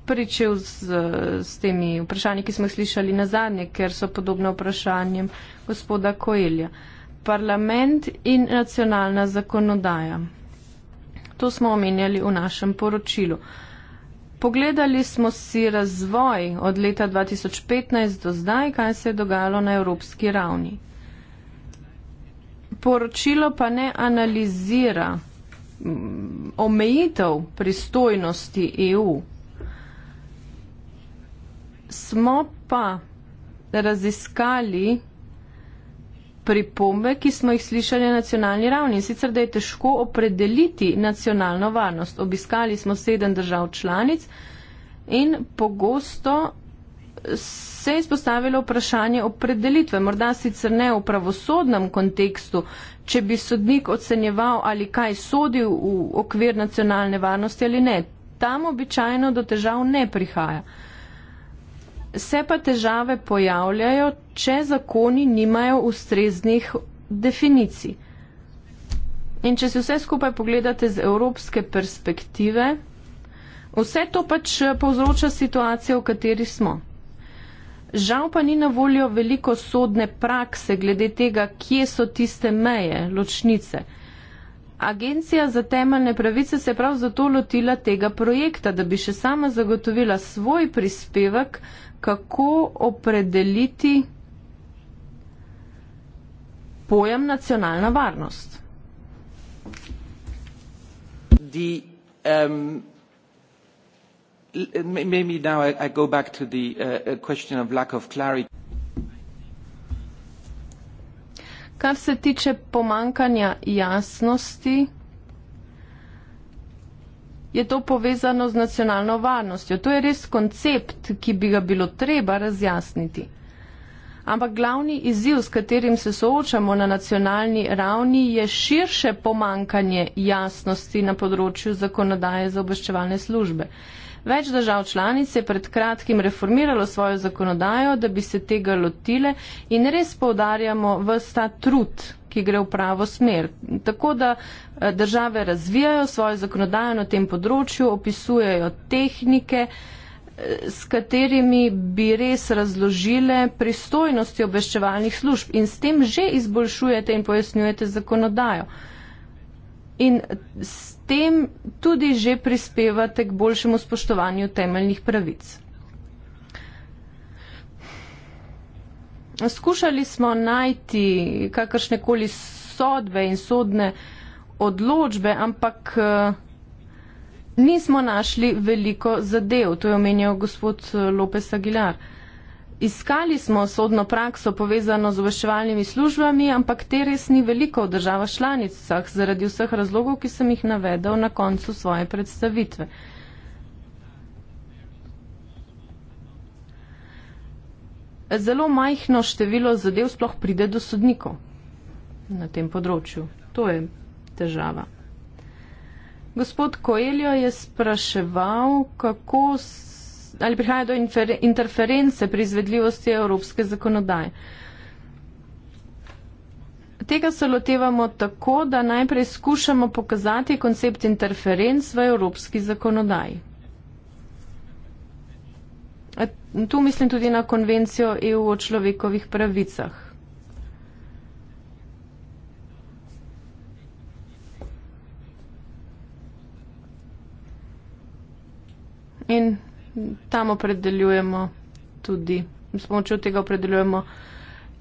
pričel z, z temi vprašanji, ki smo jih slišali na zadnje, ker so podobne vprašanjem gospoda Koelja. Parlament in nacionalna zakonodaja. To smo omenjali v našem poročilu. Pogledali smo si razvoj od leta 2015 do zdaj, kaj se je dogajalo na evropski ravni. Poročilo pa ne analizira mm, omejitev pristojnosti EU smo pa raziskali pripombe, ki smo jih slišali na nacionalni ravni. In sicer, da je težko opredeliti nacionalno varnost. Obiskali smo sedem držav članic in pogosto se je izpostavilo vprašanje opredelitve. Morda sicer ne v pravosodnem kontekstu, če bi sodnik ocenjeval ali kaj sodi v okvir nacionalne varnosti ali ne. Tam običajno do težav ne prihaja. Uh, se pa težave pojavljajo, če zakoni nimajo ustreznih definicij. In če si vse skupaj pogledate z evropske perspektive, vse to pač povzroča situacijo, v kateri smo. Žal pa ni na voljo veliko sodne prakse glede tega, kje so tiste meje, ločnice. Agencija za temeljne pravice se je prav zato lotila tega projekta, da bi še sama zagotovila svoj prispevek kako opredeliti pojem nacionalna varnost. The, um Maybe now I, I go back to the uh, uh, question of lack of clarity. Kar se tiče pomankanja jasnosti, je to povezano z nacionalno varnostjo. To je res koncept, ki bi ga bilo treba razjasniti. Ampak glavni izziv, s katerim se soočamo na nacionalni ravni, je širše pomankanje jasnosti na področju zakonodaje za obveščevalne službe. Več držav članic je pred kratkim reformiralo svojo zakonodajo, da bi se tega lotile in res poudarjamo vsta trud, ki gre v pravo smer. Tako da eh, države razvijajo svojo zakonodajo na tem področju, opisujejo tehnike, eh, s katerimi bi res razložile pristojnosti obveščevalnih služb in s tem že izboljšujete in pojasnjujete zakonodajo. In tem tudi že prispevate k boljšemu spoštovanju temeljnih pravic. Skušali smo najti kakršnekoli sodbe in sodne odločbe, ampak eh, nismo našli veliko zadev. To je omenjal gospod eh, Lopes Aguilar. Uh, Iskali smo sodno prakso povezano z obveščevalnimi službami, ampak te res ni veliko v državah članicah zaradi vseh razlogov, ki sem jih navedel na koncu svoje predstavitve. Zelo majhno število zadev sploh pride do sodnikov na tem področju. To je težava. Gospod Koeljo je spraševal, kako se ali prihaja do infer, interference pri izvedljivosti evropske zakonodaje. Tega se lotevamo tako, da najprej skušamo pokazati koncept interferenc v evropski zakonodaji. Tu mislim tudi na konvencijo EU o človekovih pravicah. In tam opredeljujemo tudi, s pomočjo tega opredeljujemo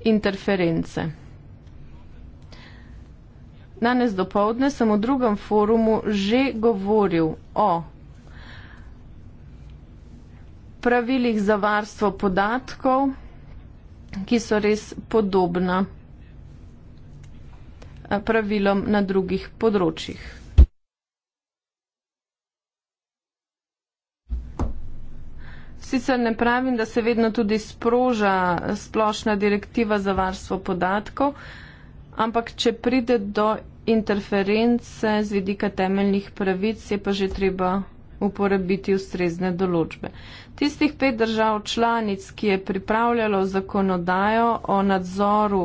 interference. Danes dopoledne sem v drugem forumu že govoril o pravilih za varstvo podatkov, ki so res podobna pravilom na drugih področjih. Sicer ne pravim, da se vedno tudi sproža splošna direktiva za varstvo podatkov, ampak če pride do interference z vidika temeljnih pravic, je pa že treba uporabiti ustrezne določbe. Tistih pet držav članic, ki je pripravljalo zakonodajo o nadzoru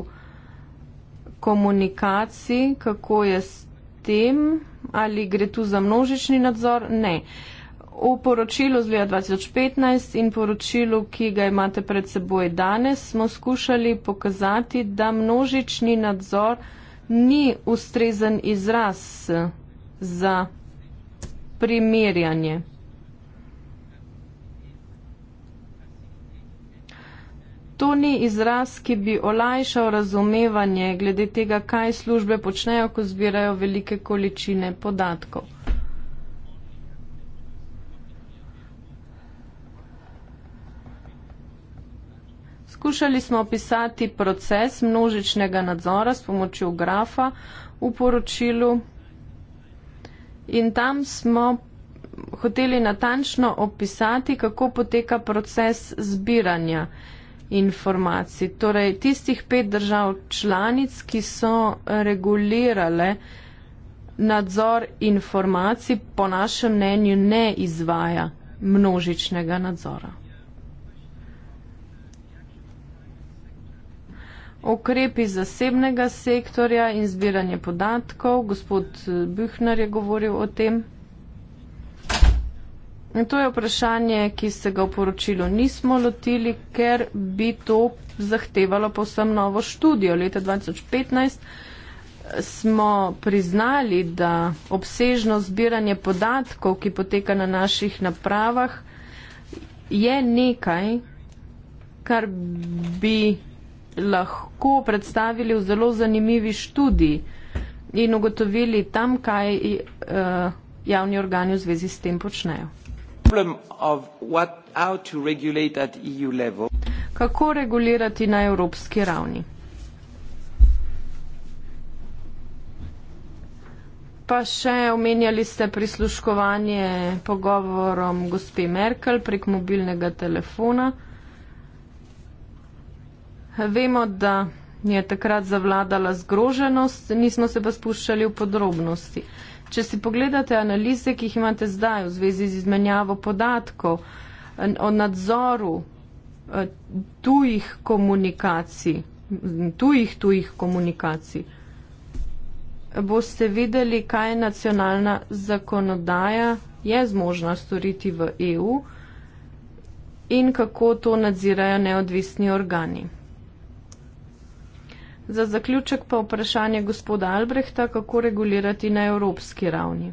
komunikacij, kako je s tem, ali gre tu za množični nadzor, ne. Uh, v poročilu z leta 2015 in poročilu, ki ga imate pred seboj danes, smo skušali pokazati, da množični nadzor ni ustrezen izraz za primerjanje. To ni izraz, ki bi olajšal razumevanje glede tega, kaj službe počnejo, ko zbirajo velike količine podatkov. Skušali smo opisati proces množičnega nadzora s pomočjo grafa v poročilu in tam smo hoteli natančno opisati, kako poteka proces zbiranja informacij. Torej, tistih pet držav članic, ki so regulirale nadzor informacij, po našem mnenju ne izvaja množičnega nadzora. ukrepi zasebnega sektorja in zbiranje podatkov. Gospod Bühner je govoril o tem. In to je vprašanje, ki se ga v poročilu nismo lotili, ker bi to zahtevalo povsem novo študijo. Leta 2015 smo priznali, da obsežno zbiranje podatkov, ki poteka na naših napravah, je nekaj, kar bi lahko predstavili v zelo zanimivi študiji in ugotovili tam, kaj uh, javni organi v zvezi s tem počnejo. What, e Kako regulirati na evropski ravni? Pa še omenjali ste prisluškovanje pogovorom gospe Merkel prek mobilnega telefona. Vemo, da je takrat zavladala zgroženost, nismo se pa spuščali v podrobnosti. Če si pogledate analize, ki jih imate zdaj v zvezi z izmenjavo podatkov o nadzoru eh, tujih komunikacij, tujih tujih komunikacij, boste videli, kaj je nacionalna zakonodaja je zmožna storiti v EU in kako to nadzirajo neodvisni organi. Za zaključek pa vprašanje gospoda Albrehta, kako regulirati na evropski ravni.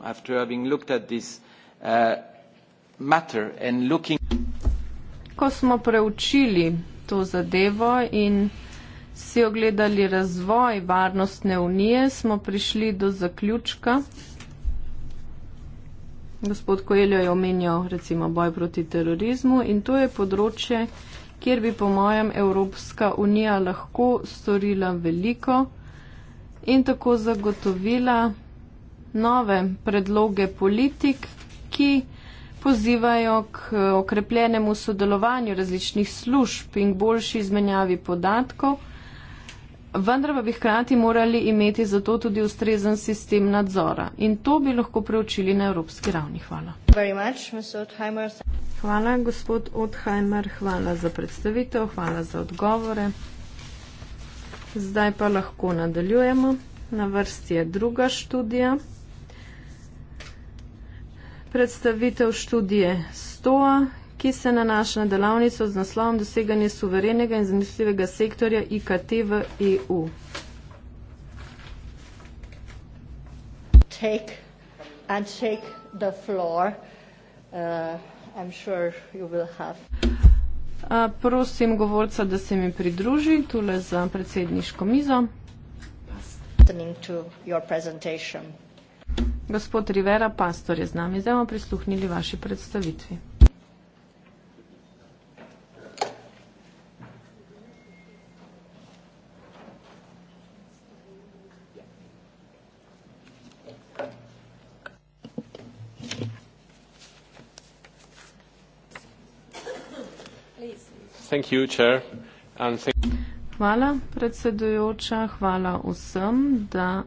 Uh, Ko smo preučili to zadevo in si ogledali razvoj varnostne unije, smo prišli do zaključka. Gospod Koeljo je omenjal recimo boj proti terorizmu in to je področje, ki je kjer bi po mojem Evropska unija lahko storila veliko in tako zagotovila nove predloge politik, ki pozivajo k okrepljenemu sodelovanju različnih služb in k boljši izmenjavi podatkov, vendar pa bi hkrati morali imeti za to tudi ustrezen sistem nadzora. In to bi lahko preučili na evropski ravni. Hvala. Hvala, gospod Odheimer, hvala za predstavitev, hvala za odgovore. Zdaj pa lahko nadaljujemo. Na vrsti je druga študija. Predstavitev študije STOA, ki se nanaša na delavnico z naslovom doseganje suverenega in zanesljivega sektorja IKT v EU. Take and shake the floor. Uh, Prosim govorca, da se mi pridruži tule za predsedniško mizo. Gospod Rivera, pastor je z nami, zdaj bomo prisluhnili vaši predstavitvi. Hvala, predsedujoča. Hvala vsem, da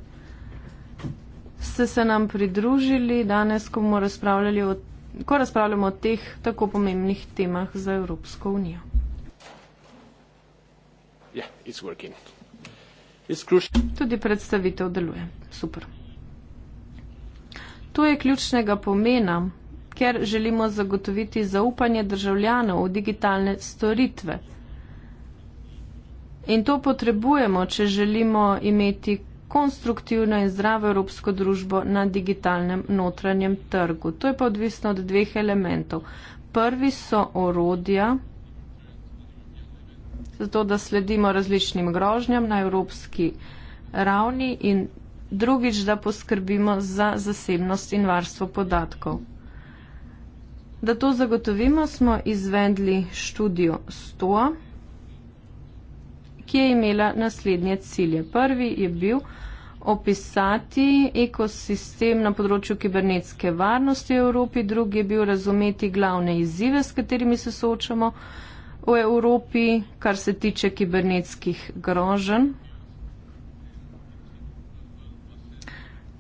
ste se nam pridružili danes, ko, o, ko razpravljamo o teh tako pomembnih temah za Evropsko unijo. Yeah, Tudi predstavitev deluje. Super. To je ključnega pomena ker želimo zagotoviti zaupanje državljanov v digitalne storitve. In to potrebujemo, če želimo imeti konstruktivno in zdravo evropsko družbo na digitalnem notranjem trgu. To je pa odvisno od dveh elementov. Prvi so orodja, zato da sledimo različnim grožnjam na evropski ravni in drugič, da poskrbimo za zasebnost in varstvo podatkov. Da to zagotovimo, smo izvedli študijo 100, ki je imela naslednje cilje. Prvi je bil opisati ekosistem na področju kibernetske varnosti v Evropi, drugi je bil razumeti glavne izzive, s katerimi se soočamo v Evropi, kar se tiče kibernetskih groženj.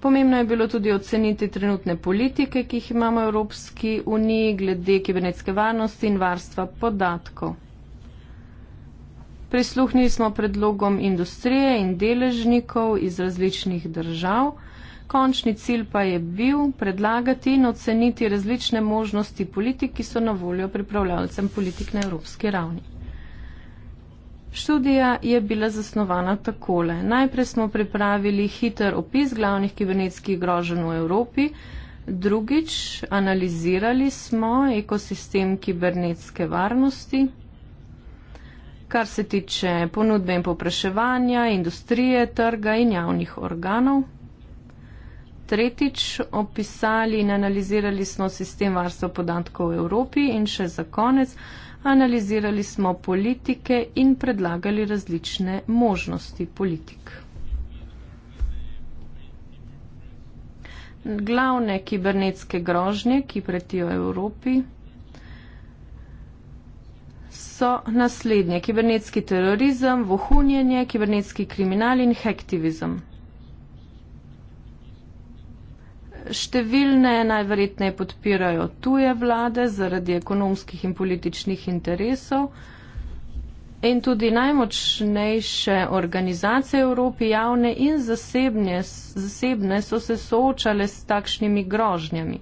Pomembno je bilo tudi oceniti trenutne politike, ki jih imamo v Evropski uniji glede kibernetske varnosti in varstva podatkov. Prisluhnili smo predlogom industrije in deležnikov iz različnih držav. Končni cilj pa je bil predlagati in oceniti različne možnosti politik, ki so na voljo pripravljalcem politik na evropski ravni. Študija je bila zasnovana takole. Najprej smo pripravili hiter opis glavnih kibernetskih grožen v Evropi, drugič analizirali smo ekosistem kibernetske varnosti, kar se tiče ponudbe in popraševanja, industrije, trga in javnih organov. Tretjič opisali in analizirali smo sistem varstva podatkov v Evropi in še za konec analizirali smo politike in predlagali različne možnosti politik. Glavne kibernetske grožnje, ki pretijo Evropi, so naslednje. Kibernetski terorizem, vohunjenje, kibernetski kriminal in hektivizem. številne najverjetneje podpirajo tuje vlade zaradi ekonomskih in političnih interesov. In tudi najmočnejše organizacije v Evropi, javne in zasebne, zasebne so se soočale s takšnimi grožnjami,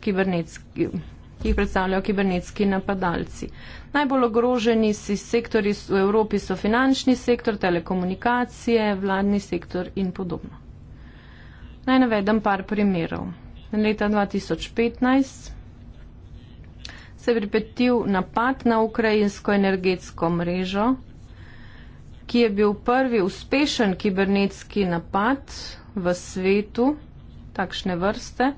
ki jih predstavljajo kibernetski napadalci. Najbolj ogroženi si sektori v Evropi so finančni sektor, telekomunikacije, vladni sektor in podobno. Naj navedem par primerov. Leta 2015 se je pripetil napad na ukrajinsko energetsko mrežo, ki je bil prvi uspešen kibernetski napad v svetu takšne vrste.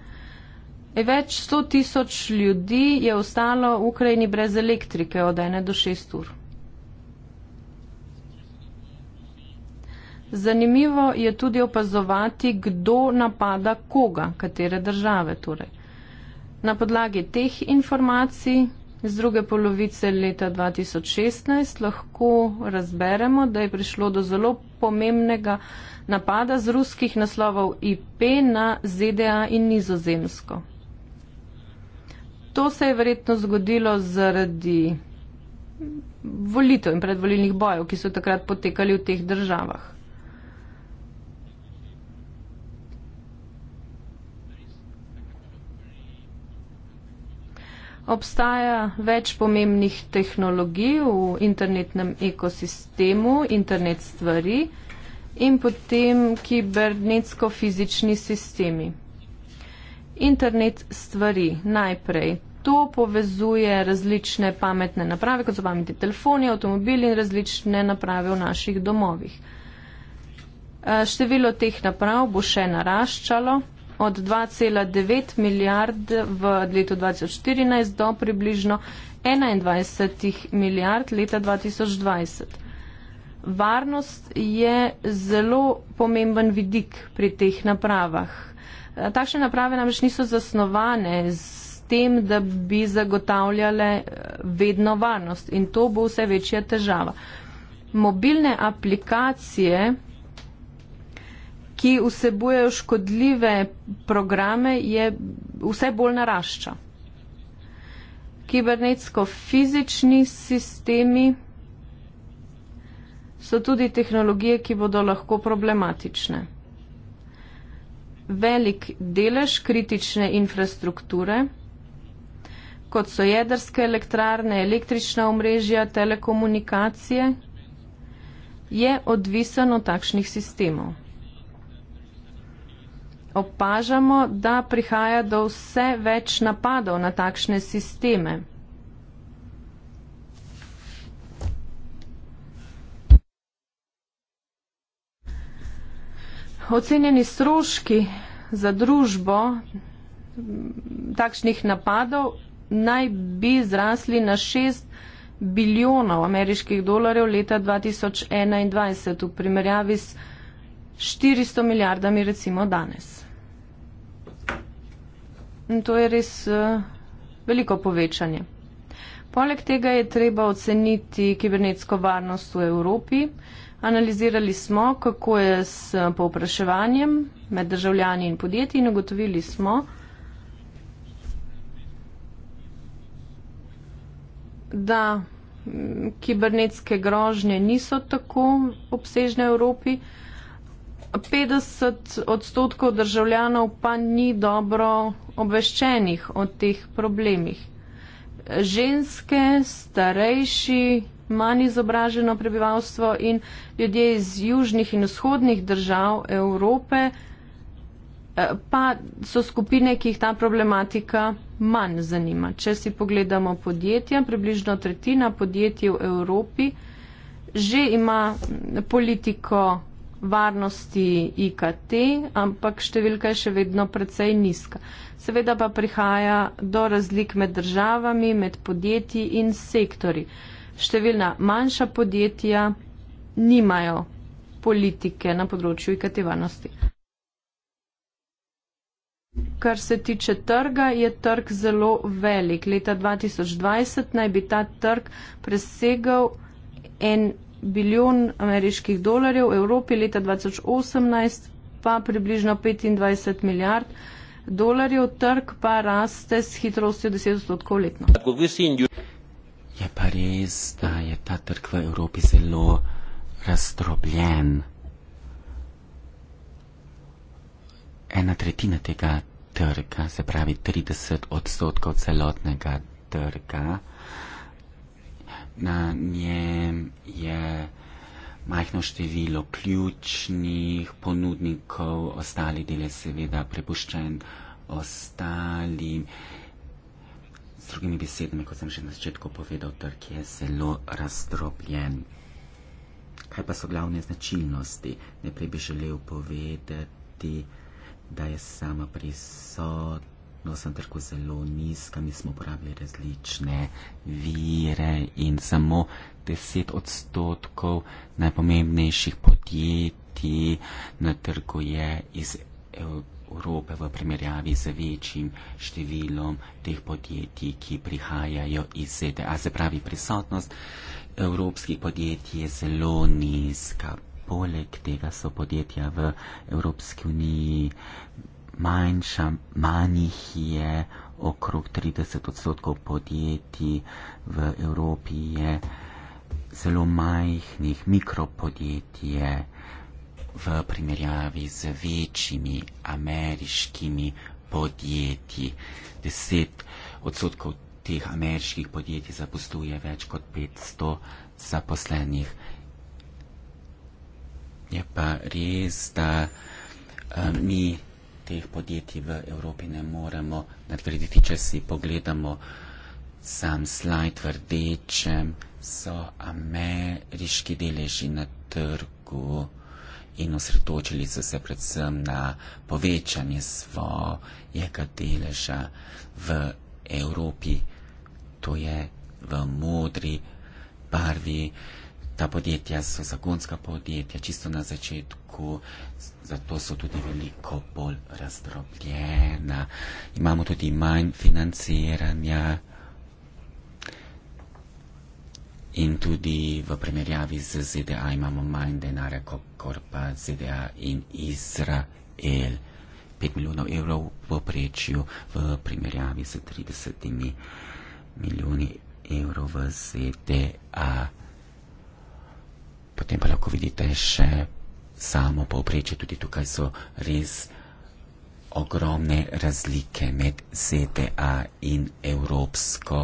E več sto tisoč ljudi je ostalo v Ukrajini brez elektrike od 1 do 6 ur. Zanimivo je tudi opazovati, kdo napada koga, katere države. Torej. Na podlagi teh informacij iz druge polovice leta 2016 lahko razberemo, da je prišlo do zelo pomembnega napada z ruskih naslovov IP na ZDA in nizozemsko. To se je verjetno zgodilo zaradi volitev in predvolilnih bojev, ki so takrat potekali v teh državah. obstaja več pomembnih tehnologij v internetnem ekosistemu, internet stvari in potem kibernetsko-fizični sistemi. Internet stvari najprej. To povezuje različne pametne naprave, kot so pametni telefoni, avtomobili in različne naprave v naših domovih. Eh, število teh naprav bo še naraščalo, od 2,9 milijard v letu 2014 do približno 21 milijard leta 2020. Varnost je zelo pomemben vidik pri teh napravah. Eh, takšne naprave namreč niso zasnovane s tem, da bi zagotavljale eh, vedno varnost in to bo vse večja težava. Mobilne aplikacije ki vsebujejo škodljive programe, je vse bolj narašča. Kibernetsko-fizični sistemi so tudi tehnologije, ki bodo lahko problematične. Velik delež kritične infrastrukture, kot so jedrske elektrarne, električna omrežja, telekomunikacije, je odvisen od takšnih sistemov opažamo, da prihaja do vse več napadov na takšne sisteme. Ocenjeni stroški za družbo takšnih napadov naj bi zrasli na 6 bilijonov ameriških dolarjev leta 2021 v primerjavi s 400 milijardami recimo danes in to je res eh, veliko povečanje. Poleg tega je treba oceniti kibernetsko varnost v Evropi. Analizirali smo, kako je s povpraševanjem med državljani in podjetji in ugotovili smo, da mm, kibernetske grožnje niso tako obsežne v Evropi. 50 odstotkov državljanov pa ni dobro obveščenih o teh problemih. Ženske, starejši, manj izobraženo prebivalstvo in ljudje iz južnih in vzhodnih držav Evrope eh, pa so skupine, ki jih ta problematika manj zanima. Če si pogledamo podjetja, približno tretjina podjetij v Evropi že ima politiko varnosti IKT, ampak številka je še vedno precej nizka. Seveda pa prihaja do razlik med državami, med podjetji in sektori. Številna manjša podjetja nimajo politike na področju IKT varnosti. Kar se tiče trga, je trg zelo velik. Leta 2020 naj bi ta trg presegal en bilijon ameriških dolarjev, v Evropi leta 2018 pa približno 25 milijard dolarjev, trg pa raste s hitrostjo 10 odstotkov letno. Je pa res, da je ta trg v Evropi zelo razdrobljen. Ena tretjina tega trga, se pravi 30 odstotkov celotnega trga, na njem je majhno število ključnih ponudnikov, ostali del je seveda prepuščen ostalim. S drugimi besedami, kot sem že na začetku povedal, trg je zelo razdrobljen. Kaj pa so glavne značilnosti? Najprej bi želel povedati, da je sama prisotnost Nosem tako zelo nizka, mi smo uporabili različne vire in samo 10 odstotkov najpomembnejših podjetij na trgu je iz Evrope v primerjavi z večjim številom teh podjetij, ki prihajajo iz ZDA. Se pravi, prisotnost evropskih podjetij je zelo nizka. Poleg tega so podjetja v Evropski uniji manjša, manjih je okrog 30 odstotkov podjetij v Evropi, je zelo majhnih mikropodjetje v primerjavi z večjimi ameriškimi podjetji. 10 odstotkov teh ameriških podjetij zaposluje več kot 500 zaposlenih. Je pa res, da uh, mi teh podjetij v Evropi ne moremo nadgraditi. Če si pogledamo sam slajd v rdečem, so ameriški deleži na trgu in osredotočili so se predvsem na povečanje svojega deleža v Evropi. To je v modri barvi. Ta podjetja so zagonska podjetja, čisto na začetku zato so tudi veliko bolj razdrobljena. Imamo tudi manj financiranja in tudi v primerjavi z ZDA imamo manj denarja, kot pa ZDA in Izrael. 5 milijonov evrov v prečju v primerjavi z 30 milijoni evrov v ZDA. Potem pa lahko vidite še samo povprečje, tudi tukaj so res ogromne razlike med ZDA in Evropsko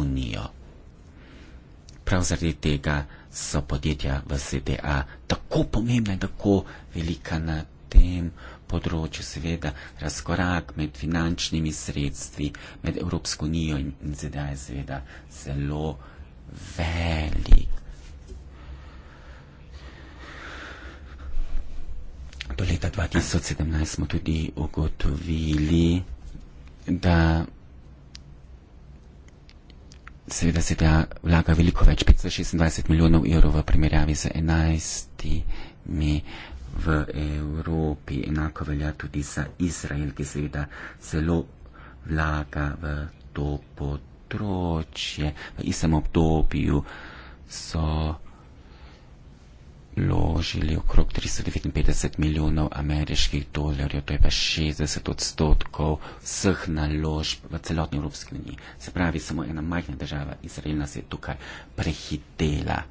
unijo. Prav zaradi tega so podjetja v ZDA tako pomembna in tako velika na tem področju, seveda razkorak med finančnimi sredstvi, med Evropsko unijo in ZDA je seveda zelo velik. Do leta 2017 smo tudi ugotovili, da seveda se da vlaga veliko več, 526 milijonov evrov v primerjavi z enajstimi v Evropi. Enako velja tudi za Izrael, ki seveda zelo vlaga v to področje. V istem obdobju so vložili okrog 359 milijonov ameriških dolarjev, to je pa 60 odstotkov vseh naložb v celotni Evropski uniji. Se pravi, samo ena majhna država, Izrael, nas je tukaj prehitela.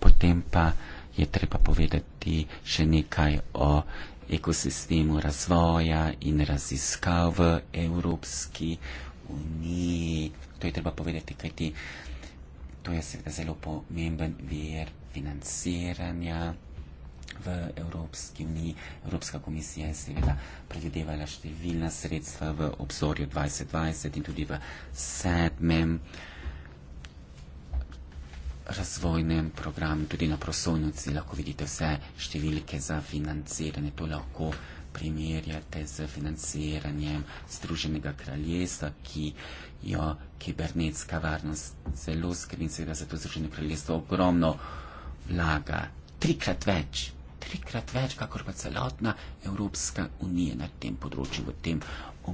Potem pa je treba povedati še nekaj o ekosistemu razvoja in raziskav v Evropski uniji. To je treba povedati, kajti. To je zelo pomemben vir financiranja v Evropski uniji. Evropska komisija je seveda predvidevala številna sredstva v obzorju 2020 in tudi v sedmem razvojnem programu, tudi na prosojnici lahko vidite vse številke za financiranje. To lahko primerjate z financiranjem Združenega kraljestva, ki jo kibernetska varnost zelo skrbi in seveda zato Združeno kraljestvo ogromno vlaga, trikrat več, trikrat več, kakor pa celotna Evropska unija na tem področju v tem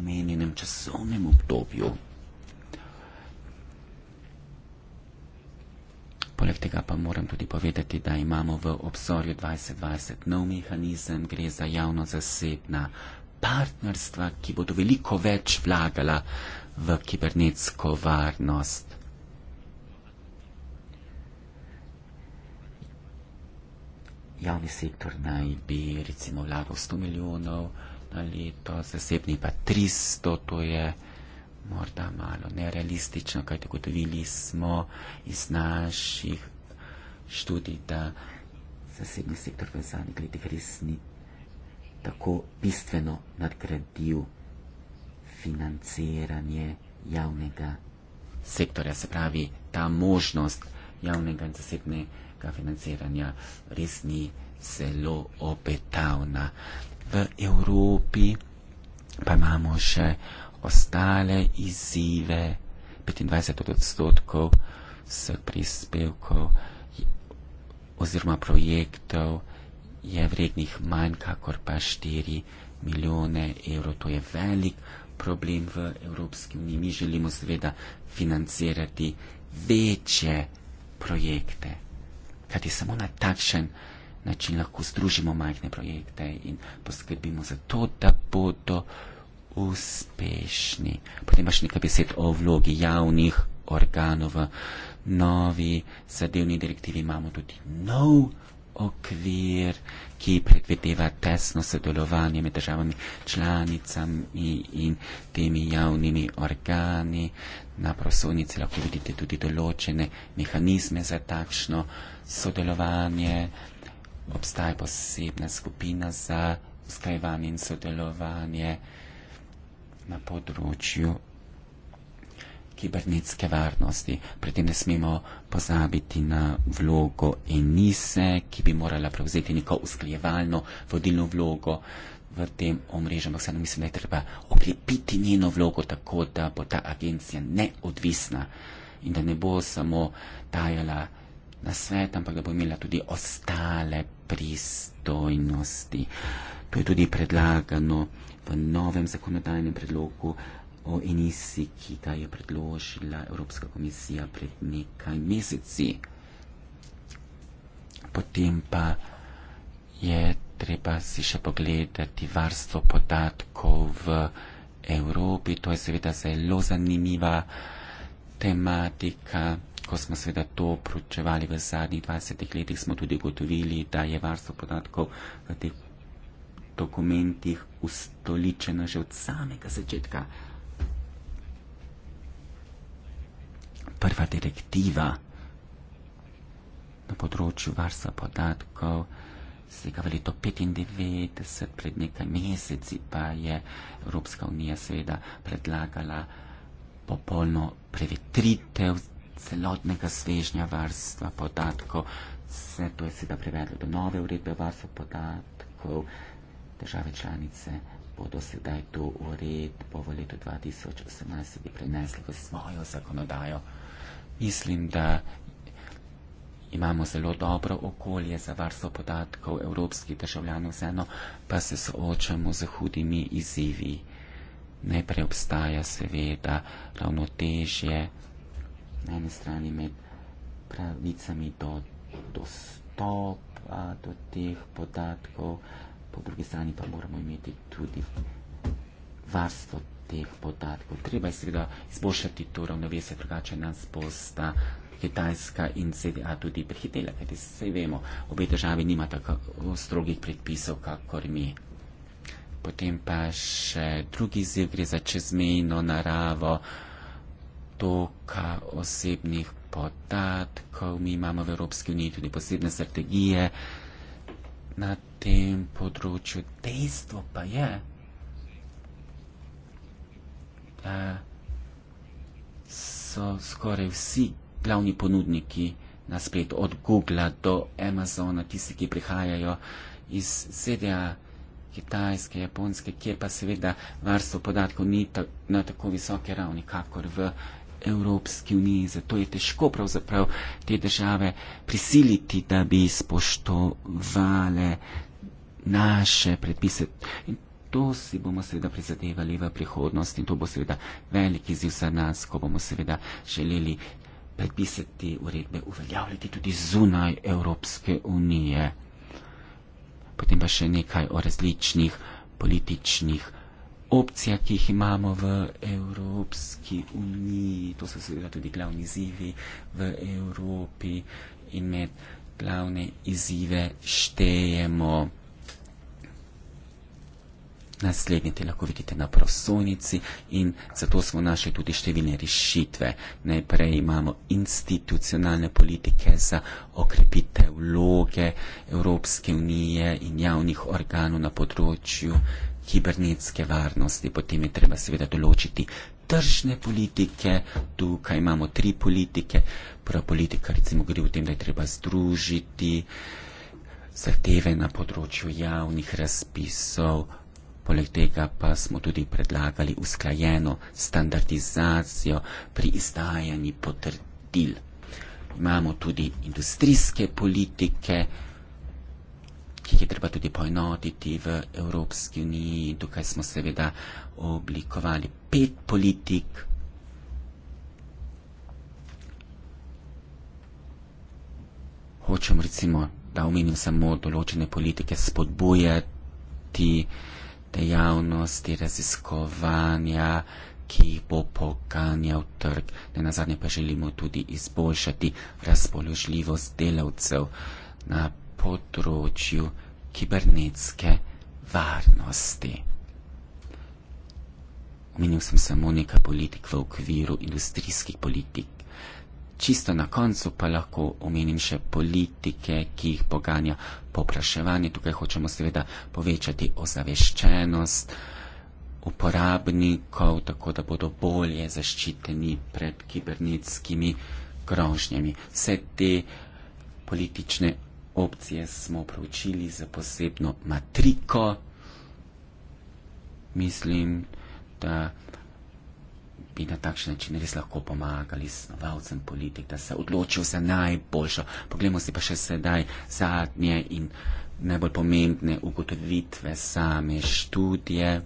omenjenem časovnem obdobju. Poleg tega pa moram tudi povedati, da imamo v obzorju 2020 nov mehanizem, gre za javno-zasebna partnerstva, ki bodo veliko več vlagala v kibernetsko varnost. Javni sektor naj bi recimo vlagal 100 milijonov na leto, zasebni pa 300, to je morda malo nerealistično, kaj dogotovili smo iz naših študij, da zasebni sektor v zadnjih letih res ni tako bistveno nadgradil financiranje javnega sektorja. Se pravi, ta možnost javnega in zasebnega financiranja res ni zelo obetavna. V Evropi pa imamo še ostale izzive, 25 odstotkov vseh prispevkov oziroma projektov je vrednih manj kakor pa 4 milijone evrov. To je velik problem v Evropski uniji. Mi želimo seveda financirati večje projekte, kajti samo na takšen način lahko združimo majhne projekte in poskrbimo za to, da bodo. To uspešni. Potem pa še nekaj besed o vlogi javnih organov. Novi zadevni direktivi imamo tudi nov okvir, ki predvedeva tesno sodelovanje med državami članicami in temi javnimi organi. Na prosovnici lahko vidite tudi določene mehanizme za takšno sodelovanje. Obstaja posebna skupina za usklajevanje in sodelovanje na področju kibernetske varnosti. Pri tem ne smemo pozabiti na vlogo Enise, ki bi morala prevzeti neko usklejevalno vodilno vlogo v tem omrežju, ampak vseeno mislim, da je treba okrepiti njeno vlogo tako, da bo ta agencija neodvisna in da ne bo samo dajala na svet, ampak da bo imela tudi ostale pristojnosti. To je tudi predlagano v novem zakonodajnem predlogu o emisiji, ki ga je predložila Evropska komisija pred nekaj meseci. Potem pa je treba si še pogledati varstvo podatkov v Evropi. To je seveda zelo zanimiva tematika. Ko smo seveda to pročevali v zadnjih 20 letih, smo tudi ugotovili, da je varstvo podatkov v teh dokumentih ustoličeno že od samega začetka. Prva direktiva na področju varstva podatkov se ga v leto 95, pred nekaj meseci pa je Evropska unija seveda predlagala popolno prevetritev celotnega svežnja varstva podatkov. Vse to je seveda prevedlo do nove uredbe varstva podatkov, Države članice bodo sedaj to uredbo v letu 2018 prenesli v svojo zakonodajo. Mislim, da imamo zelo dobro okolje za varstvo podatkov evropskih državljanov, vseeno pa se soočamo z hudimi izzivi. Najprej obstaja seveda ravnotežje na eni strani med pravicami do dostopa do teh podatkov po drugi strani pa moramo imeti tudi varstvo teh podatkov. Treba je seveda izboljšati to ravnovesje, drugače nas posta Kitajska in ZDA tudi prehitela, kajti vse vemo, obe državi nima tako strogih predpisov, kakor mi. Potem pa še drugi ziv gre za čezmejno naravo toka osebnih podatkov. Mi imamo v Evropski uniji tudi posebne strategije, na tem področju. Dejstvo pa je, da so skoraj vsi glavni ponudniki na spletu, od Google do Amazona, tisti, ki prihajajo iz ZDA, Kitajske, Japonske, kjer pa seveda varstvo podatkov ni ta, na tako visoke ravni, kakor v Evropski uniji. Zato je težko pravzaprav te države prisiliti, da bi spoštovale naše predpise. In to si bomo seveda prizadevali v prihodnosti in to bo seveda veliki ziv za nas, ko bomo seveda želeli predpise te uredbe uveljavljati tudi zunaj Evropske unije. Potem pa še nekaj o različnih političnih opcija, ki jih imamo v Evropski uniji, to so seveda tudi glavni izzivi v Evropi in med glavne izzive štejemo. Naslednje te lahko vidite na prosonici in zato smo našli tudi številne rešitve. Najprej imamo institucionalne politike za okrepitev vloge Evropske unije in javnih organov na področju kibernetske varnosti, potem je treba seveda določiti tržne politike, tukaj imamo tri politike, prva politika recimo gre v tem, da je treba združiti zahteve na področju javnih razpisov, poleg tega pa smo tudi predlagali usklajeno standardizacijo pri izdajanju potrdil. Imamo tudi industrijske politike, ki jih je treba tudi poenotiti v Evropski uniji. Tukaj smo seveda oblikovali pet politik. Hočem recimo, da omenim samo določene politike, spodbujati dejavnosti raziskovanja, ki jih bo poganjal trg. Ne na zadnje pa želimo tudi izboljšati razpoložljivost delavcev na področju področju kibernetske varnosti. Omenil sem samo nekaj politik v okviru industrijskih politik. Čisto na koncu pa lahko omenim še politike, ki jih poganja popraševanje. Tukaj hočemo seveda povečati ozaveščenost uporabnikov, tako da bodo bolje zaščiteni pred kibernetskimi grožnjami. Vse te politične opcije smo proučili za posebno matriko. Mislim, da bi na takšen način res lahko pomagali snovalcem politik, da se odločijo za najboljšo. Poglejmo si pa še sedaj zadnje in najbolj pomembne ugotovitve same študije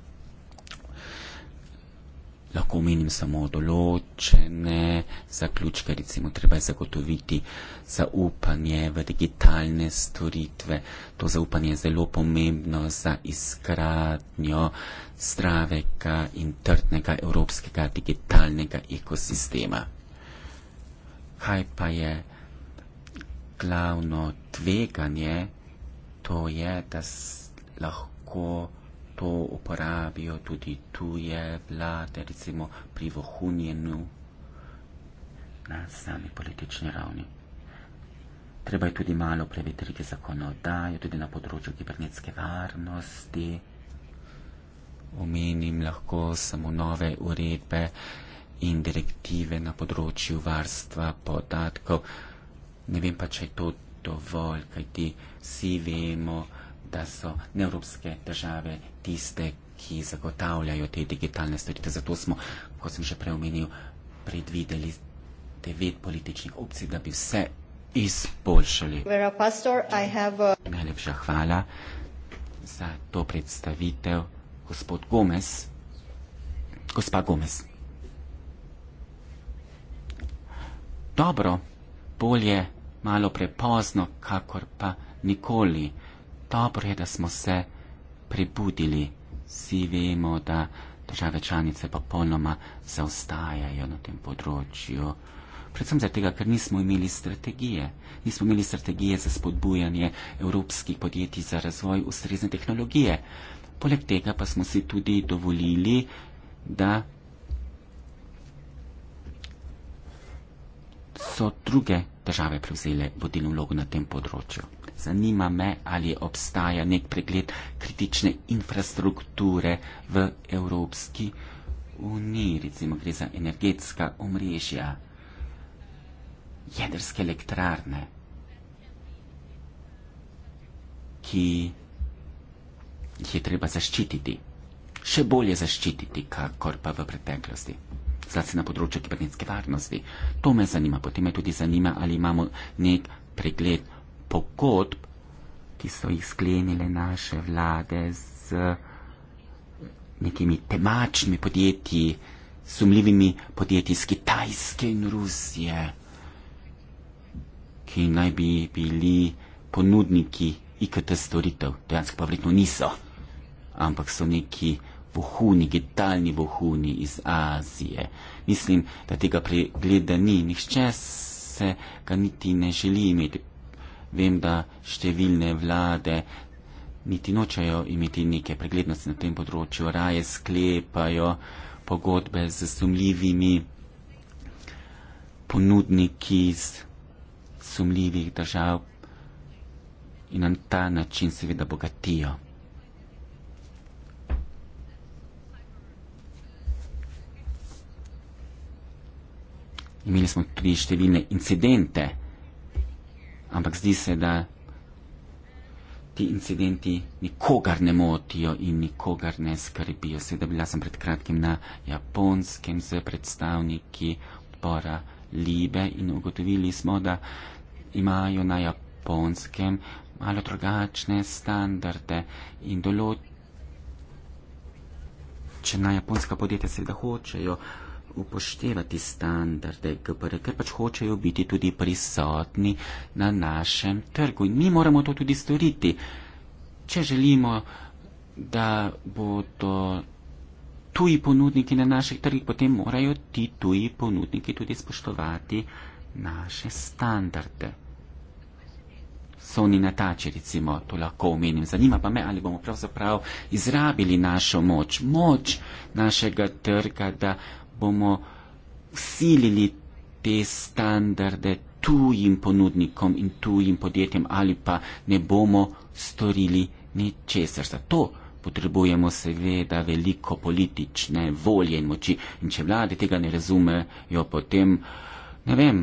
lahko omenim samo določene zaključke, recimo treba je zagotoviti zaupanje v digitalne storitve. To zaupanje je zelo pomembno za izgradnjo zdravega in trdnega evropskega digitalnega ekosistema. Kaj pa je glavno tveganje, to je, da lahko to uporabijo tudi tuje vlade, recimo pri vohunjenju na sami politični ravni. Treba je tudi malo prevetriti zakonodajo, tudi na področju kibernetske varnosti. Omenim lahko samo nove uredbe in direktive na področju varstva podatkov. Ne vem pa, če je to dovolj, kajti vsi vemo, da da so neevropske države tiste, ki zagotavljajo te digitalne storitve. Zato smo, kot sem že prej omenil, predvideli devet političnih opcij, da bi vse izboljšali. Pastor, a... Najlepša hvala za to predstavitev, gospod Gomez. Gospa Gomez. Dobro, bolje malo prepozno, kakor pa nikoli dobro je, da smo se prebudili. Vsi vemo, da države članice popolnoma zaostajajo na tem področju. Predvsem zato, ker nismo imeli strategije. Nismo imeli strategije za spodbujanje evropskih podjetij za razvoj ustrezne tehnologije. Poleg tega pa smo si tudi dovolili, da so druge države prevzele vodilno vlogo na tem področju. Zanima me, ali obstaja nek pregled kritične infrastrukture v Evropski uniji, recimo gre za energetska omrežja, jedrske elektrarne, ki jih je treba zaščititi, še bolje zaščititi, kakor pa v preteklosti. Zlasti na področju kibernetske varnosti. To me zanima. Potem me tudi zanima, ali imamo nek pregled pogodb, ki so jih sklenile naše vlade z nekimi temačnimi podjetji, sumljivimi podjetji iz Kitajske in Rusije, ki naj bi bili ponudniki IKT storitev, dejansko pa vredno niso, ampak so neki vohuni, digitalni vohuni iz Azije. Mislim, da tega pregleda ni, nihče se ga niti ne želi imeti vem, da številne vlade niti nočejo imeti neke preglednosti na tem področju, raje sklepajo pogodbe z sumljivimi ponudniki iz sumljivih držav in na ta način seveda bogatijo. Imeli smo tudi številne incidente ampak zdi se, da ti incidenti nikogar ne motijo in nikogar ne skrbijo. Seveda bila sem pred kratkim na japonskem z predstavniki odbora Libe in ugotovili smo, da imajo na japonskem malo drugačne standarde in določene. Če na japonska podjetja seveda hočejo upoštevati standarde GPR, ker pač hočejo biti tudi prisotni na našem trgu. In mi moramo to tudi storiti, če želimo, da bodo tuji ponudniki na naših trgih, potem morajo ti tuji ponudniki tudi spoštovati naše standarde. Soni natači, recimo, to lahko omenim. Zanima pa me, ali bomo pravzaprav izrabili našo moč, moč našega trga, da bomo silili te standarde tujim ponudnikom in tujim podjetjem ali pa ne bomo storili ničesar. Zato potrebujemo seveda veliko politične volje in moči. In če vlade tega ne razumejo, potem ne vem,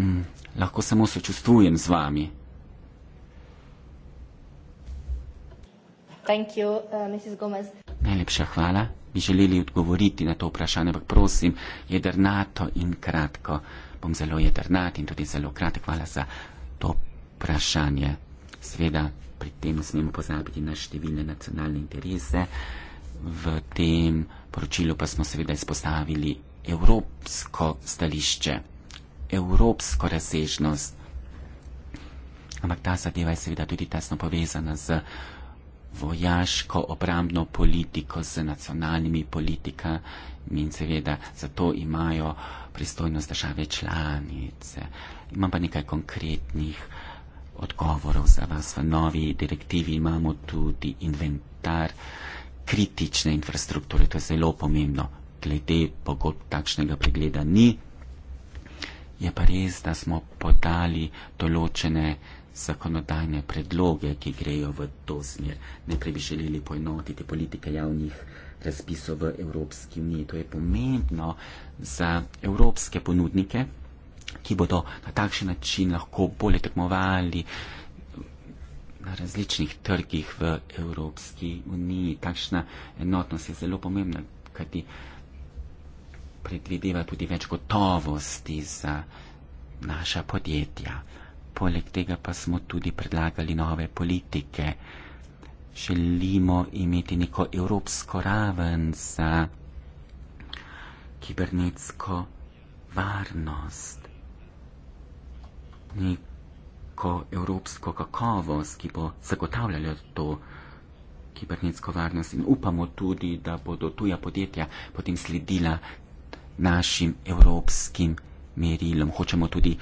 mm, lahko samo sočustvujem z vami. Uh, Najlepša hvala. Bi želeli odgovoriti na to vprašanje, ampak prosim, jedrnato in kratko. Bom zelo jedrnat in tudi zelo kratek. Hvala za to vprašanje. Sveda, pri tem smemo pozabiti na številne nacionalne interese. V tem poročilu pa smo seveda izpostavili evropsko stališče, evropsko razsežnost. Ampak ta zadeva je seveda tudi tesno povezana z vojaško obrambno politiko z nacionalnimi politikami in seveda zato imajo pristojnost države članice. Imam pa nekaj konkretnih odgovorov za vas. V novi direktivi imamo tudi inventar kritične infrastrukture, to je zelo pomembno. Glede pogodb takšnega pregleda ni. Je pa res, da smo podali določene zakonodajne predloge, ki grejo v to smer. Najprej bi želeli poenotiti politike javnih razpisov v Evropski uniji. To je pomembno za evropske ponudnike, ki bodo na takšen način lahko bolje tekmovali na različnih trgih v Evropski uniji. Takšna enotnost je zelo pomembna, kajti predvideva tudi več gotovosti za naša podjetja poleg tega pa smo tudi predlagali nove politike. Želimo imeti neko evropsko raven za kibernetsko varnost, neko evropsko kakovost, ki bo zagotavljala to kibernetsko varnost in upamo tudi, da bodo tuja podjetja potem sledila našim evropskim merilom. Hočemo tudi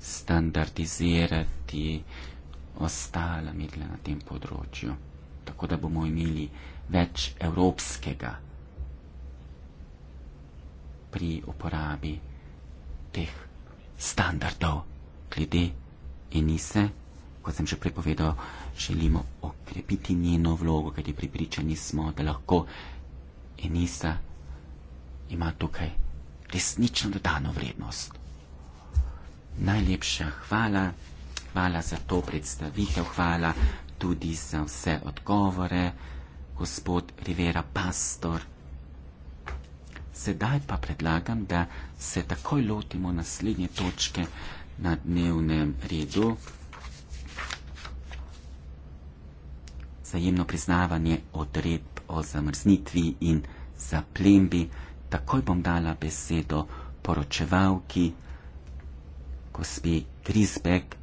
standardizirati ostale medle na tem področju, tako da bomo imeli več evropskega pri uporabi teh standardov glede enise. Kot sem že prepovedal, želimo okrepiti njeno vlogo, kajti pripričani smo, da lahko enisa ima tukaj resnično dodano vrednost. Najlepša hvala, hvala za to predstavitev, hvala tudi za vse odgovore, gospod Rivera Pastor. Sedaj pa predlagam, da se takoj lotimo naslednje točke na dnevnem redu. Zajemno priznavanje odredb o zamrznitvi in zaplembi. Takoj bom dala besedo poročevalki gospe Grisbek,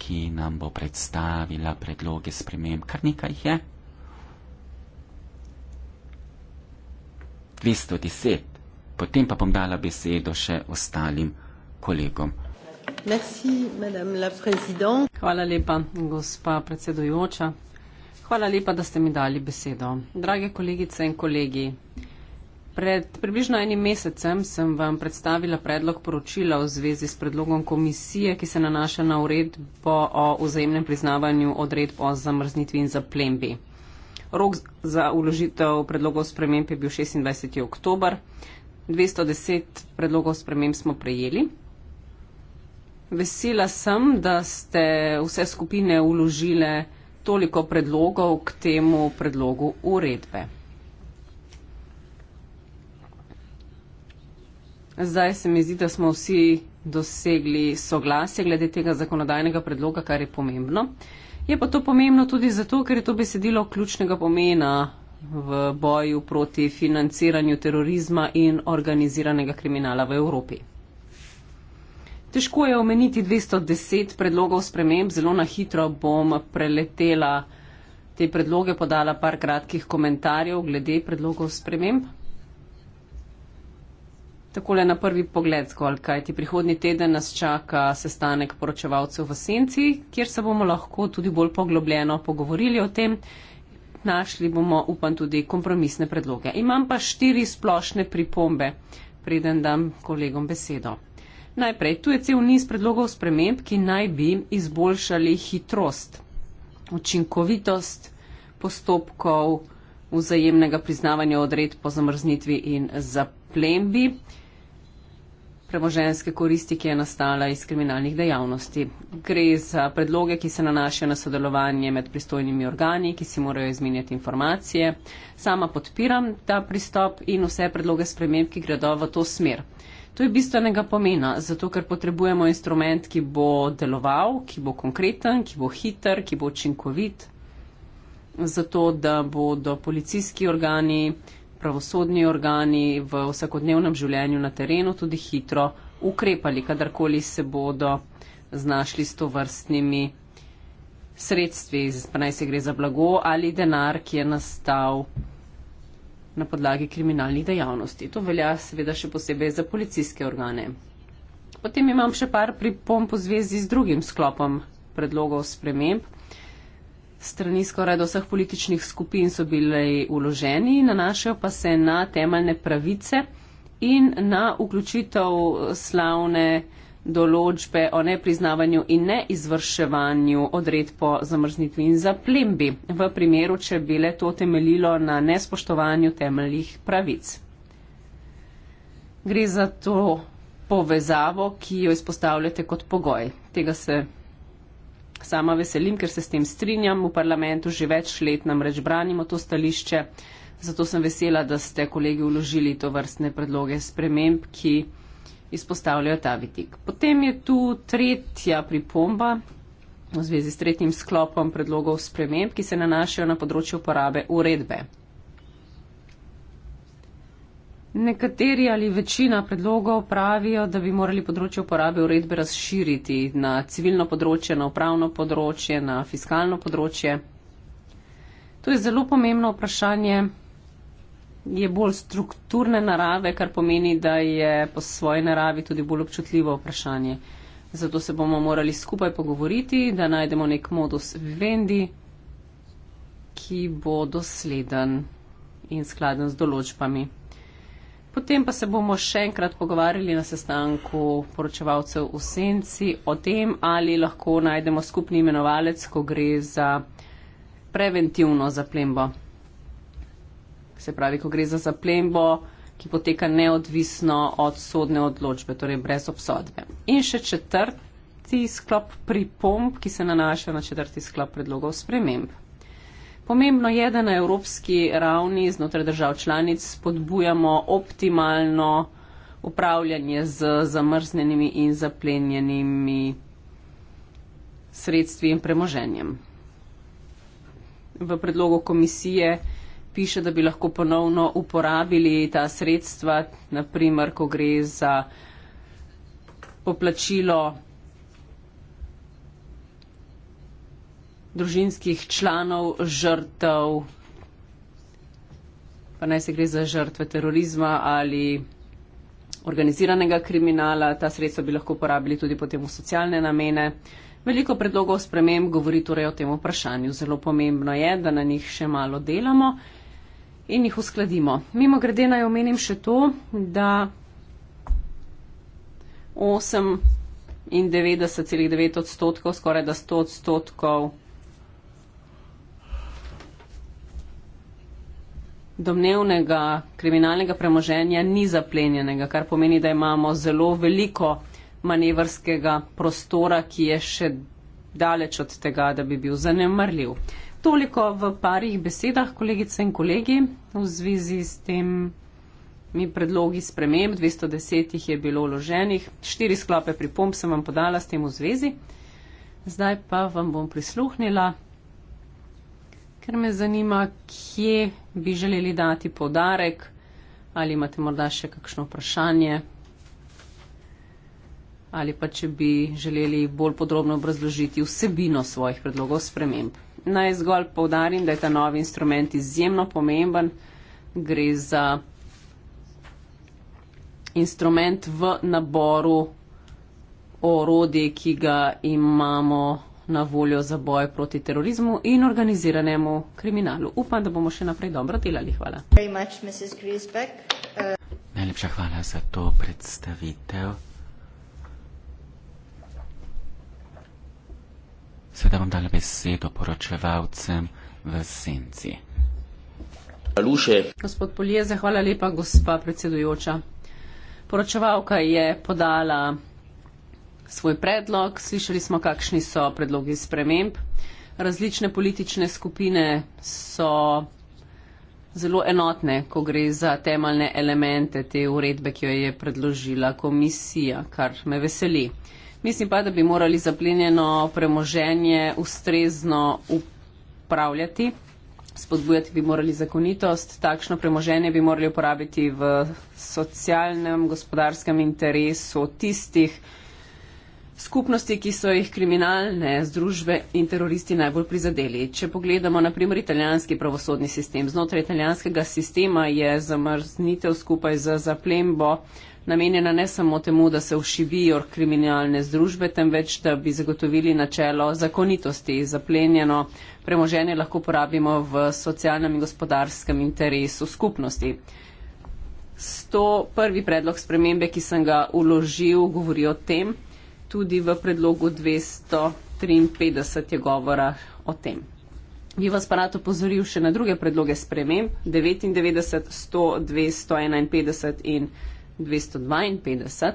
ki nam bo predstavila predloge sprememb. Kar nekaj jih je. 210. Potem pa bom dala besedo še ostalim kolegom. Merci, Hvala lepa, gospa predsedujoča. Hvala lepa, da ste mi dali besedo. Drage kolegice in kolegi, Pred približno enim mesecem sem vam predstavila predlog poročila v zvezi s predlogom komisije, ki se nanaša na uredbo o vzajemnem priznavanju odredb o zamrznitvi in zaplembi. Rok za uložitev predlogov sprememb je bil 26. oktober. 210 predlogov sprememb smo prejeli. Vesela sem, da ste vse skupine uložile toliko predlogov k temu predlogu uredbe. Zdaj se mi zdi, da smo vsi dosegli soglasje glede tega zakonodajnega predloga, kar je pomembno. Je pa to pomembno tudi zato, ker je to besedilo ključnega pomena v boju proti financiranju terorizma in organiziranega kriminala v Evropi. Težko je omeniti 210 predlogov sprememb, zelo na hitro bom preletela te predloge, podala par kratkih komentarjev glede predlogov sprememb. Takole na prvi pogled, zgolj kaj ti prihodni teden nas čaka sestanek poročevalcev v Senci, kjer se bomo lahko tudi bolj poglobljeno pogovorili o tem. Našli bomo, upam, tudi kompromisne predloge. Imam pa štiri splošne pripombe, preden dam kolegom besedo. Najprej, tu je cel niz predlogov sprememb, ki naj bi izboljšali hitrost, učinkovitost postopkov vzajemnega priznavanja odred po zamrznitvi in zaplembi premoženske koristi, ki je nastala iz kriminalnih dejavnosti. Gre za predloge, ki se nanašajo na sodelovanje med pristojnimi organi, ki si morajo izminjati informacije. Sama podpiram ta pristop in vse predloge sprememb, ki gredo v to smer. To je bistvenega pomena, zato ker potrebujemo instrument, ki bo deloval, ki bo konkreten, ki bo hiter, ki bo učinkovit, zato da bodo policijski organi pravosodni organi v vsakodnevnem življenju na terenu tudi hitro ukrepali, kadarkoli se bodo znašli s to vrstnimi sredstvi, naj se gre za blago ali denar, ki je nastal na podlagi kriminalnih dejavnosti. To velja seveda še posebej za policijske organe. Potem imam še par pripomp v zvezi z drugim sklopom predlogov sprememb strani skoraj do vseh političnih skupin so bile uloženi, nanašajo pa se na temeljne pravice in na vključitev slavne določbe o nepriznavanju in neizvrševanju odred po zamrznitvi in zaplembi, v primeru, če bi le to temeljilo na nespoštovanju temeljnih pravic. Gre za to povezavo, ki jo izpostavljate kot pogoj. Tega se Sama veselim, ker se s tem strinjam v parlamentu, že več let namreč branimo to stališče. Zato sem vesela, da ste kolegi uložili to vrstne predloge sprememb, ki izpostavljajo ta vidik. Potem je tu tretja pripomba v zvezi s tretjim sklopom predlogov sprememb, ki se nanašajo na področje uporabe uredbe. Nekateri ali večina predlogov pravijo, da bi morali področje uporabe uredbe razširiti na civilno področje, na upravno področje, na fiskalno področje. To je zelo pomembno vprašanje. Je bolj strukturne narave, kar pomeni, da je po svoji naravi tudi bolj občutljivo vprašanje. Zato se bomo morali skupaj pogovoriti, da najdemo nek modus vivendi, ki bo dosleden in skladen z določbami. Potem pa se bomo še enkrat pogovarjali na sestanku poročevalcev v senci o tem, ali lahko najdemo skupni imenovalec, ko gre za preventivno zaplembo. Se pravi, ko gre za zaplembo, ki poteka neodvisno od sodne odločbe, torej brez obsodbe. In še četrti sklop pripomb, ki se nanaša na četrti sklop predlogov sprememb. Pomembno je, da na evropski ravni znotraj držav članic spodbujamo optimalno upravljanje z zamrznenimi in zaplenjenimi sredstvi in premoženjem. V predlogu komisije piše, da bi lahko ponovno uporabili ta sredstva, naprimer, ko gre za poplačilo družinskih članov žrtev, pa naj se gre za žrtve terorizma ali organiziranega kriminala, ta sredstva bi lahko uporabili tudi potem v socialne namene. Veliko predlogov sprememb govori torej o tem vprašanju. Zelo pomembno je, da na njih še malo delamo in jih uskladimo. Mimo grede naj omenim še to, da 98,9 odstotkov, skoraj da 100 odstotkov domnevnega kriminalnega premoženja ni zaplenjenega, kar pomeni, da imamo zelo veliko manevrskega prostora, ki je še daleč od tega, da bi bil zanemrljiv. Toliko v parih besedah, kolegice in kolegi, v zvezi s tem. Mi predlogi sprememb, 210 jih je bilo vloženih, štiri sklope pripomb sem vam podala s tem v zvezi. Zdaj pa vam bom prisluhnila ker me zanima, kje bi želeli dati povdarek ali imate morda še kakšno vprašanje ali pa če bi želeli bolj podrobno obrazložiti vsebino svojih predlogov sprememb. Naj zgolj povdarim, da je ta novi instrument izjemno pomemben. Gre za instrument v naboru orodij, ki ga imamo na voljo za boj proti terorizmu in organiziranemu kriminalu. Upam, da bomo še naprej dobro delali. Hvala. Much, uh... Najlepša hvala za to predstavitev. Sedaj vam dala besedo poročevalcem v senci. Luše. Gospod Polje, zahvala lepa, gospa predsedujoča. Poročevalka je podala svoj predlog, slišali smo, kakšni so predlogi sprememb. Različne politične skupine so zelo enotne, ko gre za temeljne elemente te uredbe, ki jo je predložila komisija, kar me veseli. Mislim pa, da bi morali zaplenjeno premoženje ustrezno upravljati, spodbujati bi morali zakonitost, takšno premoženje bi morali uporabiti v socialnem, gospodarskem interesu tistih, skupnosti, ki so jih kriminalne združbe in teroristi najbolj prizadeli. Če pogledamo naprimer italijanski pravosodni sistem, znotraj italijanskega sistema je zamrznitev skupaj z zaplembo namenjena ne samo temu, da se ušivijo kriminalne združbe, temveč da bi zagotovili načelo zakonitosti. Zaplenjeno premoženje lahko porabimo v socialnem in gospodarskem interesu skupnosti. Sto prvi predlog spremembe, ki sem ga uložil, govori o tem, tudi v predlogu 253 je govora o tem. Bi vas pa rad opozoril še na druge predloge sprememb 99, 100, 251 in 252.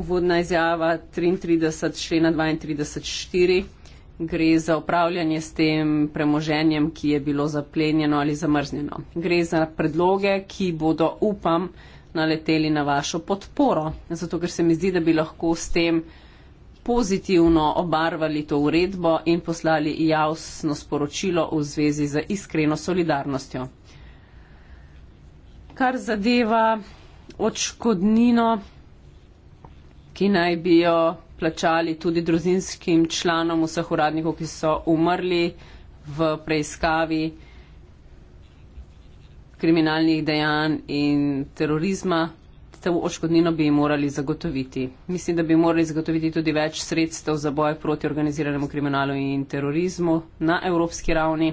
Uvodna izjava 33, člena 32, 4 gre za upravljanje s tem premoženjem, ki je bilo zaplenjeno ali zamrznjeno. Gre za predloge, ki bodo, upam, naleteli na vašo podporo. Zato, ker se mi zdi, da bi lahko s tem pozitivno obarvali to uredbo in poslali jasno sporočilo v zvezi z iskreno solidarnostjo. Kar zadeva očkodnino, ki naj bi jo plačali tudi družinskim članom vseh uradnikov, ki so umrli v preiskavi, kriminalnih dejanj in terorizma, to očkodnino bi morali zagotoviti. Mislim, da bi morali zagotoviti tudi več sredstev za boj proti organiziranemu kriminalu in terorizmu na evropski ravni.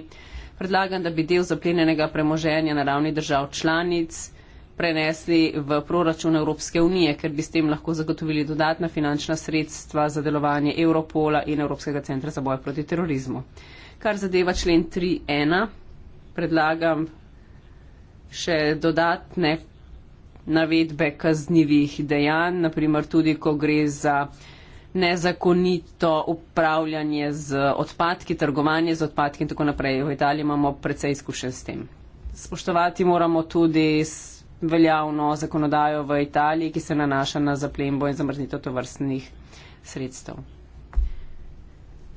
Predlagam, da bi del zaplenjenega premoženja na ravni držav članic prenesli v proračun Evropske unije, ker bi s tem lahko zagotovili dodatna finančna sredstva za delovanje Europola in Evropskega centra za boj proti terorizmu. Kar zadeva člen 3.1, predlagam še dodatne navedbe kaznjivih dejanj, naprimer tudi, ko gre za nezakonito upravljanje z odpadki, trgovanje z odpadki in tako naprej. V Italiji imamo precej izkušen s tem. Spoštovati moramo tudi veljavno zakonodajo v Italiji, ki se nanaša na zaplembo in zamrznitev tovrstnih sredstev.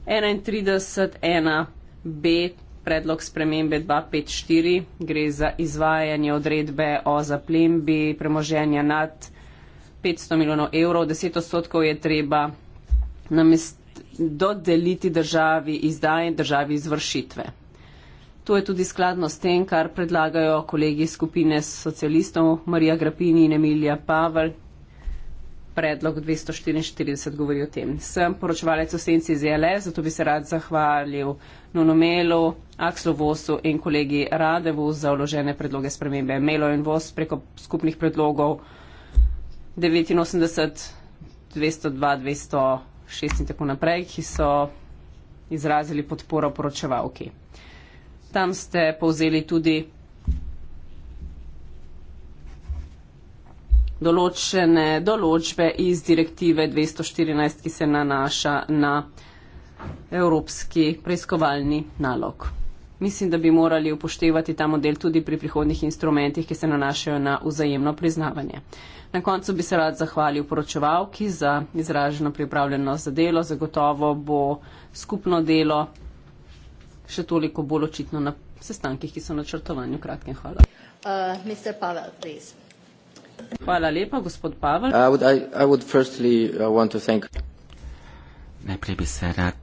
31.1.B predlog spremembe 254 gre za izvajanje odredbe o zaplembi premoženja nad 500 milijonov evrov. 10 odstotkov je treba dodeliti državi izdaje in državi izvršitve. To je tudi skladno s tem, kar predlagajo kolegi skupine socialistov Marija Grapini in Emilija Pavel, predlog 244 govori o tem. Sem poročevalec osenci iz JLE, zato bi se rad zahvalil Nuno Melu, Akslu Vosu in kolegi Radevu za uložene predloge spremembe. Melo in Vos preko skupnih predlogov 89, 202, 206 in tako naprej, ki so izrazili podporo poročevalki. Tam ste povzeli tudi določene določbe iz direktive 214, ki se nanaša na evropski preiskovalni nalog. Mislim, da bi morali upoštevati ta model tudi pri prihodnih instrumentih, ki se nanašajo na vzajemno priznavanje. Na koncu bi se rad zahvalil poročevalki za izraženo pripravljenost za delo. Zagotovo bo skupno delo še toliko bolj očitno na sestankih, ki so načrtovani v kratkem. Hvala. Uh, Hvala lepa, gospod Pavel. I would, I, I would uh, Najprej bi se rad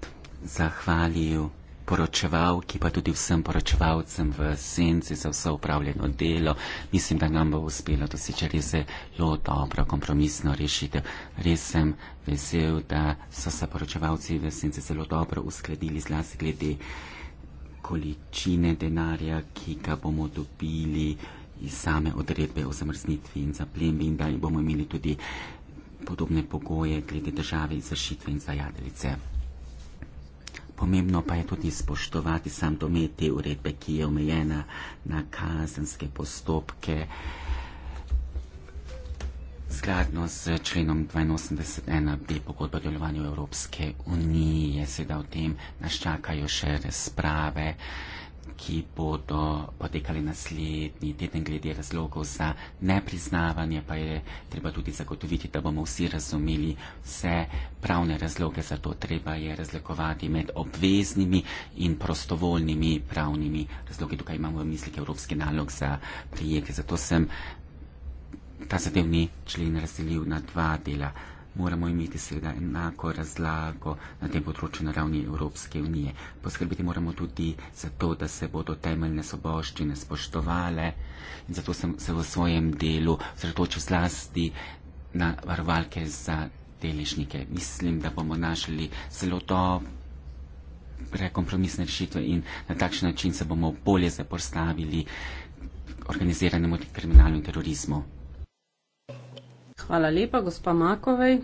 zahvalil poročevalki, pa tudi vsem poročevalcem v senci za vse upravljeno delo. Mislim, da nam bo uspelo doseči res zelo dobro kompromisno rešitev. Res sem vesel, da so se poročevalci v senci zelo dobro uskladili zlasti glede količine denarja, ki ga bomo dobili iz same odredbe o zamrznitvi in zaplembi in da bomo imeli tudi podobne pogoje glede države izvršitve in zajadelice. Pomembno pa je tudi spoštovati sam domet te uredbe, ki je omejena na kazenske postopke. Skladno z členom 82.1b pogodbe o delovanju Evropske unije, sedaj o tem nas čakajo še razprave ki bodo potekali naslednji teden glede razlogov za nepriznavanje, pa je treba tudi zagotoviti, da bomo vsi razumeli vse pravne razloge. Zato treba je razlikovati med obveznimi in prostovoljnimi pravnimi razlogi. Tukaj imamo v mislih Evropski nalog za prijetje. Zato sem ta zadevni člen razdelil na dva dela moramo imeti seveda enako razlago na tem področju na ravni Evropske unije. Poskrbiti moramo tudi za to, da se bodo temeljne soboščine spoštovale in zato sem se v svojem delu sredočil zlasti na varovalke za deležnike. Mislim, da bomo našli zelo dobre kompromisne rešitve in na takšen način se bomo bolje zaporstavili organiziranemu kriminalnemu terorizmu. Hvala lepa, gospa Makovej.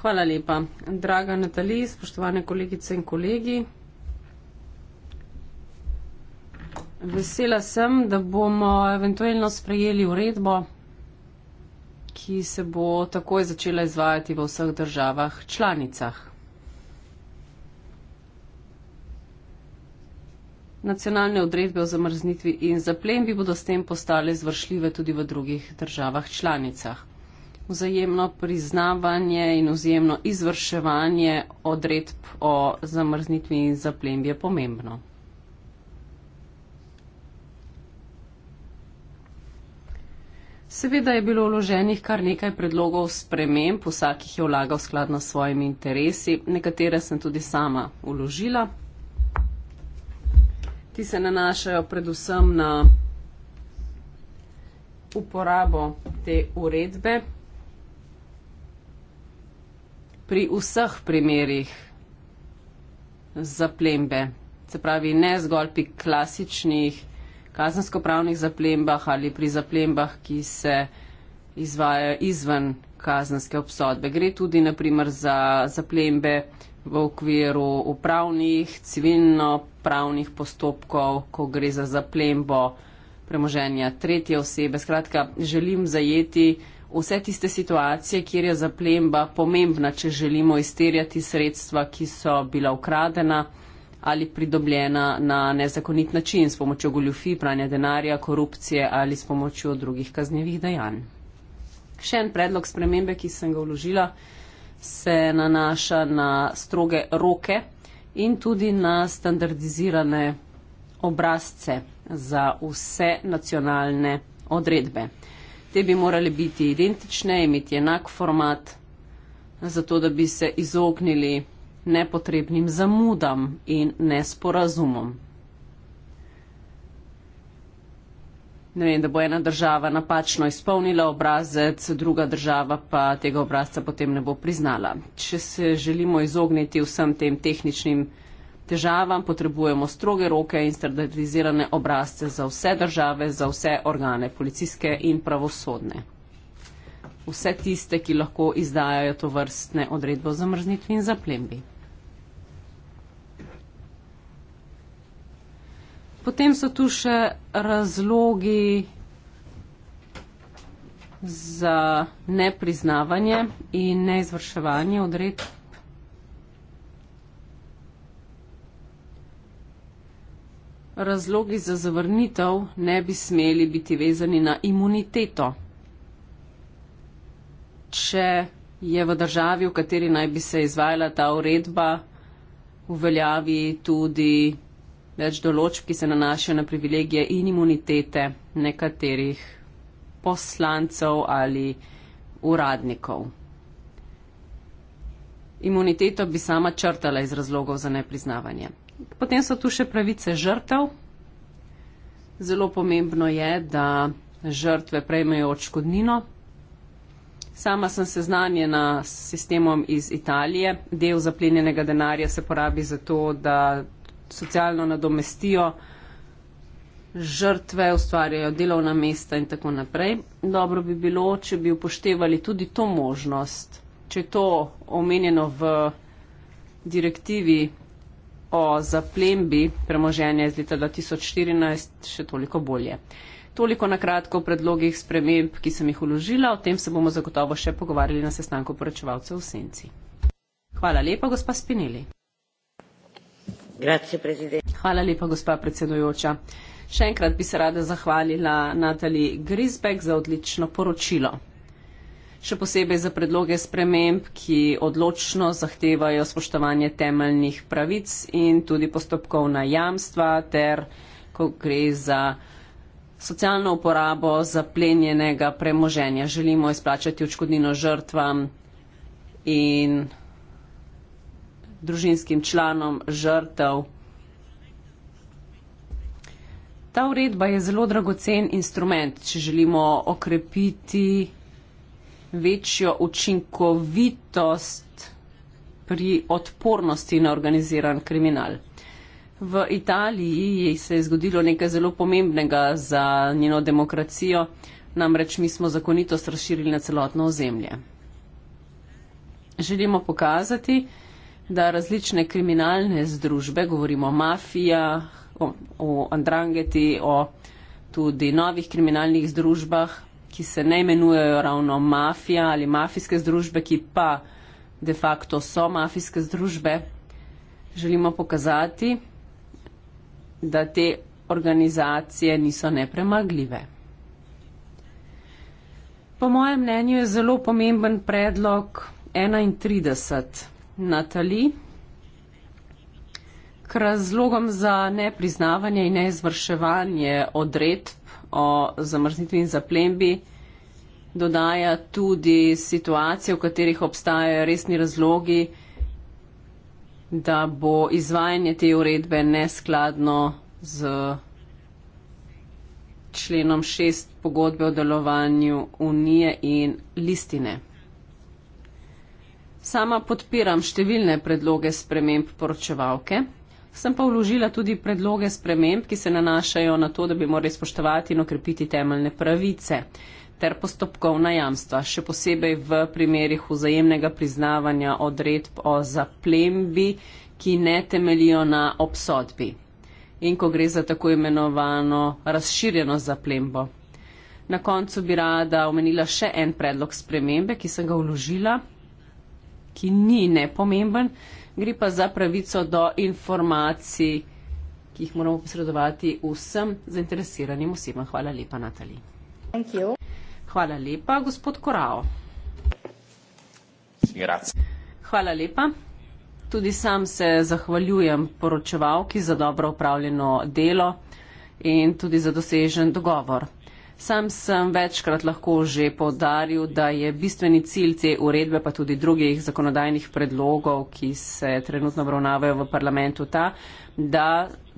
Hvala lepa, draga Natali, spoštovane kolegice in kolegi. Vesela sem, da bomo eventualno sprejeli uredbo, ki se bo takoj začela izvajati v vseh državah članicah. Nacionalne odredbe o zamrznitvi in zaplembi bodo s tem postale zvršljive tudi v drugih državah članicah. Vzajemno priznavanje in vzajemno izvrševanje odredb o zamrznitvi in zaplembi je pomembno. Seveda je bilo vloženih kar nekaj predlogov sprememb, vsak jih je vlagal skladno s svojimi interesi, nekatere sem tudi sama vložila ki se nanašajo predvsem na uporabo te uredbe pri vseh primerih zaplembe. Se pravi, ne zgolj pri klasičnih kazenskopravnih zaplembah ali pri zaplembah, ki se izvajajo izven kazenske obsodbe. Gre tudi naprimer za zaplembe, v okviru upravnih, civilno-pravnih postopkov, ko gre za zaplembo premoženja tretje osebe. Skratka, želim zajeti vse tiste situacije, kjer je zaplemba pomembna, če želimo izterjati sredstva, ki so bila ukradena ali pridobljena na nezakonit način s pomočjo goljufi, pranja denarja, korupcije ali s pomočjo drugih kaznjevih dejanj. Še en predlog spremembe, ki sem ga vložila, se nanaša na stroge roke in tudi na standardizirane obrazce za vse nacionalne odredbe. Te bi morali biti identične, imeti enak format, zato da bi se izognili nepotrebnim zamudam in nesporazumom. ne vem, da bo ena država napačno izpolnila obrazec, druga država pa tega obrazca potem ne bo priznala. Če se želimo izogniti vsem tem tehničnim težavam, potrebujemo stroge roke in standardizirane obrazce za vse države, za vse organe, policijske in pravosodne. Vse tiste, ki lahko izdajajo to vrstne odredbo o zamrznitvi in zaplembi. potem so tu še razlogi za nepriznavanje in neizvrševanje odredb. Razlogi za zavrnitev ne bi smeli biti vezani na imuniteto. Če je v državi, v kateri naj bi se izvajala ta uredba, v veljavi tudi več določb, ki se nanašajo na privilegije in imunitete nekaterih poslancev ali uradnikov. Imuniteto bi sama črtala iz razlogov za nepriznavanje. Potem so tu še pravice žrtev. Zelo pomembno je, da žrtve prejmejo odškodnino. Sama sem seznanjena s sistemom iz Italije. Del zaplenjenega denarja se porabi za to, da socialno nadomestijo, žrtve ustvarjajo delovna mesta in tako naprej. Dobro bi bilo, če bi upoštevali tudi to možnost, če je to omenjeno v direktivi o zaplembi premoženja iz leta 2014, še toliko bolje. Toliko na kratko o predlogih sprememb, ki sem jih uložila, o tem se bomo zagotovo še pogovarjali na sestanku poročevalcev v Senci. Hvala lepa, gospa Spinelli. Hvala lepa, gospa predsedujoča. Še enkrat bi se rada zahvalila Natali Grisbek za odlično poročilo. Še posebej za predloge sprememb, ki odločno zahtevajo spoštovanje temeljnih pravic in tudi postopkovna jamstva, ter ko gre za socialno uporabo zaplenjenega premoženja. Želimo izplačati očkodnino žrtvam in družinskim članom žrtev. Ta uredba je zelo dragocen instrument, če želimo okrepiti večjo učinkovitost pri odpornosti na organiziran kriminal. V Italiji se je zgodilo nekaj zelo pomembnega za njeno demokracijo, namreč mi smo zakonitost razširili na celotno ozemlje. Želimo pokazati, da različne kriminalne združbe, govorimo o mafiji, o, o Andrangeti, o tudi novih kriminalnih združbah, ki se ne imenujejo ravno mafija ali mafijske združbe, ki pa de facto so mafijske združbe, želimo pokazati, da te organizacije niso nepremagljive. Po mojem mnenju je zelo pomemben predlog 31, Natali. K razlogom za nepriznavanje in neizvrševanje odredb o zamrznitvi in zaplembi dodaja tudi situacije, v katerih obstajajo resni razlogi, da bo izvajanje te uredbe neskladno z členom 6 pogodbe o delovanju Unije in listine. Sama podpiram številne predloge sprememb poročevalke. Sem pa vložila tudi predloge sprememb, ki se nanašajo na to, da bi morali spoštovati in okrepiti temeljne pravice ter postopkovna jamstva, še posebej v primerih vzajemnega priznavanja odredb o zaplembi, ki ne temelijo na obsodbi in ko gre za tako imenovano razširjeno zaplembo. Na koncu bi rada omenila še en predlog spremembe, ki sem ga vložila ki ni nepomemben, gre pa za pravico do informacij, ki jih moramo posredovati vsem zainteresiranim osebam. Hvala lepa, Natali. Hvala lepa, gospod Korao. Hvala lepa. Tudi sam se zahvaljujem poročevalki za dobro upravljeno delo in tudi za dosežen dogovor. Sam sem večkrat lahko že podaril, da je bistveni cilj te uredbe, pa tudi drugih zakonodajnih predlogov, ki se trenutno obravnavajo v parlamentu, ta, da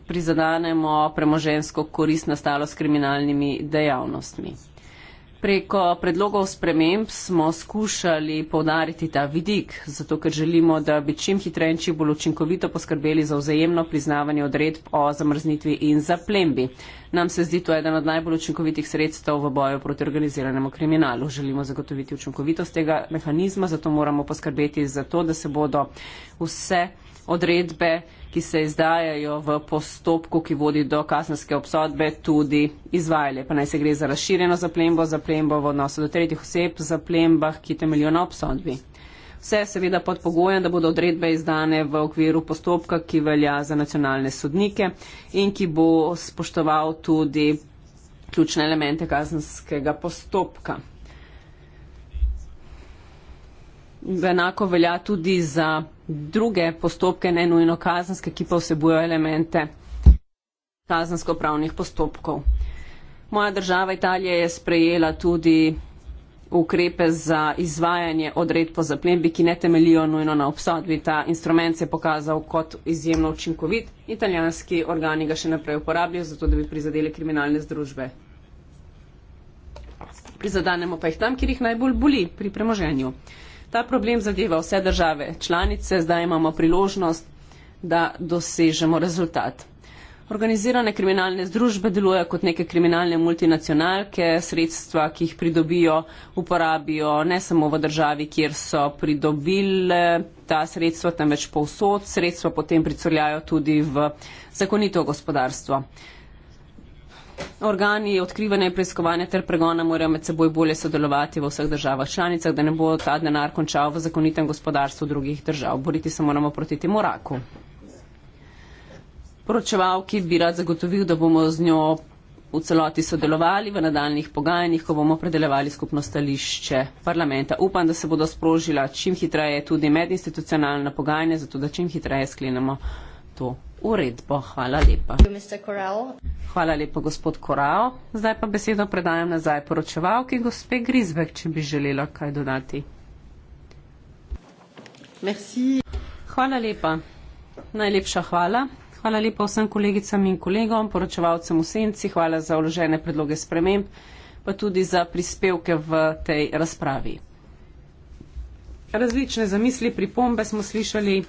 prizadanemo premožensko korist nastalo s kriminalnimi dejavnostmi. Preko predlogov sprememb smo skušali povdariti ta vidik, zato ker želimo, da bi čim hitreje in čim bolj učinkovito poskrbeli za vzajemno priznavanje odredb o zamrznitvi in zaplembi. Nam se zdi to eden od najbolj učinkovitih sredstev v boju proti organiziranemu kriminalu. Želimo zagotoviti učinkovitost tega mehanizma, zato moramo poskrbeti za to, da se bodo vse odredbe, ki se izdajajo v postopku, ki vodi do kazenske obsodbe, tudi izvajali. Pa naj se gre za razširjeno zaplembo, zaplembo v odnosu do tretjih oseb, zaplembah, ki temeljijo na obsodbi. Vse seveda pod pogojem, da bodo odredbe izdane v okviru postopka, ki velja za nacionalne sodnike in ki bo spoštoval tudi ključne elemente kazenskega postopka. Enako velja tudi za druge postopke, ne nujno kazenske, ki pa vsebujejo elemente kazensko-pravnih postopkov. Moja država Italija je sprejela tudi ukrepe za izvajanje odred po zaplembi, ki ne temelijo nujno na obsodbi. Ta instrument se je pokazal kot izjemno učinkovit. Italijanski organi ga še naprej uporabljajo, zato da bi prizadeli kriminalne združbe. Prizadanemo pa jih tam, kjer jih najbolj boli, pri premoženju. Ta problem zadeva vse države članice, zdaj imamo priložnost, da dosežemo rezultat. Organizirane kriminalne združbe delujejo kot neke kriminalne multinacionalke, sredstva, ki jih pridobijo, uporabijo ne samo v državi, kjer so pridobile ta sredstva, temveč povsod, sredstva potem pricrljajo tudi v zakonito gospodarstvo organi odkrivanja in preiskovanja ter pregona morajo med seboj bolje sodelovati v vseh državah članicah, da ne bo ta denar končal v zakonitem gospodarstvu drugih držav. Boriti se moramo proti temu raku. Poročevalki bi rad zagotovil, da bomo z njo v celoti sodelovali v nadaljnih pogajanjih, ko bomo predelevali skupno stališče parlamenta. Upam, da se bodo sprožila čim hitreje tudi medinstitucionalna pogajanja, zato da čim hitreje sklenemo to uredbo. Hvala lepa. Hvala lepa, gospod Korao. Zdaj pa besedo predajam nazaj poročevalki, gospe Grizbek, če bi želela kaj dodati. Merci. Hvala lepa. Najlepša hvala. Hvala lepa vsem kolegicam in kolegom, poročevalcem v senci, hvala za vložene predloge sprememb, pa tudi za prispevke v tej razpravi. Različne zamisli, pripombe smo slišali.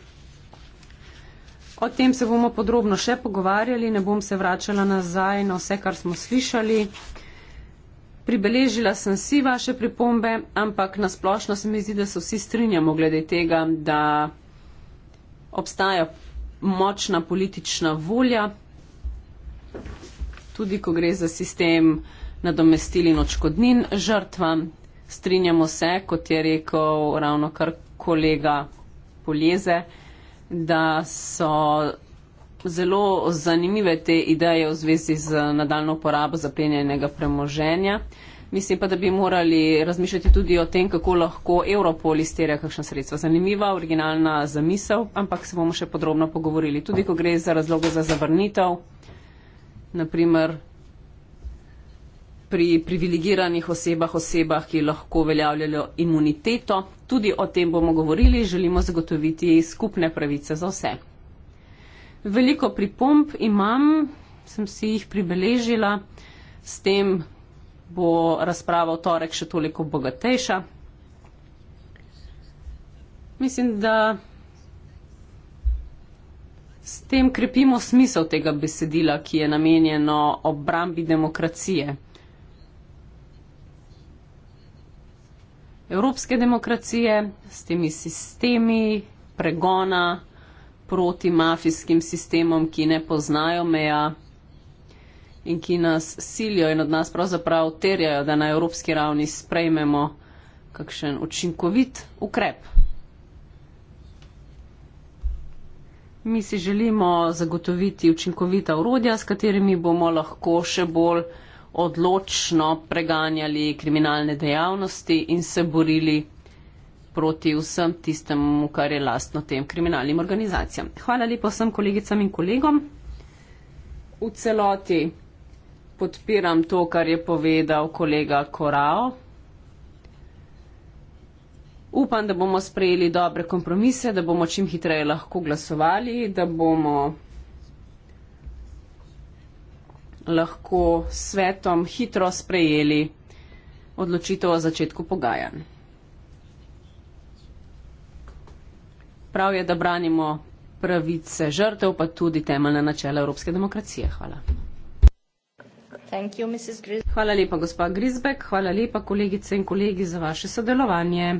O tem se bomo podrobno še pogovarjali, ne bom se vračala nazaj na vse, kar smo slišali. Pribeležila sem si vaše pripombe, ampak nasplošno se mi zdi, da se vsi strinjamo glede tega, da obstaja močna politična volja, tudi ko gre za sistem nadomestil in očkodnin žrtvam. Strinjamo se, kot je rekel ravno kar kolega Poljeze, da so zelo zanimive te ideje v zvezi z nadaljno uporabo zaplenjenega premoženja. Mislim pa, da bi morali razmišljati tudi o tem, kako lahko Europol izterja kakšna sredstva. Zanimiva, originalna zamisel, ampak se bomo še podrobno pogovorili. Tudi, ko gre za razloge za zavrnitev, naprimer pri privilegiranih osebah, osebah, ki lahko veljavljajo imuniteto. Tudi o tem bomo govorili, želimo zagotoviti skupne pravice za vse. Veliko pripomb imam, sem si jih pribeležila, s tem bo razprava v torek še toliko bogatejša. Mislim, da s tem krepimo smisel tega besedila, ki je namenjeno obrambi demokracije. evropske demokracije, s temi sistemi pregona proti mafijskim sistemom, ki ne poznajo meja in ki nas silijo in od nas pravzaprav terjajo, da na evropski ravni sprejmemo kakšen učinkovit ukrep. Mi si želimo zagotoviti učinkovita urodja, s katerimi bomo lahko še bolj odločno preganjali kriminalne dejavnosti in se borili proti vsem tistemu, kar je lastno tem kriminalnim organizacijam. Hvala lepo vsem kolegicam in kolegom. V celoti podpiram to, kar je povedal kolega Korao. Upam, da bomo sprejeli dobre kompromise, da bomo čim hitreje lahko glasovali, da bomo lahko s svetom hitro sprejeli odločitev o začetku pogajanj. Prav je, da branimo pravice žrtev, pa tudi temeljne načele evropske demokracije. Hvala. You, hvala lepa, gospa Grisbek, hvala lepa, kolegice in kolegi, za vaše sodelovanje.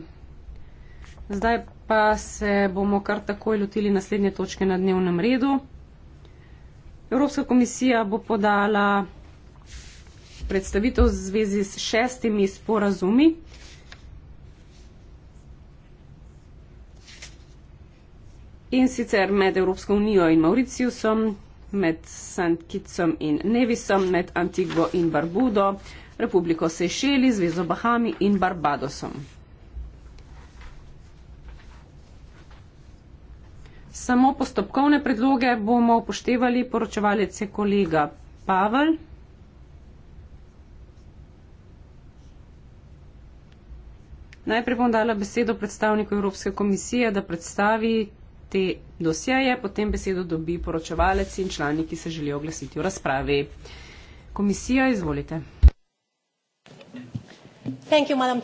Zdaj pa se bomo kar takoj lotili naslednje točke na dnevnem redu. Evropska komisija bo podala predstavitev v zvezi s šestimi sporazumi. In sicer med Evropsko unijo in Mauriciusom, med St. Kitsom in Nevisom, med Antiguo in Barbudo, Republiko Sejšeli, Zvezo Bahami in Barbadosom. Samo postopkovne predloge bomo upoštevali, poročevalec je kolega Pavel. Najprej bom dala besedo predstavniku Evropske komisije, da predstavi te dosjeje, potem besedo dobi poročevalec in člani, ki se želijo oglasiti v razpravi. Komisija, izvolite. Thank you, madam.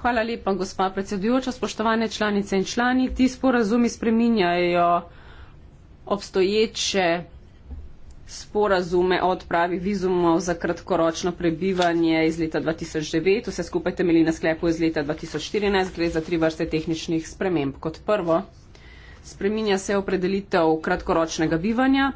Hvala lepa, gospa predsedujoča, spoštovane članice in člani. Ti sporazumi spreminjajo obstoječe sporazume o odpravi vizumov za kratkoročno prebivanje iz leta 2009. Vse skupaj temeli na sklepu iz leta 2014. Gre za tri vrste tehničnih sprememb. Kot prvo, spreminja se opredelitev kratkoročnega bivanja.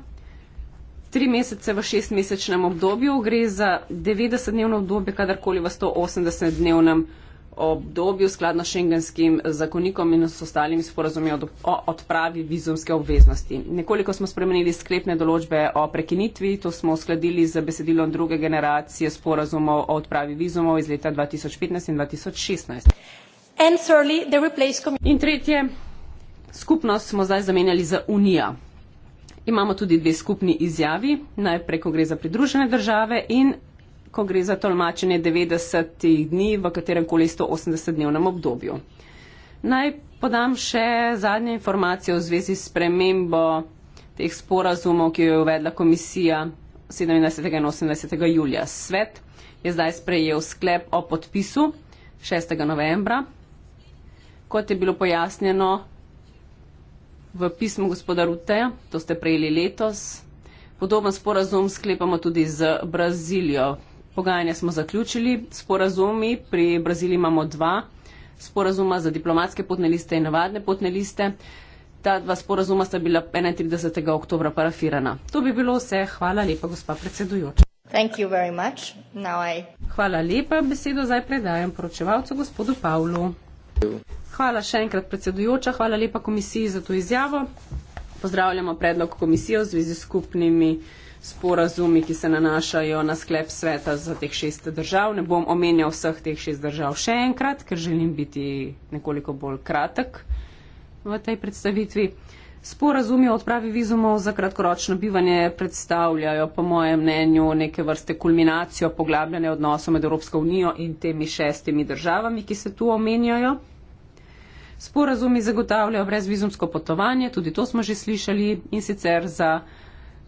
Tri mesece v šestmesečnem obdobju gre za 90-dnevno obdobje, kadarkoli v 180-dnevnem obdobju obdobju skladno šengenskim zakonikom in s ostalimi sporazumi o odpravi vizumske obveznosti. Nekoliko smo spremenili sklepne določbe o prekinitvi, to smo uskladili z besedilom druge generacije sporazumov o odpravi vizumov iz leta 2015 in 2016. Thirdly, in tretje, skupnost smo zdaj zamenjali za Unija. Imamo tudi dve skupni izjavi, najprej, ko gre za pridružene države in ko gre za tolmačenje 90 dni v katerem koli 180-dnevnem obdobju. Naj podam še zadnje informacije v zvezi s premembo teh sporazumov, ki jo je uvedla komisija 17. in 18. julija. Svet je zdaj sprejel sklep o podpisu 6. novembra. Kot je bilo pojasnjeno v pismu gospoda Ruteja, to ste prejeli letos, podoben sporazum sklepamo tudi z Brazilijo. Pogajanja smo zaključili, sporazumi pri Braziliji imamo dva, sporazuma za diplomatske potne liste in navadne potne liste. Ta dva sporazuma sta bila 31. oktobra parafirana. To bi bilo vse. Hvala lepa, gospa predsedujoča. I... Hvala lepa, besedo zdaj predajam poročevalcu gospodu Pavlu. Hvala še enkrat predsedujoča, hvala lepa komisiji za to izjavo. Pozdravljamo predlog komisije v zvezi s skupnimi sporazumi, ki se nanašajo na sklep sveta za teh šest držav. Ne bom omenjal vseh teh šest držav še enkrat, ker želim biti nekoliko bolj kratek v tej predstavitvi. Sporazumi o odpravi vizumov za kratkoročno bivanje predstavljajo, po mojem mnenju, neke vrste kulminacijo poglabljanja odnosov med Evropsko unijo in temi šestimi državami, ki se tu omenjajo. Sporazumi zagotavljajo brezvizumsko potovanje, tudi to smo že slišali, in sicer za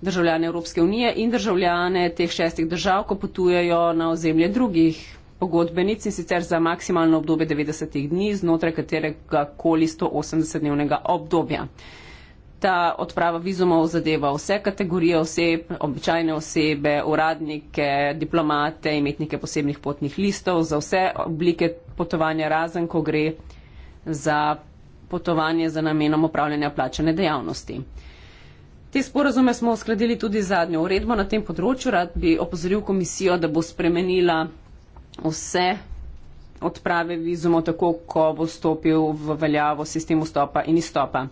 državljane Evropske unije in državljane teh šestih držav, ko potujejo na ozemlje drugih pogodbenic in sicer za maksimalno obdobje 90 dni znotraj katerega koli 180-dnevnega obdobja. Ta odprava vizumov zadeva vse kategorije oseb, običajne osebe, uradnike, diplomate, imetnike posebnih potnih listov, za vse oblike potovanja, razen ko gre za potovanje za namenom opravljanja plačane dejavnosti. Te sporozume smo uskladili tudi zadnjo uredbo na tem področju. Rad bi opozoril komisijo, da bo spremenila vse odprave vizumov, tako ko bo stopil v veljavo sistem vstopa in izstopa.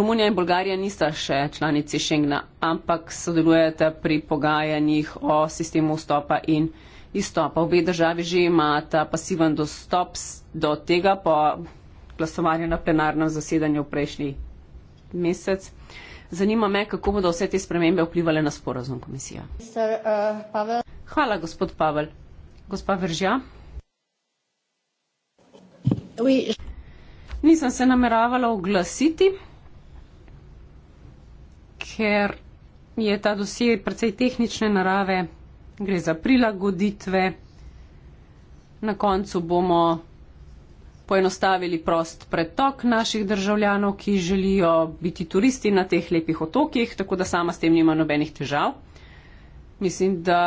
Romunija in Bolgarija nista še članici Schengna, ampak sodelujete pri pogajanjih o sistemu vstopa in izstopa. Obe državi že imata pasiven dostop do tega po glasovanju na plenarnem zasedanju v prejšnji mesec. Zanima me, kako bodo vse te spremembe vplivali na sporozum komisije. Uh, eh, Hvala, gospod Pavel. Gospa Veržja. Oui. Nisem se nameravala oglasiti, ker je ta dosir precej tehnične narave, gre za prilagoditve. Na koncu bomo poenostavili prost pretok naših državljanov, ki želijo biti turisti na teh lepih otokih, tako da sama s tem nima nobenih težav. Mislim, da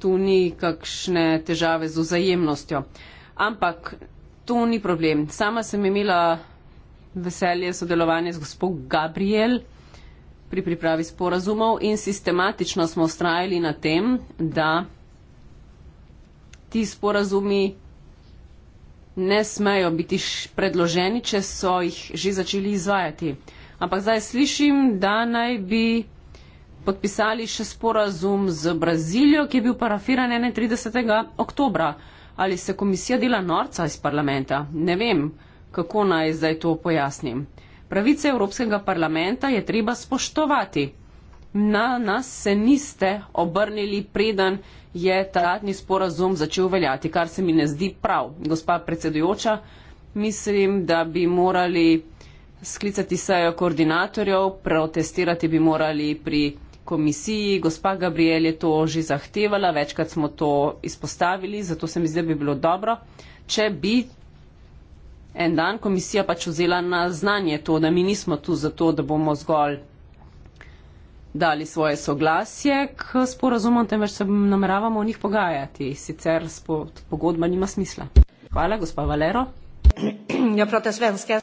tu ni kakšne težave z vzajemnostjo. Ampak to ni problem. Sama sem imela veselje sodelovanja z gospod Gabriel pri pripravi sporazumov in sistematično smo ustrajali na tem, da ti sporazumi ne smejo biti predloženi, če so jih že začeli izvajati. Ampak zdaj slišim, da naj bi podpisali še sporazum z Brazilijo, ki je bil parafiran 31. oktobra. Ali se komisija dela norca iz parlamenta? Ne vem, kako naj zdaj to pojasnim. Pravice Evropskega parlamenta je treba spoštovati. Na nas se niste obrnili predan je tratni sporazum začel veljati, kar se mi ne zdi prav. Gospa predsedujoča, mislim, da bi morali sklicati sejo koordinatorjev, protestirati bi morali pri komisiji. Gospa Gabriel je to že zahtevala, večkrat smo to izpostavili, zato se mi zdi, da bi bilo dobro, če bi. En dan komisija pač vzela na znanje to, da mi nismo tu zato, da bomo zgolj dali svoje soglasje k sporazumom, temveč se nameravamo o njih pogajati, sicer pogodba nima smisla. Hvala, gospa Valero. (clears throat) Ja, prate svenske.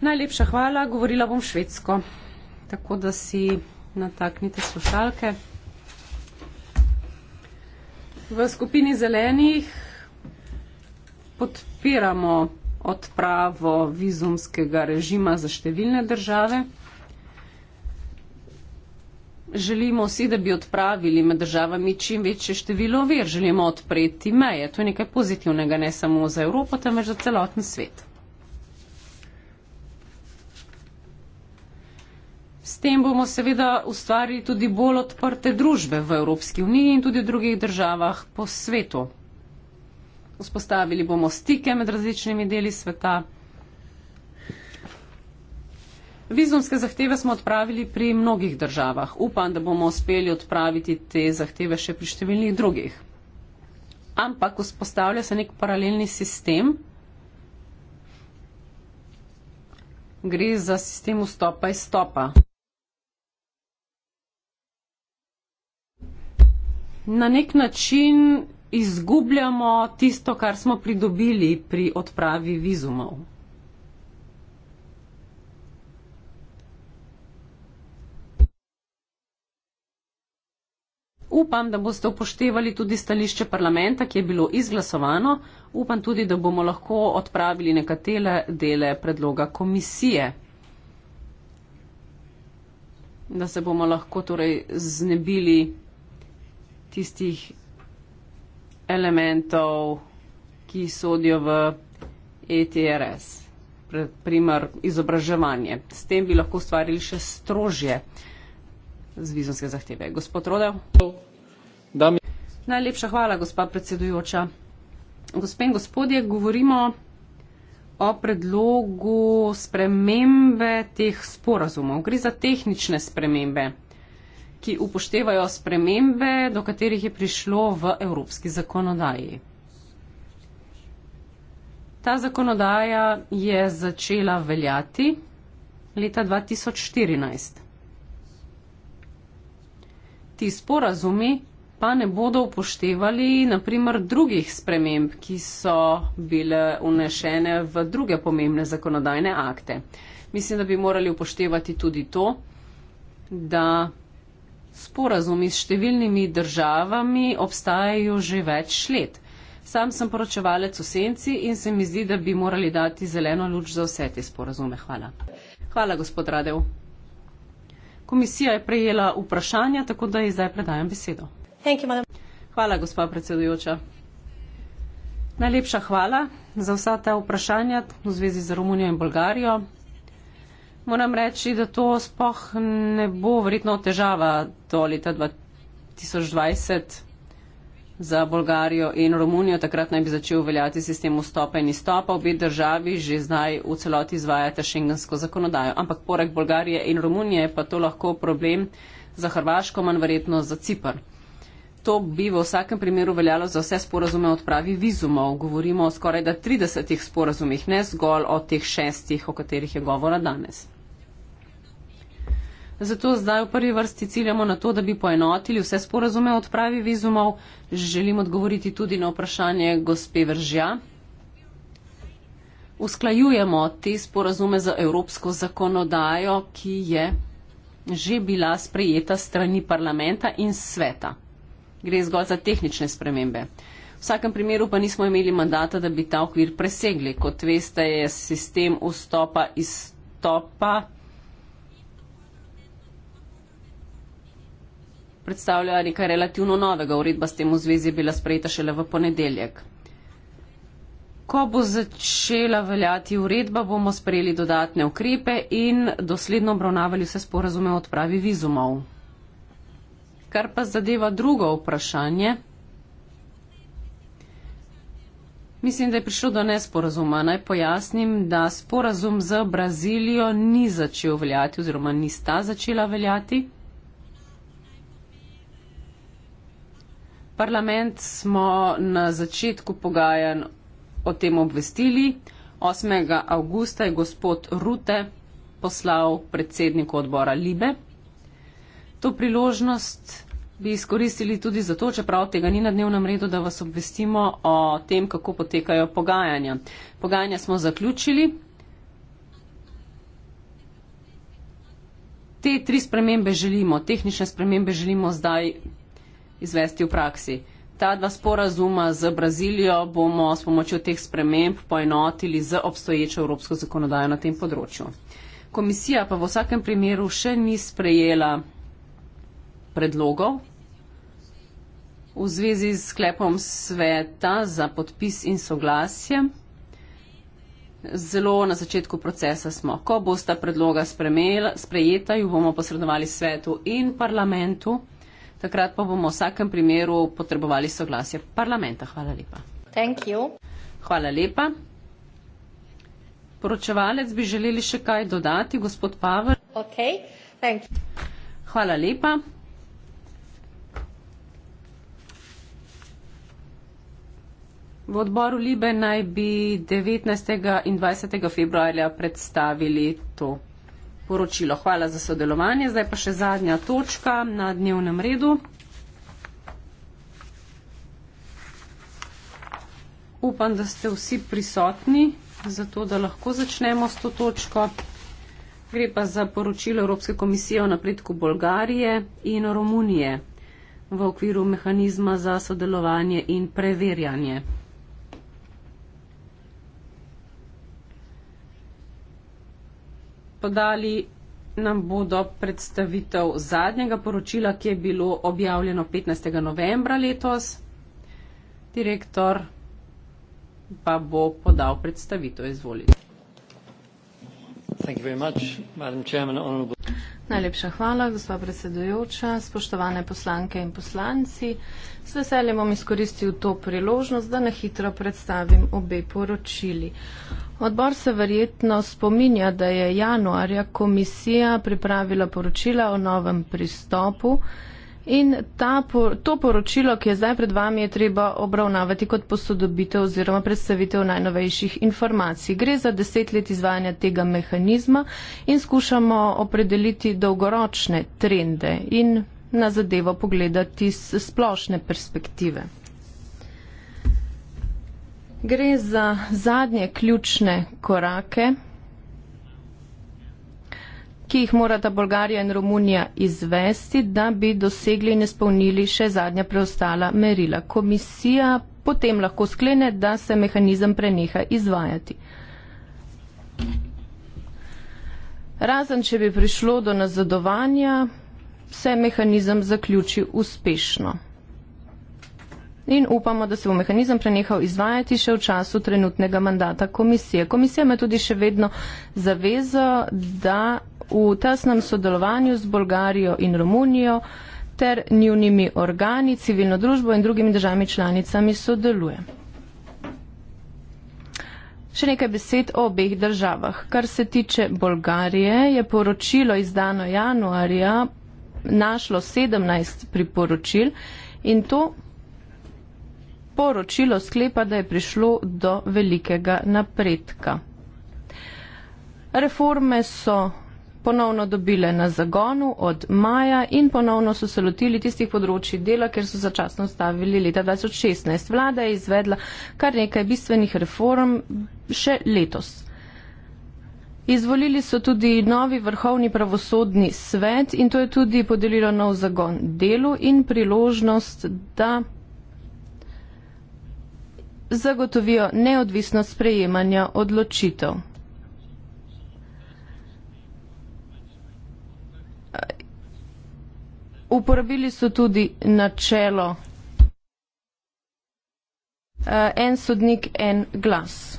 Najlepša hvala, govorila bom švedsko, tako da si nataknite slušalke. V skupini zelenih podpiramo odpravo vizumskega režima za številne države. Želimo si, da bi odpravili med državami čim večje število vir, želimo odpreti meje. To je nekaj pozitivnega ne samo za Evropo, temveč za celoten svet. S tem bomo seveda ustvarili tudi bolj odprte družbe v Evropski uniji in tudi v drugih državah po svetu. Vzpostavili bomo stike med različnimi deli sveta. Vizumske zahteve smo odpravili pri mnogih državah. Upam, da bomo uspeli odpraviti te zahteve še pri številnih drugih. Ampak vzpostavlja se nek paralelni sistem. Gre za sistem vstopa in stopa. Na nek način izgubljamo tisto, kar smo pridobili pri odpravi vizumov. Upam, da boste upoštevali tudi stališče parlamenta, ki je bilo izglasovano. Upam tudi, da bomo lahko odpravili nekatele dele predloga komisije. Da se bomo lahko torej znebili tistih elementov, ki sodijo v ETRS, primer izobraževanje. S tem bi lahko ustvarili še strožje z vizumske zahteve. Gospod Rodev. Najlepša hvala, gospa predsedujoča. Gospe in gospodje, govorimo o predlogu spremembe teh sporazumov. Gre za tehnične spremembe, ki upoštevajo spremembe, do katerih je prišlo v evropski zakonodaji. Ta zakonodaja je začela veljati leta 2014 ti sporazumi pa ne bodo upoštevali naprimer drugih sprememb, ki so bile unešene v druge pomembne zakonodajne akte. Mislim, da bi morali upoštevati tudi to, da sporazumi s številnimi državami obstajajo že več let. Sam sem poročevalec v Senci in se mi zdi, da bi morali dati zeleno luč za vse te sporazume. Hvala. Hvala, gospod Radev. Komisija je prejela vprašanja, tako da ji zdaj predajam besedo. Hvala, gospa predsedujoča. Najlepša hvala za vsa ta vprašanja v zvezi z Romunijo in Bolgarijo. Moram reči, da to spoh ne bo verjetno težava do leta 2020 za Bolgarijo in Romunijo. Takrat naj bi začel veljati sistem vstopa in izstopa. Obe državi že zdaj v celoti izvajata šengensko zakonodajo. Ampak poleg Bolgarije in Romunije pa to lahko problem za Hrvaško, manj verjetno za Cipr. To bi v vsakem primeru veljalo za vse sporazume odpravi vizumov. Govorimo o skoraj da 30 sporazumih, ne zgolj o teh šestih, o katerih je govora danes. Zato zdaj v prvi vrsti ciljamo na to, da bi poenotili vse sporazume o odpravi vizumov. Želim odgovoriti tudi na vprašanje gospe Vržja. Usklajujemo te sporazume za evropsko zakonodajo, ki je že bila sprejeta strani parlamenta in sveta. Gre zgolj za tehnične spremembe. V vsakem primeru pa nismo imeli mandata, da bi ta okvir presegli. Kot veste, je sistem vstopa izstopa predstavlja nekaj relativno novega. Uredba s tem v zvezi je bila sprejeta šele v ponedeljek. Ko bo začela veljati uredba, bomo sprejeli dodatne ukrepe in dosledno obravnavali vse sporazume o odpravi vizumov. Kar pa zadeva drugo vprašanje. Mislim, da je prišlo do nesporazuma. Naj pojasnim, da sporazum z Brazilijo ni začel veljati oziroma nista začela veljati. Parlament smo na začetku pogajanj o tem obvestili. 8. avgusta je gospod Rute poslal predsedniku odbora Libe. To priložnost bi izkoristili tudi zato, čeprav tega ni na dnevnem redu, da vas obvestimo o tem, kako potekajo pogajanja. Pogajanja smo zaključili. Te tri spremembe želimo, tehnične spremembe želimo zdaj izvesti v praksi. Ta dva sporazuma z Brazilijo bomo s pomočjo teh sprememb poenotili z obstoječo evropsko zakonodajo na tem področju. Komisija pa v vsakem primeru še ni sprejela predlogov v zvezi s sklepom sveta za podpis in soglasje. Zelo na začetku procesa smo. Ko bosta predloga sprejela, sprejeta, ju bomo posredovali svetu in parlamentu. Takrat pa bomo v vsakem primeru potrebovali soglasje parlamenta. Hvala lepa. Hvala lepa. Poročevalec bi želeli še kaj dodati, gospod Pavel. Okay. Hvala lepa. V odboru Libe naj bi 19. in 20. februarja predstavili to poročilo. Hvala za sodelovanje. Zdaj pa še zadnja točka na dnevnem redu. Upam, da ste vsi prisotni, zato da lahko začnemo s to točko. Gre pa za poročilo Evropske komisije o napredku Bolgarije in Romunije v okviru mehanizma za sodelovanje in preverjanje. podali nam bodo predstavitev zadnjega poročila, ki je bilo objavljeno 15. novembra letos. Direktor pa bo podal predstavitev. Izvolite. Najlepša hvala, gospa predsedujoča, spoštovane poslanke in poslanci. S veseljem bom izkoristil to priložnost, da na hitro predstavim obe poročili. Odbor se verjetno spominja, da je januarja komisija pripravila poročila o novem pristopu in ta, to poročilo, ki je zdaj pred vami, je treba obravnavati kot posodobitev oziroma predstavitev najnovejših informacij. Gre za deset let izvajanja tega mehanizma in skušamo opredeliti dolgoročne trende in na zadevo pogledati z splošne perspektive. Gre za zadnje ključne korake, ki jih morata Bolgarija in Romunija izvesti, da bi dosegli in izpolnili še zadnja preostala merila. Komisija potem lahko sklene, da se mehanizem preneha izvajati. Razen, če bi prišlo do nazadovanja, se mehanizem zaključi uspešno in upamo, da se bo mehanizem prenehal izvajati še v času trenutnega mandata komisije. Komisija ima tudi še vedno zavezo, da v tesnem sodelovanju z Bolgarijo in Romunijo ter njunimi organi, civilno družbo in drugimi državami članicami sodeluje. Še nekaj besed o obeh državah. Kar se tiče Bolgarije, je poročilo izdano januarja našlo 17 priporočil in to poročilo sklepa, da je prišlo do velikega napredka. Reforme so ponovno dobile na zagonu od maja in ponovno so se lotili tistih področji dela, ker so začasno stavili leta 2016. Vlada je izvedla kar nekaj bistvenih reform še letos. Izvolili so tudi novi vrhovni pravosodni svet in to je tudi podelilo nov zagon delu in priložnost, da zagotovijo neodvisno sprejemanja odločitev. Uporabili so tudi načelo eh, en sodnik, en glas.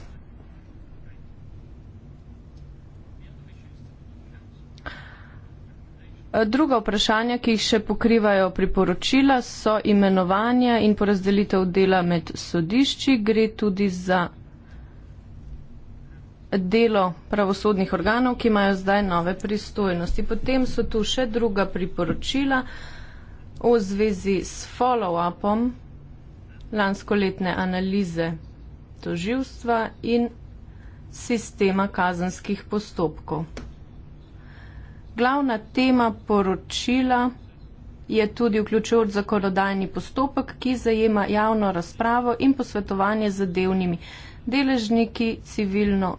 Eh, druga vprašanja, ki jih še pokrivajo priporočila, so imenovanja in porazdelitev dela med sodišči. Gre tudi za delo pravosodnih organov, ki imajo zdaj nove pristojnosti. Potem so tu še druga priporočila o zvezi s follow-upom lanskoletne analize toživstva in sistema kazenskih postopkov. Glavna tema poročila je tudi vključujoč zakonodajni postopek, ki zajema javno razpravo in posvetovanje z delnimi deležniki civilno,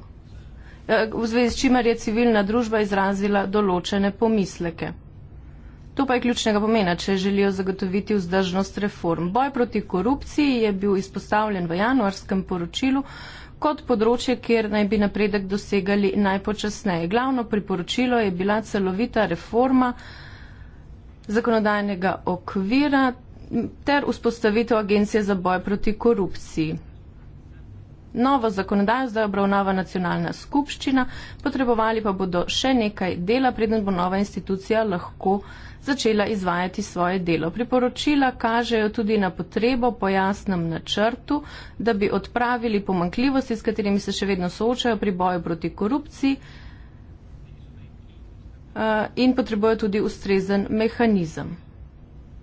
eh, v zvezi s čimer je civilna družba izrazila določene pomisleke. To pa je ključnega pomena, če želijo zagotoviti vzdržnost reform. Boj proti korupciji je bil izpostavljen v januarskem poročilu, kot področje, kjer naj bi napredek dosegali najpočasneje. Glavno priporočilo je bila celovita reforma zakonodajnega okvira ter vzpostavitev agencije za boj proti korupciji. Novo zakonodajo zdaj obravnava nacionalna skupščina, potrebovali pa bodo še nekaj dela, preden bo nova institucija lahko začela izvajati svoje delo. Priporočila kažejo tudi na potrebo po jasnem načrtu, da bi odpravili pomankljivosti, s katerimi se še vedno soočajo pri boju proti korupciji eh, in potrebujejo tudi ustrezen mehanizem,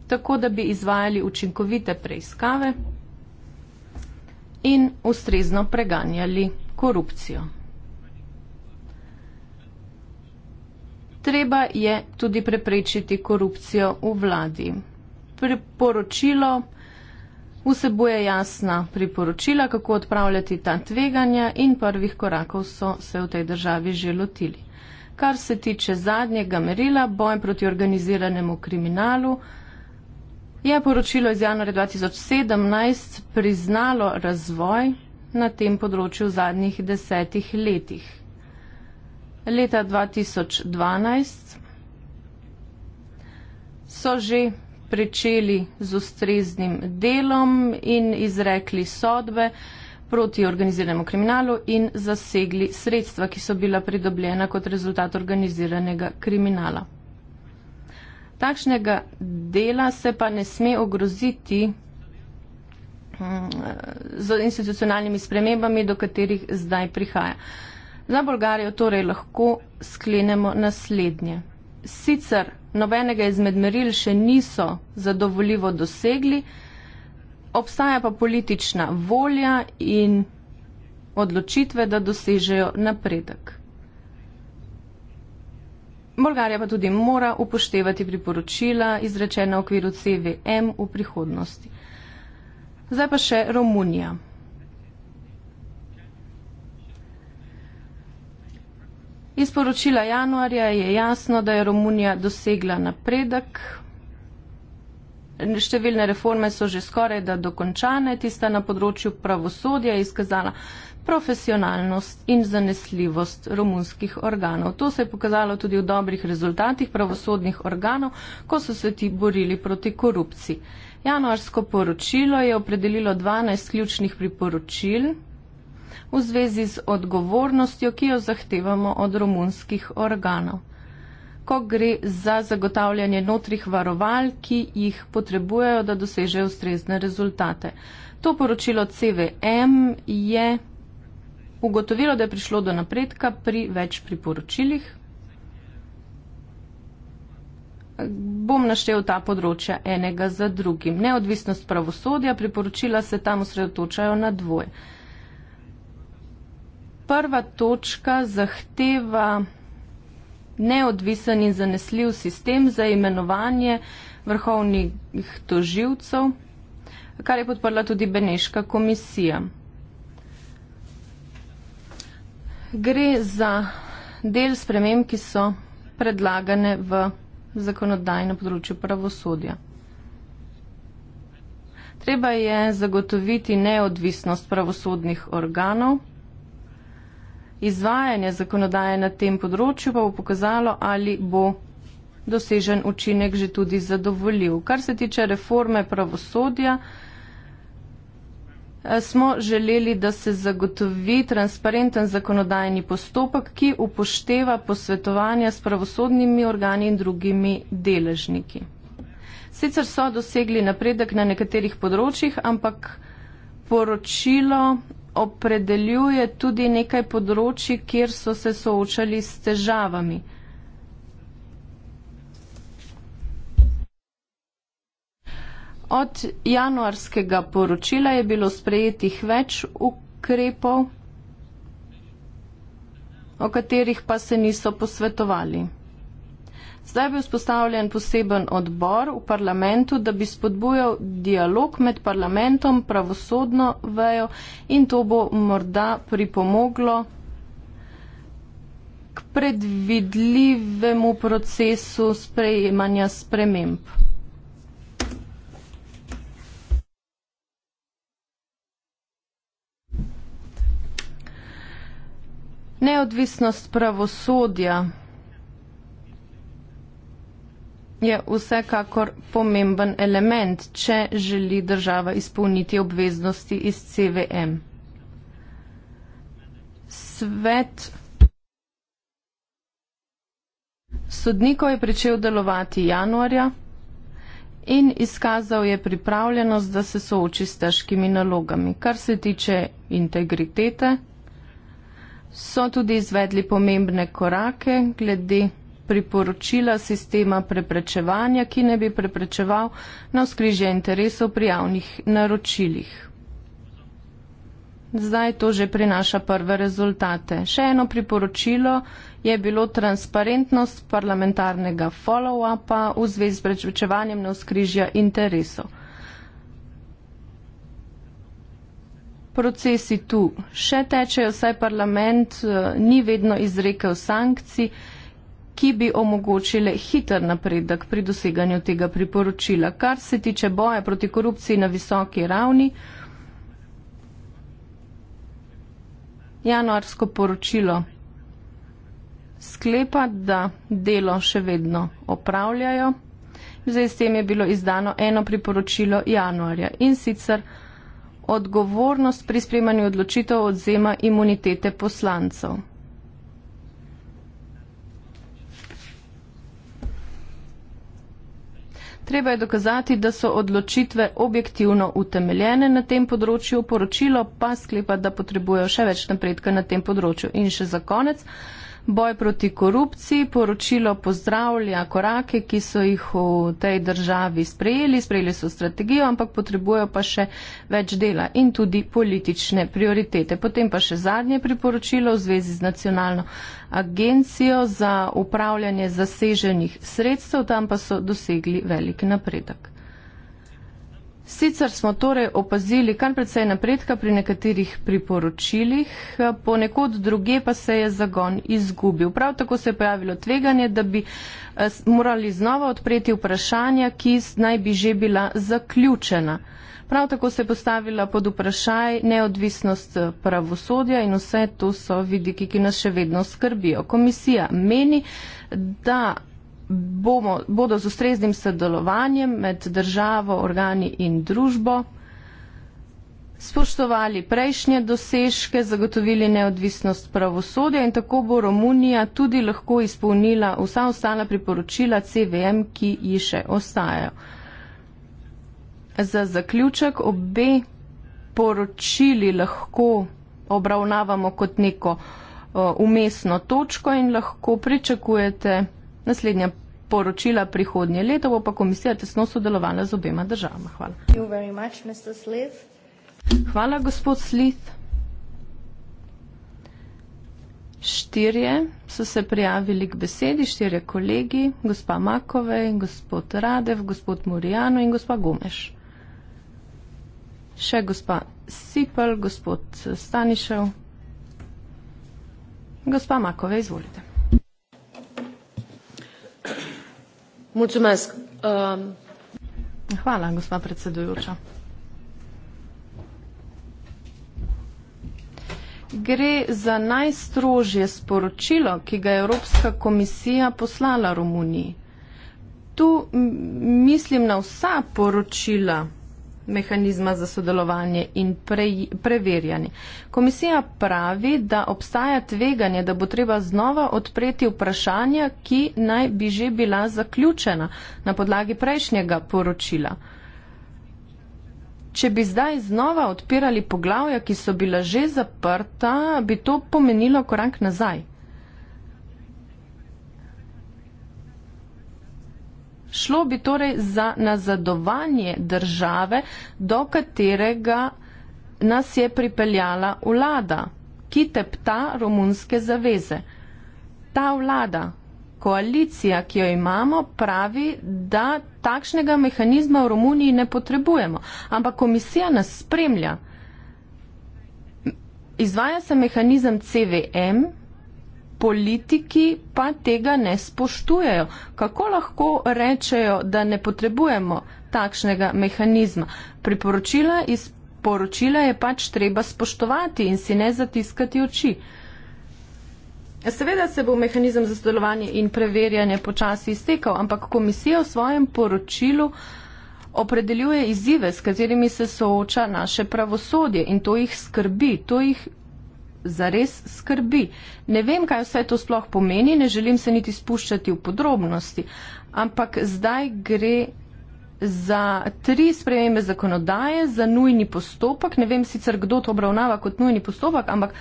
tako da bi izvajali učinkovite preiskave in ustrezno preganjali korupcijo. Treba je tudi preprečiti korupcijo v vladi. Priporočilo vsebuje jasna priporočila, kako odpravljati ta tveganja in prvih korakov so se v tej državi že lotili. Kar se tiče zadnjega merila, boj proti organiziranemu kriminalu, je poročilo iz januarja 2017 priznalo razvoj na tem področju v zadnjih desetih letih leta 2012 so že pričeli z ustreznim delom in izrekli sodbe proti organiziranemu kriminalu in zasegli sredstva, ki so bila pridobljena kot rezultat organiziranega kriminala. Takšnega dela se pa ne sme ogroziti mm, z institucionalnimi spremembami, do katerih zdaj prihaja. Za Bolgarijo torej lahko sklenemo naslednje. Sicer nobenega izmed meril še niso zadovoljivo dosegli, obstaja pa politična volja in odločitve, da dosežejo napredek. Bolgarija pa tudi mora upoštevati priporočila izrečena v okviru CVM v prihodnosti. Zdaj pa še Romunija. Iz poročila januarja je jasno, da je Romunija dosegla napredek. Številne reforme so že skoraj da dokončane, tista na področju pravosodja je izkazala profesionalnost in zanesljivost romunskih organov. To se je pokazalo tudi v dobrih rezultatih pravosodnih organov, ko so se ti borili proti korupciji. Januarsko poročilo je opredelilo 12 ključnih priporočil, v zvezi z odgovornostjo, ki jo zahtevamo od romunskih organov. Ko gre za zagotavljanje notrih varoval, ki jih potrebujejo, da dosežejo ustrezne rezultate. To poročilo CVM je ugotovilo, da je prišlo do napredka pri več priporočilih. Bom naštel ta področja enega za drugim. Neodvisnost pravosodja, priporočila se tam osredotočajo na dvoje prva točka zahteva neodvisen in zanesljiv sistem za imenovanje vrhovnih toživcev, kar je podprla tudi Beneška komisija. Gre za del sprememb, ki so predlagane v zakonodajno področju pravosodja. Treba je zagotoviti neodvisnost pravosodnih organov, Izvajanje zakonodaje na tem področju pa bo pokazalo, ali bo dosežen učinek že tudi zadovoljiv. Kar se tiče reforme pravosodja, eh, smo želeli, da se zagotovi transparenten zakonodajni postopek, ki upošteva posvetovanja s pravosodnimi organi in drugimi deležniki. Sicer so dosegli napredek na nekaterih področjih, ampak poročilo opredeljuje tudi nekaj področji, kjer so se soočali s težavami. Od januarskega poročila je bilo sprejetih več ukrepov, o katerih pa se niso posvetovali. Zdaj bi vzpostavljen poseben odbor v parlamentu, da bi spodbujal dialog med parlamentom, pravosodno vejo in to bo morda pripomoglo k predvidljivemu procesu sprejemanja sprememb. Neodvisnost pravosodja je vsekakor pomemben element, če želi država izpolniti obveznosti iz CVM. Svet sodnikov je pričel delovati januarja in izkazal je pripravljenost, da se sooči s težkimi nalogami. Kar se tiče integritete, so tudi izvedli pomembne korake glede priporočila sistema preprečevanja, ki ne bi preprečeval na vzkrižje interesov pri javnih naročilih. Zdaj to že prinaša prve rezultate. Še eno priporočilo je bilo transparentnost parlamentarnega follow-upa v zvezi s prečevanjem na vzkrižja interesov. Procesi tu še tečejo, saj parlament eh, ni vedno izrekel sankcij ki bi omogočile hiter napredek pri doseganju tega priporočila. Kar se tiče boja proti korupciji na visoki ravni, januarsko poročilo sklepa, da delo še vedno opravljajo. Zdaj s tem je bilo izdano eno priporočilo januarja in sicer odgovornost pri spremanju odločitev odzema imunitete poslancev. Treba je dokazati, da so odločitve objektivno utemeljene na tem področju, poročilo pa sklepa, da potrebujejo še več napredka na tem področju. In še za konec boj proti korupciji. Poročilo pozdravlja korake, ki so jih v tej državi sprejeli. Sprejeli so strategijo, ampak potrebujo pa še več dela in tudi politične prioritete. Potem pa še zadnje priporočilo v zvezi z nacionalno agencijo za upravljanje zaseženih sredstev. Tam pa so dosegli velik napredek. Sicer smo torej opazili kar precej napredka pri nekaterih priporočilih, ponekod druge pa se je zagon izgubil. Prav tako se je pojavilo tveganje, da bi eh, morali znova odpreti vprašanja, ki naj bi že bila zaključena. Prav tako se je postavila pod vprašaj neodvisnost eh, pravosodja in vse to so vidiki, ki nas še vedno skrbijo. Komisija meni, da bomo, bodo z ustreznim sodelovanjem med državo, organi in družbo spoštovali prejšnje dosežke, zagotovili neodvisnost pravosodja in tako bo Romunija tudi lahko izpolnila vsa ostala priporočila CVM, ki ji še ostajajo. Za zaključek obe poročili lahko obravnavamo kot neko uh, umestno točko in lahko pričakujete Naslednja poročila prihodnje leto bo pa komisija tesno sodelovala z obema državama. Hvala. Hvala, gospod Slith. Štirje so se prijavili k besedi, štirje kolegi, gospa Makove, gospod Radev, gospod Murijano in gospa Gomeš. Še gospa Sipel, gospod Stanišev. Gospa Makove, izvolite. Mulțumesc. Um... Hvala, gospa predsedujoča. Gre za najstrožje sporočilo, ki ga je Evropska komisija poslala Romuniji. Tu mislim na vsa poročila mehanizma za sodelovanje in pre, preverjanje. Komisija pravi, da obstaja tveganje, da bo treba znova odpreti vprašanja, ki naj bi že bila zaključena na podlagi prejšnjega poročila. Če bi zdaj znova odpirali poglavja, ki so bila že zaprta, bi to pomenilo korak nazaj. Šlo bi torej za nazadovanje države, do katerega nas je pripeljala vlada, ki tepta romunske zaveze. Ta vlada, koalicija, ki jo imamo, pravi, da takšnega mehanizma v Romuniji ne potrebujemo, ampak komisija nas spremlja. Izvaja se mehanizem CVM, politiki pa tega ne spoštujejo. Kako lahko rečejo, da ne potrebujemo takšnega mehanizma? Priporočila iz poročila je pač treba spoštovati in si ne zatiskati oči. Seveda se bo mehanizem za sodelovanje in preverjanje počasi iztekal, ampak komisija v svojem poročilu opredeljuje izzive, s katerimi se sooča naše pravosodje in to jih skrbi, to jih zares skrbi. Ne vem, kaj vse to sploh pomeni, ne želim se niti spuščati v podrobnosti, ampak zdaj gre za tri sprejeme zakonodaje, za nujni postopek. Ne vem sicer, kdo to obravnava kot nujni postopek, ampak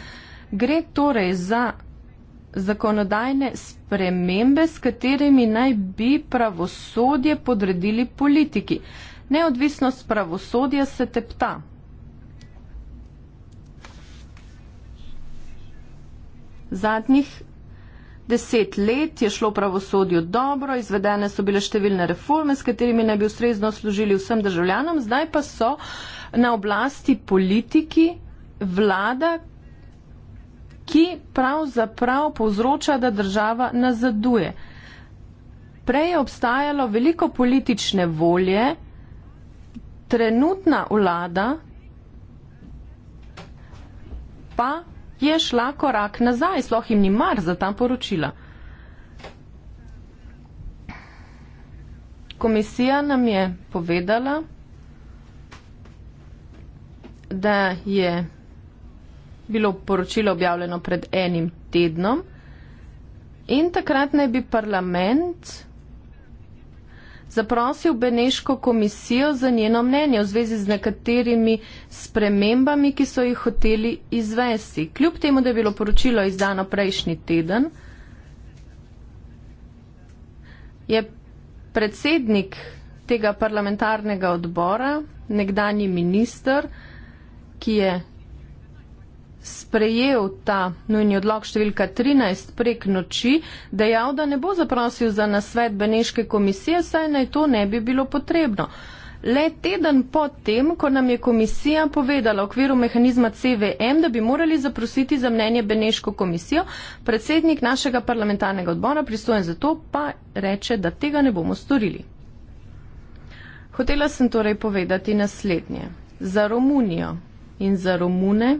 gre torej za zakonodajne spremembe, s katerimi naj bi pravosodje podredili politiki. Neodvisnost pravosodja se tepta. Zadnjih deset let je šlo pravosodju dobro, izvedene so bile številne reforme, s katerimi ne bi ustrezno služili vsem državljanom, zdaj pa so na oblasti politiki vlada, ki pravzaprav povzroča, da država nazaduje. Prej je obstajalo veliko politične volje, trenutna vlada pa je šla korak nazaj, sloh jim ni mar za ta poročila. Komisija nam je povedala, da je bilo poročilo objavljeno pred enim tednom in takrat naj bi parlament zaprosil Beneško komisijo za njeno mnenje v zvezi z nekaterimi spremembami, ki so jih hoteli izvesti. Kljub temu, da je bilo poročilo izdano prejšnji teden, je predsednik tega parlamentarnega odbora, nekdani minister, ki je sprejel ta nujni odlog številka 13 prek noči, dejal, da ne bo zaprosil za nasvet Beneške komisije, saj naj to ne bi bilo potrebno. Le teden po tem, ko nam je komisija povedala v okviru mehanizma CVM, da bi morali zaprositi za mnenje Beneško komisijo, predsednik našega parlamentarnega odbora pristojen za to pa reče, da tega ne bomo storili. Hotela sem torej povedati naslednje. Za Romunijo in za Romune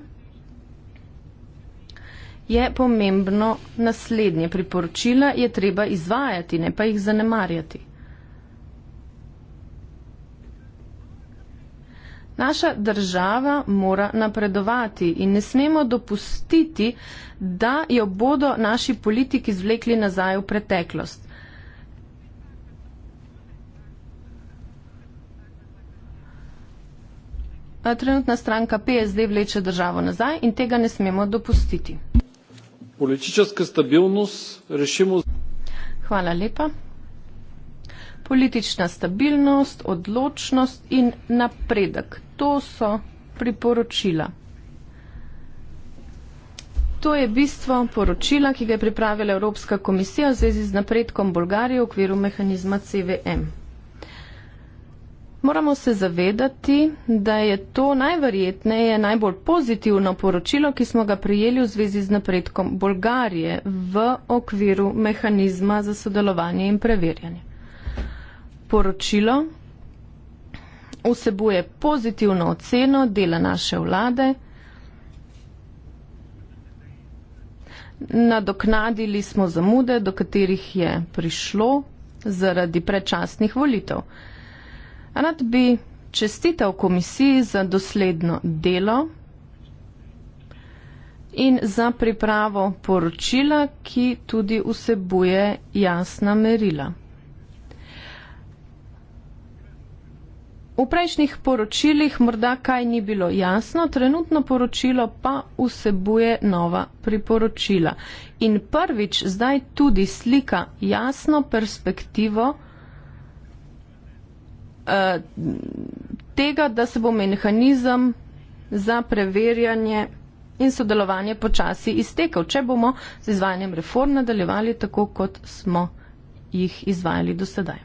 je pomembno naslednje. Priporočila je treba izvajati, ne pa jih zanemarjati. Naša država mora napredovati in ne smemo dopustiti, da jo bodo naši politiki zvlekli nazaj v preteklost. Trenutna stranka PSD vleče državo nazaj in tega ne smemo dopustiti politička stabilnost rešimo. Hvala lepa. Politična stabilnost, odločnost in napredek. To so priporočila. To je bistvo poročila, ki ga je pripravila Evropska komisija v zvezi z napredkom Bolgarije v okviru mehanizma CVM moramo se zavedati, da je to najverjetneje najbolj pozitivno poročilo, ki smo ga prijeli v zvezi z napredkom Bolgarije v okviru mehanizma za sodelovanje in preverjanje. Poročilo vsebuje pozitivno oceno dela naše vlade. Nadoknadili smo zamude, do katerih je prišlo zaradi predčasnih volitev. Rad bi čestital komisiji za dosledno delo in za pripravo poročila, ki tudi vsebuje jasna merila. V prejšnjih poročilih morda kaj ni bilo jasno, trenutno poročilo pa vsebuje nova priporočila. In prvič zdaj tudi slika jasno perspektivo, tega, da se bo mehanizem za preverjanje in sodelovanje počasi iztekal, če bomo z izvajanjem reform nadaljevali tako, kot smo jih izvajali do sedaj.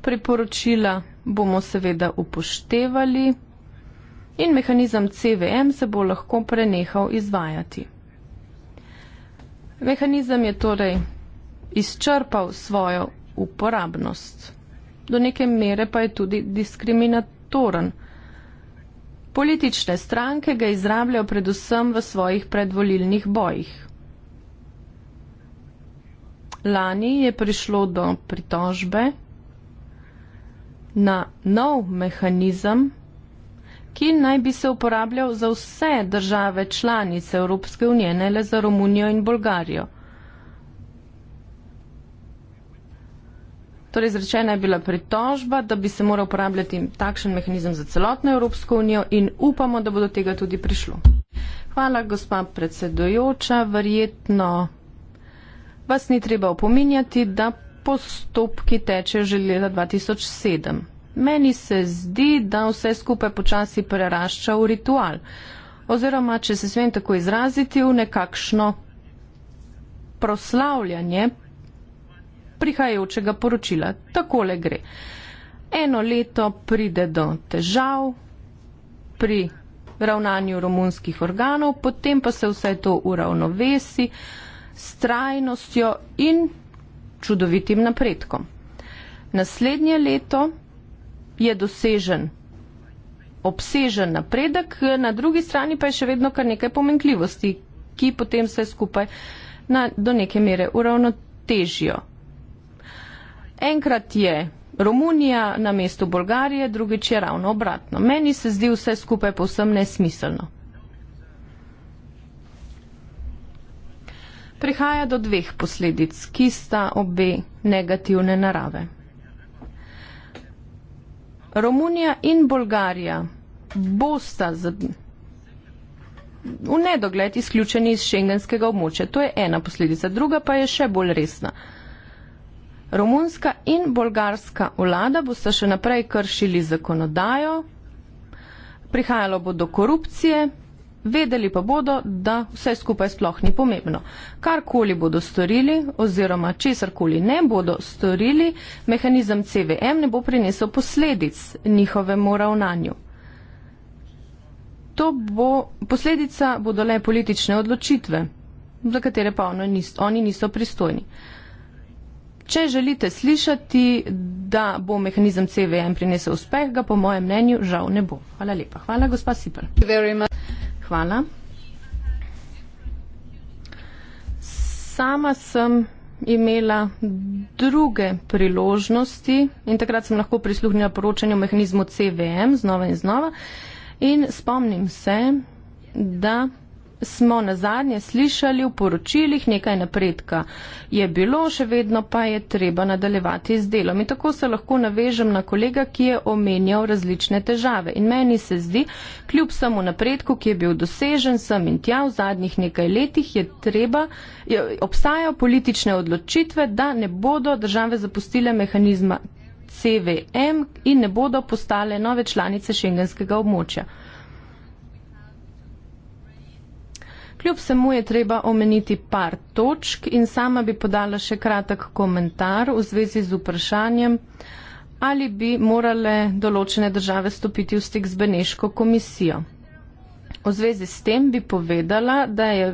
Priporočila bomo seveda upoštevali in mehanizem CVM se bo lahko prenehal izvajati. Mehanizem je torej izčrpal svojo uporabnost. Do neke mere pa je tudi diskriminatoren. Politične stranke ga izrabljajo predvsem v svojih predvolilnih bojih. Lani je prišlo do pritožbe na nov mehanizem, ki naj bi se uporabljal za vse države članice Evropske unije, ne le za Romunijo in Bolgarijo. Torej, izrečena je bila pritožba, da bi se moral uporabljati takšen mehanizem za celotno Evropsko unijo in upamo, da bo do tega tudi prišlo. Hvala, gospa predsedujoča. Verjetno vas ni treba opominjati, da postopki tečejo že leta 2007. Meni se zdi, da vse skupaj počasi prerašča v ritual. Oziroma, če se smem tako izraziti, v nekakšno proslavljanje prihajajočega poročila. Takole gre. Eno leto pride do težav pri ravnanju romunskih organov, potem pa se vse to uravnovesi s trajnostjo in čudovitim napredkom. Naslednje leto je dosežen obsežen napredek, na drugi strani pa je še vedno kar nekaj pomenkljivosti, ki potem vse skupaj na, do neke mere uravnotežijo. Enkrat je Romunija na mestu Bolgarije, drugič je ravno obratno. Meni se zdi vse skupaj povsem nesmiselno. Prihaja do dveh posledic, ki sta obe negativne narave. Romunija in Bolgarija bosta z, v nedogled izključeni iz šengenskega območja. To je ena posledica. Druga pa je še bolj resna. Romunska in bolgarska vlada bosta še naprej kršili zakonodajo, prihajalo bo do korupcije, vedeli pa bodo, da vse skupaj sploh ni pomembno. Karkoli bodo storili oziroma česarkoli ne bodo storili, mehanizem CVM ne bo prinesel posledic njihovemu ravnanju. To bo posledica bodo le politične odločitve, za katere pa nis, oni niso pristojni. Če želite slišati, da bo mehanizem CVM prinesel uspeh, ga po mojem mnenju žal ne bo. Hvala lepa. Hvala, gospa Sipr hvala. Sama sem imela druge priložnosti in takrat sem lahko prisluhnila poročanju mehanizmu CVM znova in znova in spomnim se, da smo na zadnje slišali v poročilih nekaj napredka. Je bilo, še vedno pa je treba nadaljevati z delom. In tako se lahko navežem na kolega, ki je omenjal različne težave. In meni se zdi, kljub samo napredku, ki je bil dosežen sem in tja v zadnjih nekaj letih, je treba, je, obstajajo politične odločitve, da ne bodo države zapustile mehanizma. CVM in ne bodo postale nove članice šengenskega območja. Kljub vsemu je treba omeniti par točk in sama bi podala še kratek komentar v zvezi z vprašanjem, ali bi morale določene države stopiti v stik z Beneško komisijo. V zvezi s tem bi povedala, da je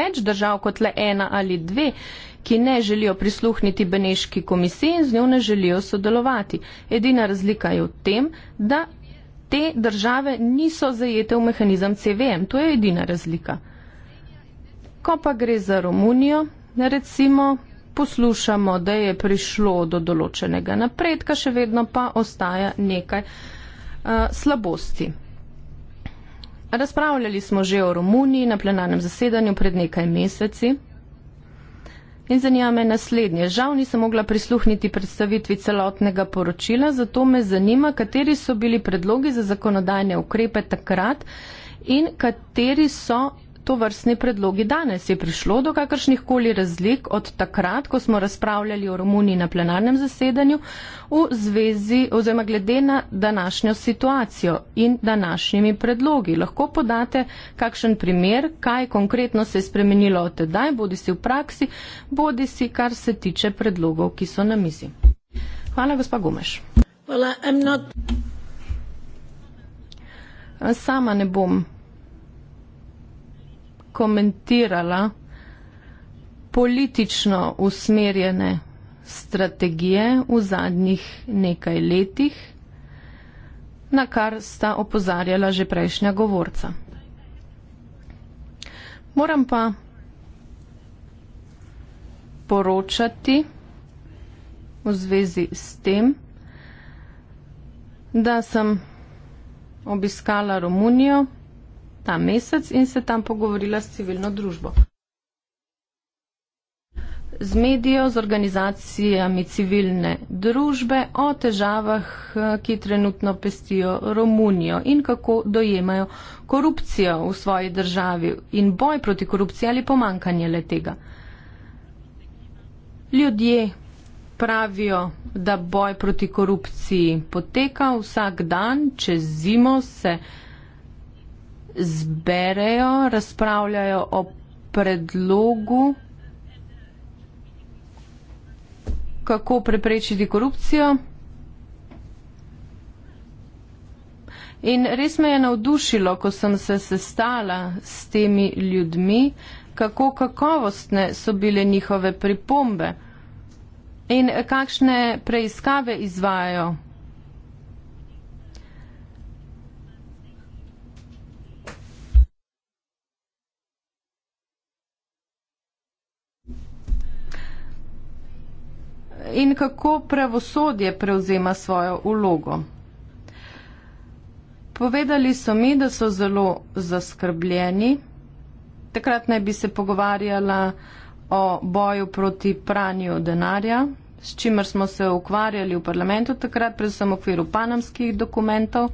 več držav kot le ena ali dve, ki ne želijo prisluhniti Beneški komisiji in z njo ne želijo sodelovati. Edina razlika je v tem, da te države niso zajete v mehanizem CVM. To je edina razlika. Ko pa gre za Romunijo, recimo, poslušamo, da je prišlo do določenega napredka, še vedno pa ostaja nekaj uh, slabosti. Razpravljali smo že o Romuniji na plenarnem zasedanju pred nekaj meseci. In zanima me naslednje. Žal nisem mogla prisluhniti predstavitvi celotnega poročila, zato me zanima, kateri so bili predlogi za zakonodajne ukrepe takrat in kateri so to vrstni predlogi danes? Je prišlo do kakršnih koli razlik od takrat, ko smo razpravljali o Romuniji na plenarnem zasedanju v zvezi oziroma glede na današnjo situacijo in današnjimi predlogi? Lahko podate kakšen primer, kaj konkretno se je spremenilo od tedaj, bodi si v praksi, bodi si kar se tiče predlogov, ki so na mizi. Hvala, gospa Gumeš. Well, not... Sama ne bom komentirala politično usmerjene strategije v zadnjih nekaj letih, na kar sta opozarjala že prejšnja govorca. Moram pa poročati v zvezi s tem, da sem obiskala Romunijo, ta mesec in se tam pogovorila s civilno družbo. Z medijo, z organizacijami civilne družbe o težavah, ki trenutno pestijo Romunijo in kako dojemajo korupcijo v svoji državi in boj proti korupciji ali pomankanje le tega. Ljudje pravijo, da boj proti korupciji poteka vsak dan, čez zimo se zberejo, razpravljajo o predlogu, kako preprečiti korupcijo. In res me je navdušilo, ko sem se sestala s temi ljudmi, kako kakovostne so bile njihove pripombe in kakšne preiskave izvajo in kako pravosodje prevzema svojo ulogo. Povedali so mi, da so zelo zaskrbljeni. Takrat naj bi se pogovarjala o boju proti pranju denarja, s čimer smo se ukvarjali v parlamentu takrat, predvsem v okviru panamskih dokumentov.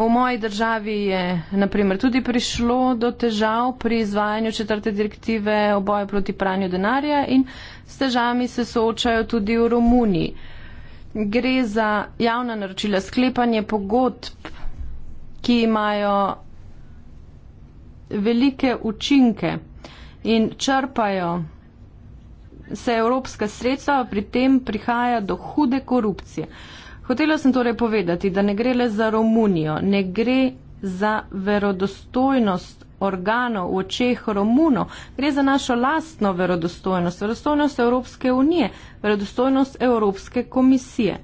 V moji državi je naprimer tudi prišlo do težav pri izvajanju četrte direktive o boju proti pranju denarja in s težami se soočajo tudi v Romuniji. Gre za javna naročila, sklepanje pogodb, ki imajo velike učinke in črpajo se evropska sredstva, pri tem prihaja do hude korupcije. Hotela sem torej povedati, da ne gre le za Romunijo, ne gre za verodostojnost organov v očeh Romuno, gre za našo lastno verodostojnost, verodostojnost Evropske unije, verodostojnost Evropske komisije.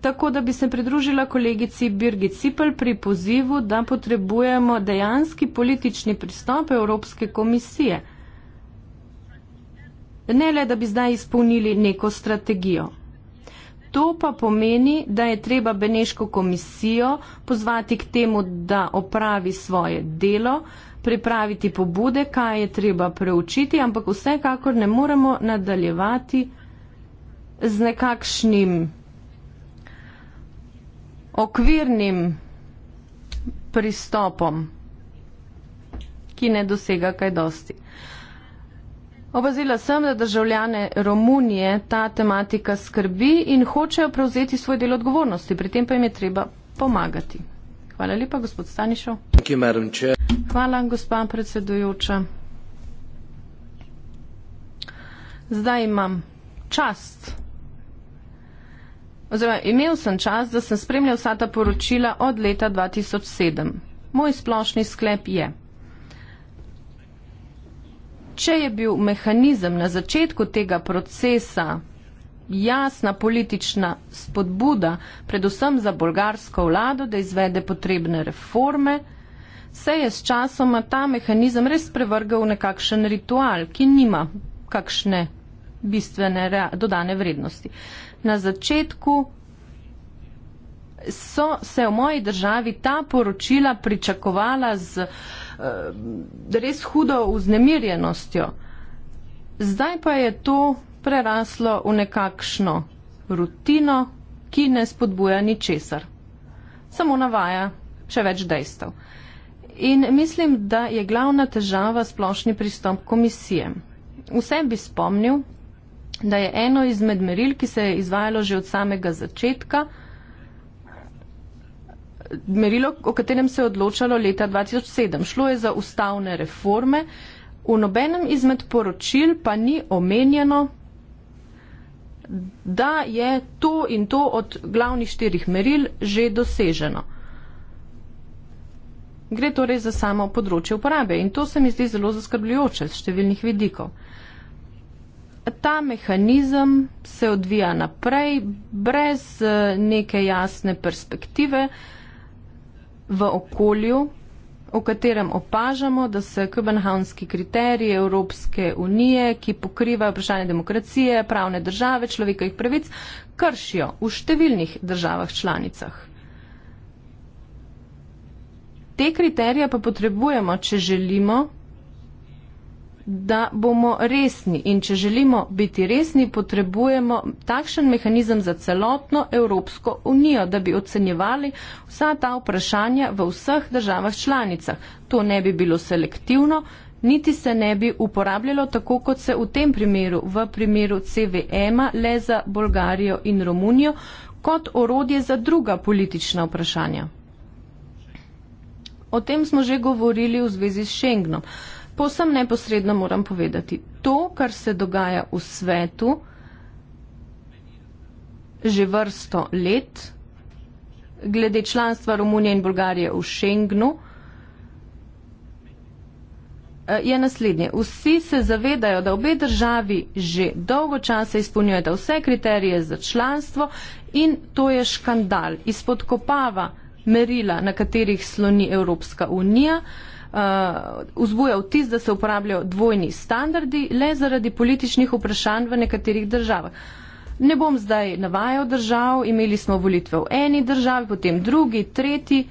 Tako da bi se pridružila kolegici Birgit Cipel pri pozivu, da potrebujemo dejanski politični pristop Evropske komisije. Ne le, da bi zdaj izpolnili neko strategijo. To pa pomeni, da je treba Beneško komisijo pozvati k temu, da opravi svoje delo, pripraviti pobude, kaj je treba preučiti, ampak vsekakor ne moremo nadaljevati z nekakšnim okvirnim pristopom, ki ne dosega kaj dosti. Opazila sem, da državljane Romunije ta tematika skrbi in hočejo prevzeti svoj del odgovornosti, pri tem pa jim je treba pomagati. Hvala lepa, gospod Stanišov. Hvala, gospa predsedujoča. Zdaj imam čast, oziroma imel sem čast, da sem spremljal vsa ta poročila od leta 2007. Moj splošni sklep je če je bil mehanizem na začetku tega procesa jasna politična spodbuda, predvsem za bolgarsko vlado, da izvede potrebne reforme, se je s časoma ta mehanizem res prevrgal v nekakšen ritual, ki nima kakšne bistvene dodane vrednosti. Na začetku so se v moji državi ta poročila pričakovala z Eh, res hudo vznemirjenostjo. Zdaj pa je to preraslo v nekakšno rutino, ki ne spodbuja ničesar. Samo navaja še več dejstev. In mislim, da je glavna težava splošni pristop komisije. Vse bi spomnil, da je eno izmed meril, ki se je izvajalo že od samega začetka, merilo, o katerem se je odločalo leta 2007. Šlo je za ustavne reforme. V nobenem izmed poročil pa ni omenjeno, da je to in to od glavnih štirih meril že doseženo. Gre torej za samo področje uporabe in to se mi zdi zelo zaskrbljujoče z številnih vidikov. Ta mehanizem se odvija naprej brez eh, neke jasne perspektive. Uh, v okolju, v katerem opažamo, da se kobenhavnski kriteriji Evropske unije, ki pokrivajo vprašanje demokracije, pravne države, človekovih pravic, kršijo v številnih državah članicah. Te kriterije pa potrebujemo, če želimo da bomo resni. In če želimo biti resni, potrebujemo takšen mehanizem za celotno Evropsko unijo, da bi ocenjevali vsa ta vprašanja v vseh državah članicah. To ne bi bilo selektivno, niti se ne bi uporabljalo tako, kot se v tem primeru, v primeru CVM-a, le za Bolgarijo in Romunijo, kot orodje za druga politična vprašanja. O tem smo že govorili v zvezi s Schengenom. Uh, posem neposredno moram povedati, to, kar se dogaja v svetu že vrsto let, glede članstva Romunije in Bolgarije v Schengnu, eh, je naslednje. Vsi se zavedajo, da obe državi že dolgo časa izpolnjujeta vse kriterije za članstvo in to je škandal. Izpod kopava merila, na katerih sloni Evropska unija, Uh, vzbuja vtis, da se uporabljajo dvojni standardi le zaradi političnih vprašanj v nekaterih državah. Ne bom zdaj navajal držav, imeli smo volitve v eni državi, potem drugi, tretji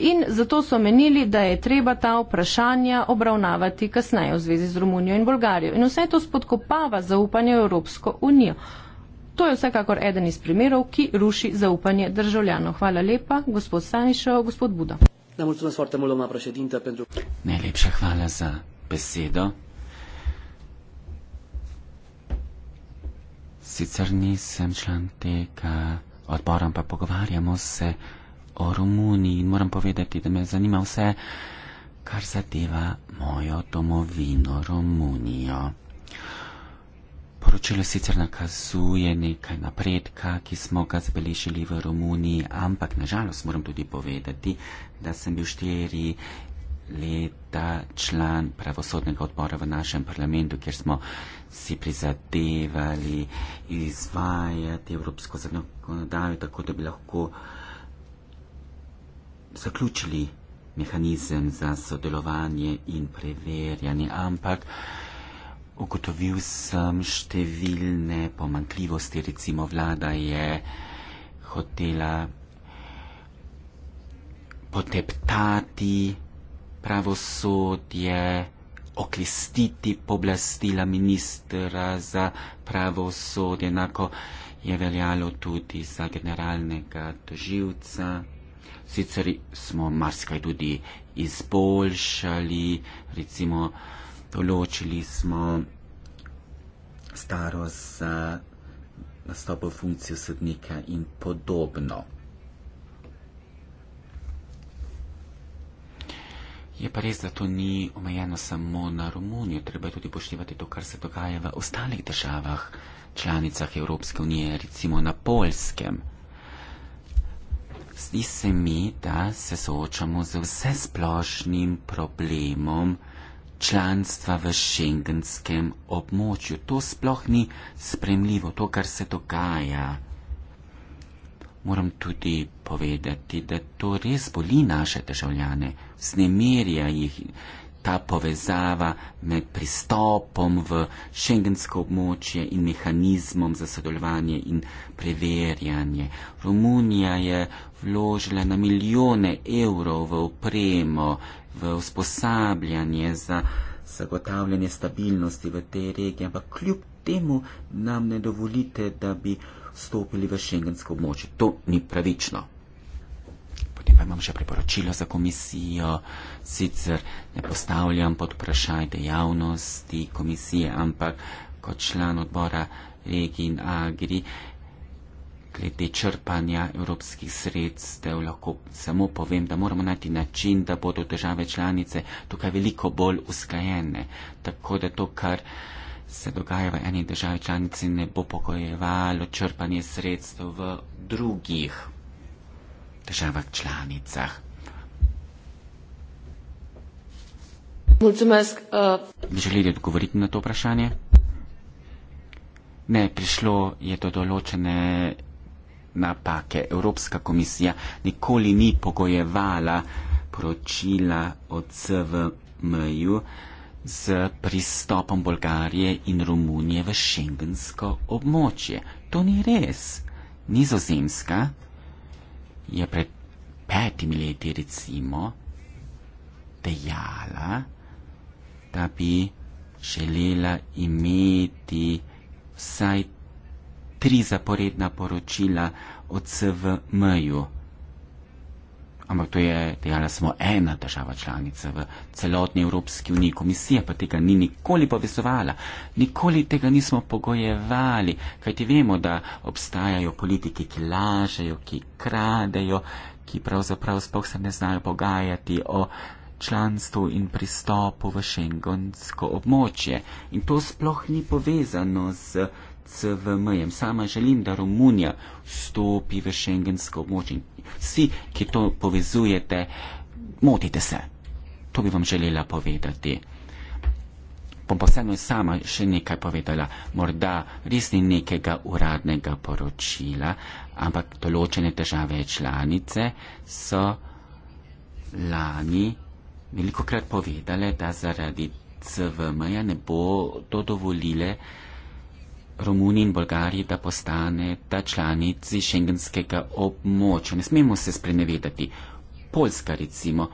in zato so menili, da je treba ta vprašanja obravnavati kasneje v zvezi z Romunijo in Bolgarijo. In vse to spodkopava zaupanje v Evropsko unijo. To je vsekakor eden iz primerov, ki ruši zaupanje državljanov. Hvala lepa, gospod Sanišev, gospod Buda. Le mulțumesc foarte mult, doamna președintă, pentru... Najlepša hvala za besedo. Sicer nisem član tega odbora, pa pogovarjamo se o Romuniji in moram povedati, da me zanima vse, kar zadeva mojo domovino Romunijo. Poročilo sicer nakazuje nekaj napredka, ki smo ga zbeležili v Romuniji, ampak nažalost moram tudi povedati, da sem bil štiri leta član pravosodnega odbora v našem parlamentu, kjer smo si prizadevali izvajati evropsko zakonodajo, tako da bi lahko zaključili mehanizem za sodelovanje in preverjanje. Ampak Ugotovil sem številne pomankljivosti, recimo vlada je hotela poteptati pravosodje, oklistiti poblastila ministra za pravosodje, enako je veljalo tudi za generalnega doživca. Sicer smo marsikaj tudi izboljšali, recimo določili smo starost za nastopil funkcijo sodnika in podobno. Je pa res, da to ni omejeno samo na Romunijo, treba je tudi poštevati to, kar se dogaja v ostalih državah, članicah Evropske unije, recimo na Polskem. Zdi se mi, da se soočamo z vse splošnim problemom, članstva v šengenskem območju. To sploh ni spremljivo, to, kar se dogaja. Moram tudi povedati, da to res boli naše državljane, znemirja jih ta povezava med pristopom v šengensko območje in mehanizmom za sodelovanje in preverjanje. Romunija je vložila na milijone evrov v opremo v usposabljanje, za zagotavljanje stabilnosti v tej regiji, ampak kljub temu nam ne dovolite, da bi stopili v šengensko območje. To ni pravično. Potem pa imam še priporočilo za komisijo, sicer ne postavljam pod vprašaj dejavnosti komisije, ampak kot član odbora regij in agri glede črpanja evropskih sredstev lahko samo povem, da moramo najti način, da bodo države članice tukaj veliko bolj usklajene. Tako da to, kar se dogaja v eni državi članici, ne bo pokojevalo črpanje sredstev v drugih državah članicah. Mulcumesk. Uh, Bi uh... želeli odgovoriti na to vprašanje? Ne, prišlo je do določene napake. Evropska komisija nikoli ni pogojevala poročila o CVM-ju z pristopom Bolgarije in Romunije v šengensko območje. To ni res. Nizozemska je pred petimi leti recimo dejala, da bi želela imeti vsaj tri zaporedna poročila o CVM-ju. Ampak to je dejala samo ena država članica v celotni Evropski uniji. Komisija pa tega ni nikoli povezovala, nikoli tega nismo pogojevali, kajti vemo, da obstajajo politiki, ki lažejo, ki kradejo, ki pravzaprav spoh se ne znajo pogajati o članstvu in pristopu v šengonsko območje. In to sploh ni povezano z. CVM-jem. Sama želim, da Romunija vstopi v šengensko območje. Vsi, ki to povezujete, motite se. To bi vam želela povedati. Bom posebno sama še nekaj povedala, morda res ni nekega uradnega poročila, ampak določene države članice so lani veliko krat povedale, da zaradi CVM-ja ne bo to dovolile, uh, Romuniji in Bolgariji, da postane ta članici šengenskega območja. Ne smemo se sprenevedati. Poljska recimo,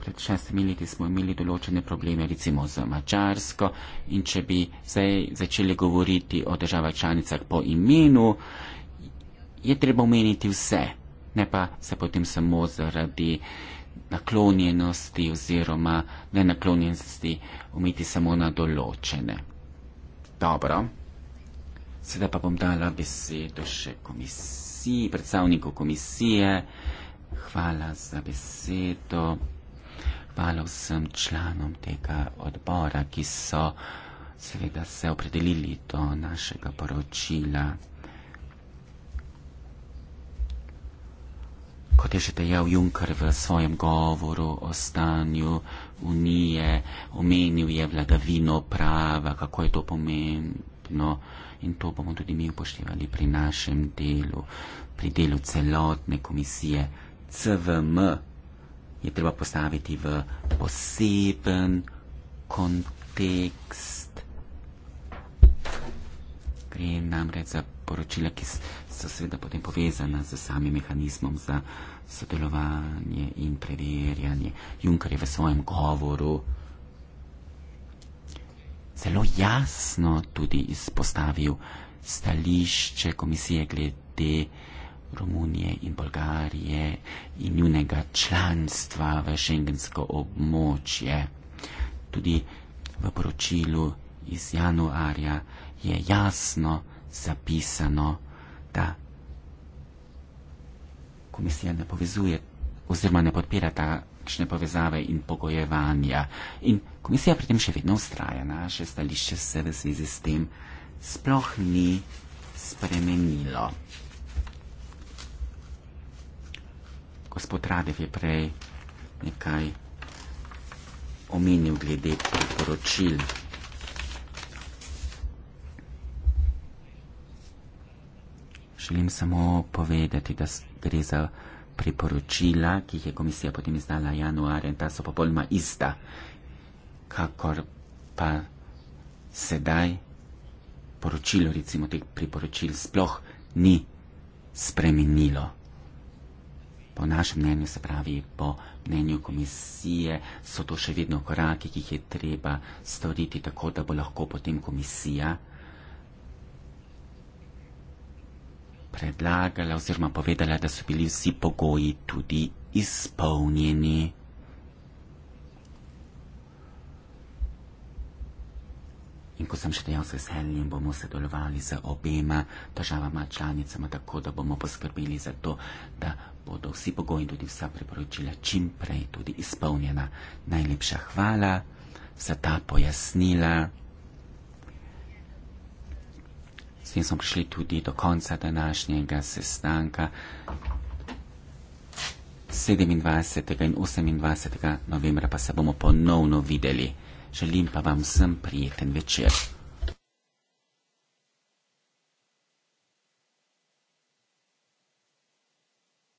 pred šestimi leti smo imeli določene probleme recimo z Mačarsko in če bi zdaj začeli govoriti o državah članicah po imenu, je treba omeniti vse, ne pa se potem samo zaradi naklonjenosti oziroma ne naklonjenosti omeniti samo na določene. Dobro. Sedaj pa bom dala besedo še komisiji, predstavniku komisije. Hvala za besedo. Hvala vsem članom tega odbora, ki so seveda se opredelili do našega poročila. Kot je že dejal Juncker v svojem govoru o stanju Unije, omenil je vladavino prava, kako je to pomembno in to bomo tudi mi upoštevali pri našem delu, pri delu celotne komisije. CVM je treba postaviti v poseben kontekst. Gre namreč za poročila, ki so seveda potem povezana z samim mehanizmom za sodelovanje in preverjanje. Junker je v svojem govoru zelo jasno tudi izpostavil stališče komisije glede Romunije in Bolgarije in njunega članstva v šengensko območje. Tudi v poročilu iz januarja je jasno zapisano, da komisija ne povezuje oziroma ne podpira takšne povezave in pogojevanja. In Komisija pri tem še vedno ustraja, naše stališče se v zvezi s tem sploh ni spremenilo. Gospod Radev je prej nekaj omenil glede priporočil. Želim samo povedati, da gre za priporočila, ki jih je komisija potem izdala januarja in ta so popolnoma ista kakor pa sedaj poročilo, recimo teh priporočil, sploh ni spremenilo. Po našem mnenju, se pravi, po mnenju komisije, so to še vedno koraki, ki jih je treba storiti, tako da bo lahko potem komisija predlagala oziroma povedala, da so bili vsi pogoji tudi izpolnjeni. In ko sem še dejal s veseljem, bomo sodelovali z obema državama članicama, tako da bomo poskrbeli za to, da bodo vsi pogoji in tudi vsa priporočila čim prej tudi izpolnjena. Najlepša hvala za ta pojasnila. S tem smo prišli tudi do konca današnjega sestanka 27. in 28. novembra, pa se bomo ponovno videli. Želim pa vam vsem prijeten večer.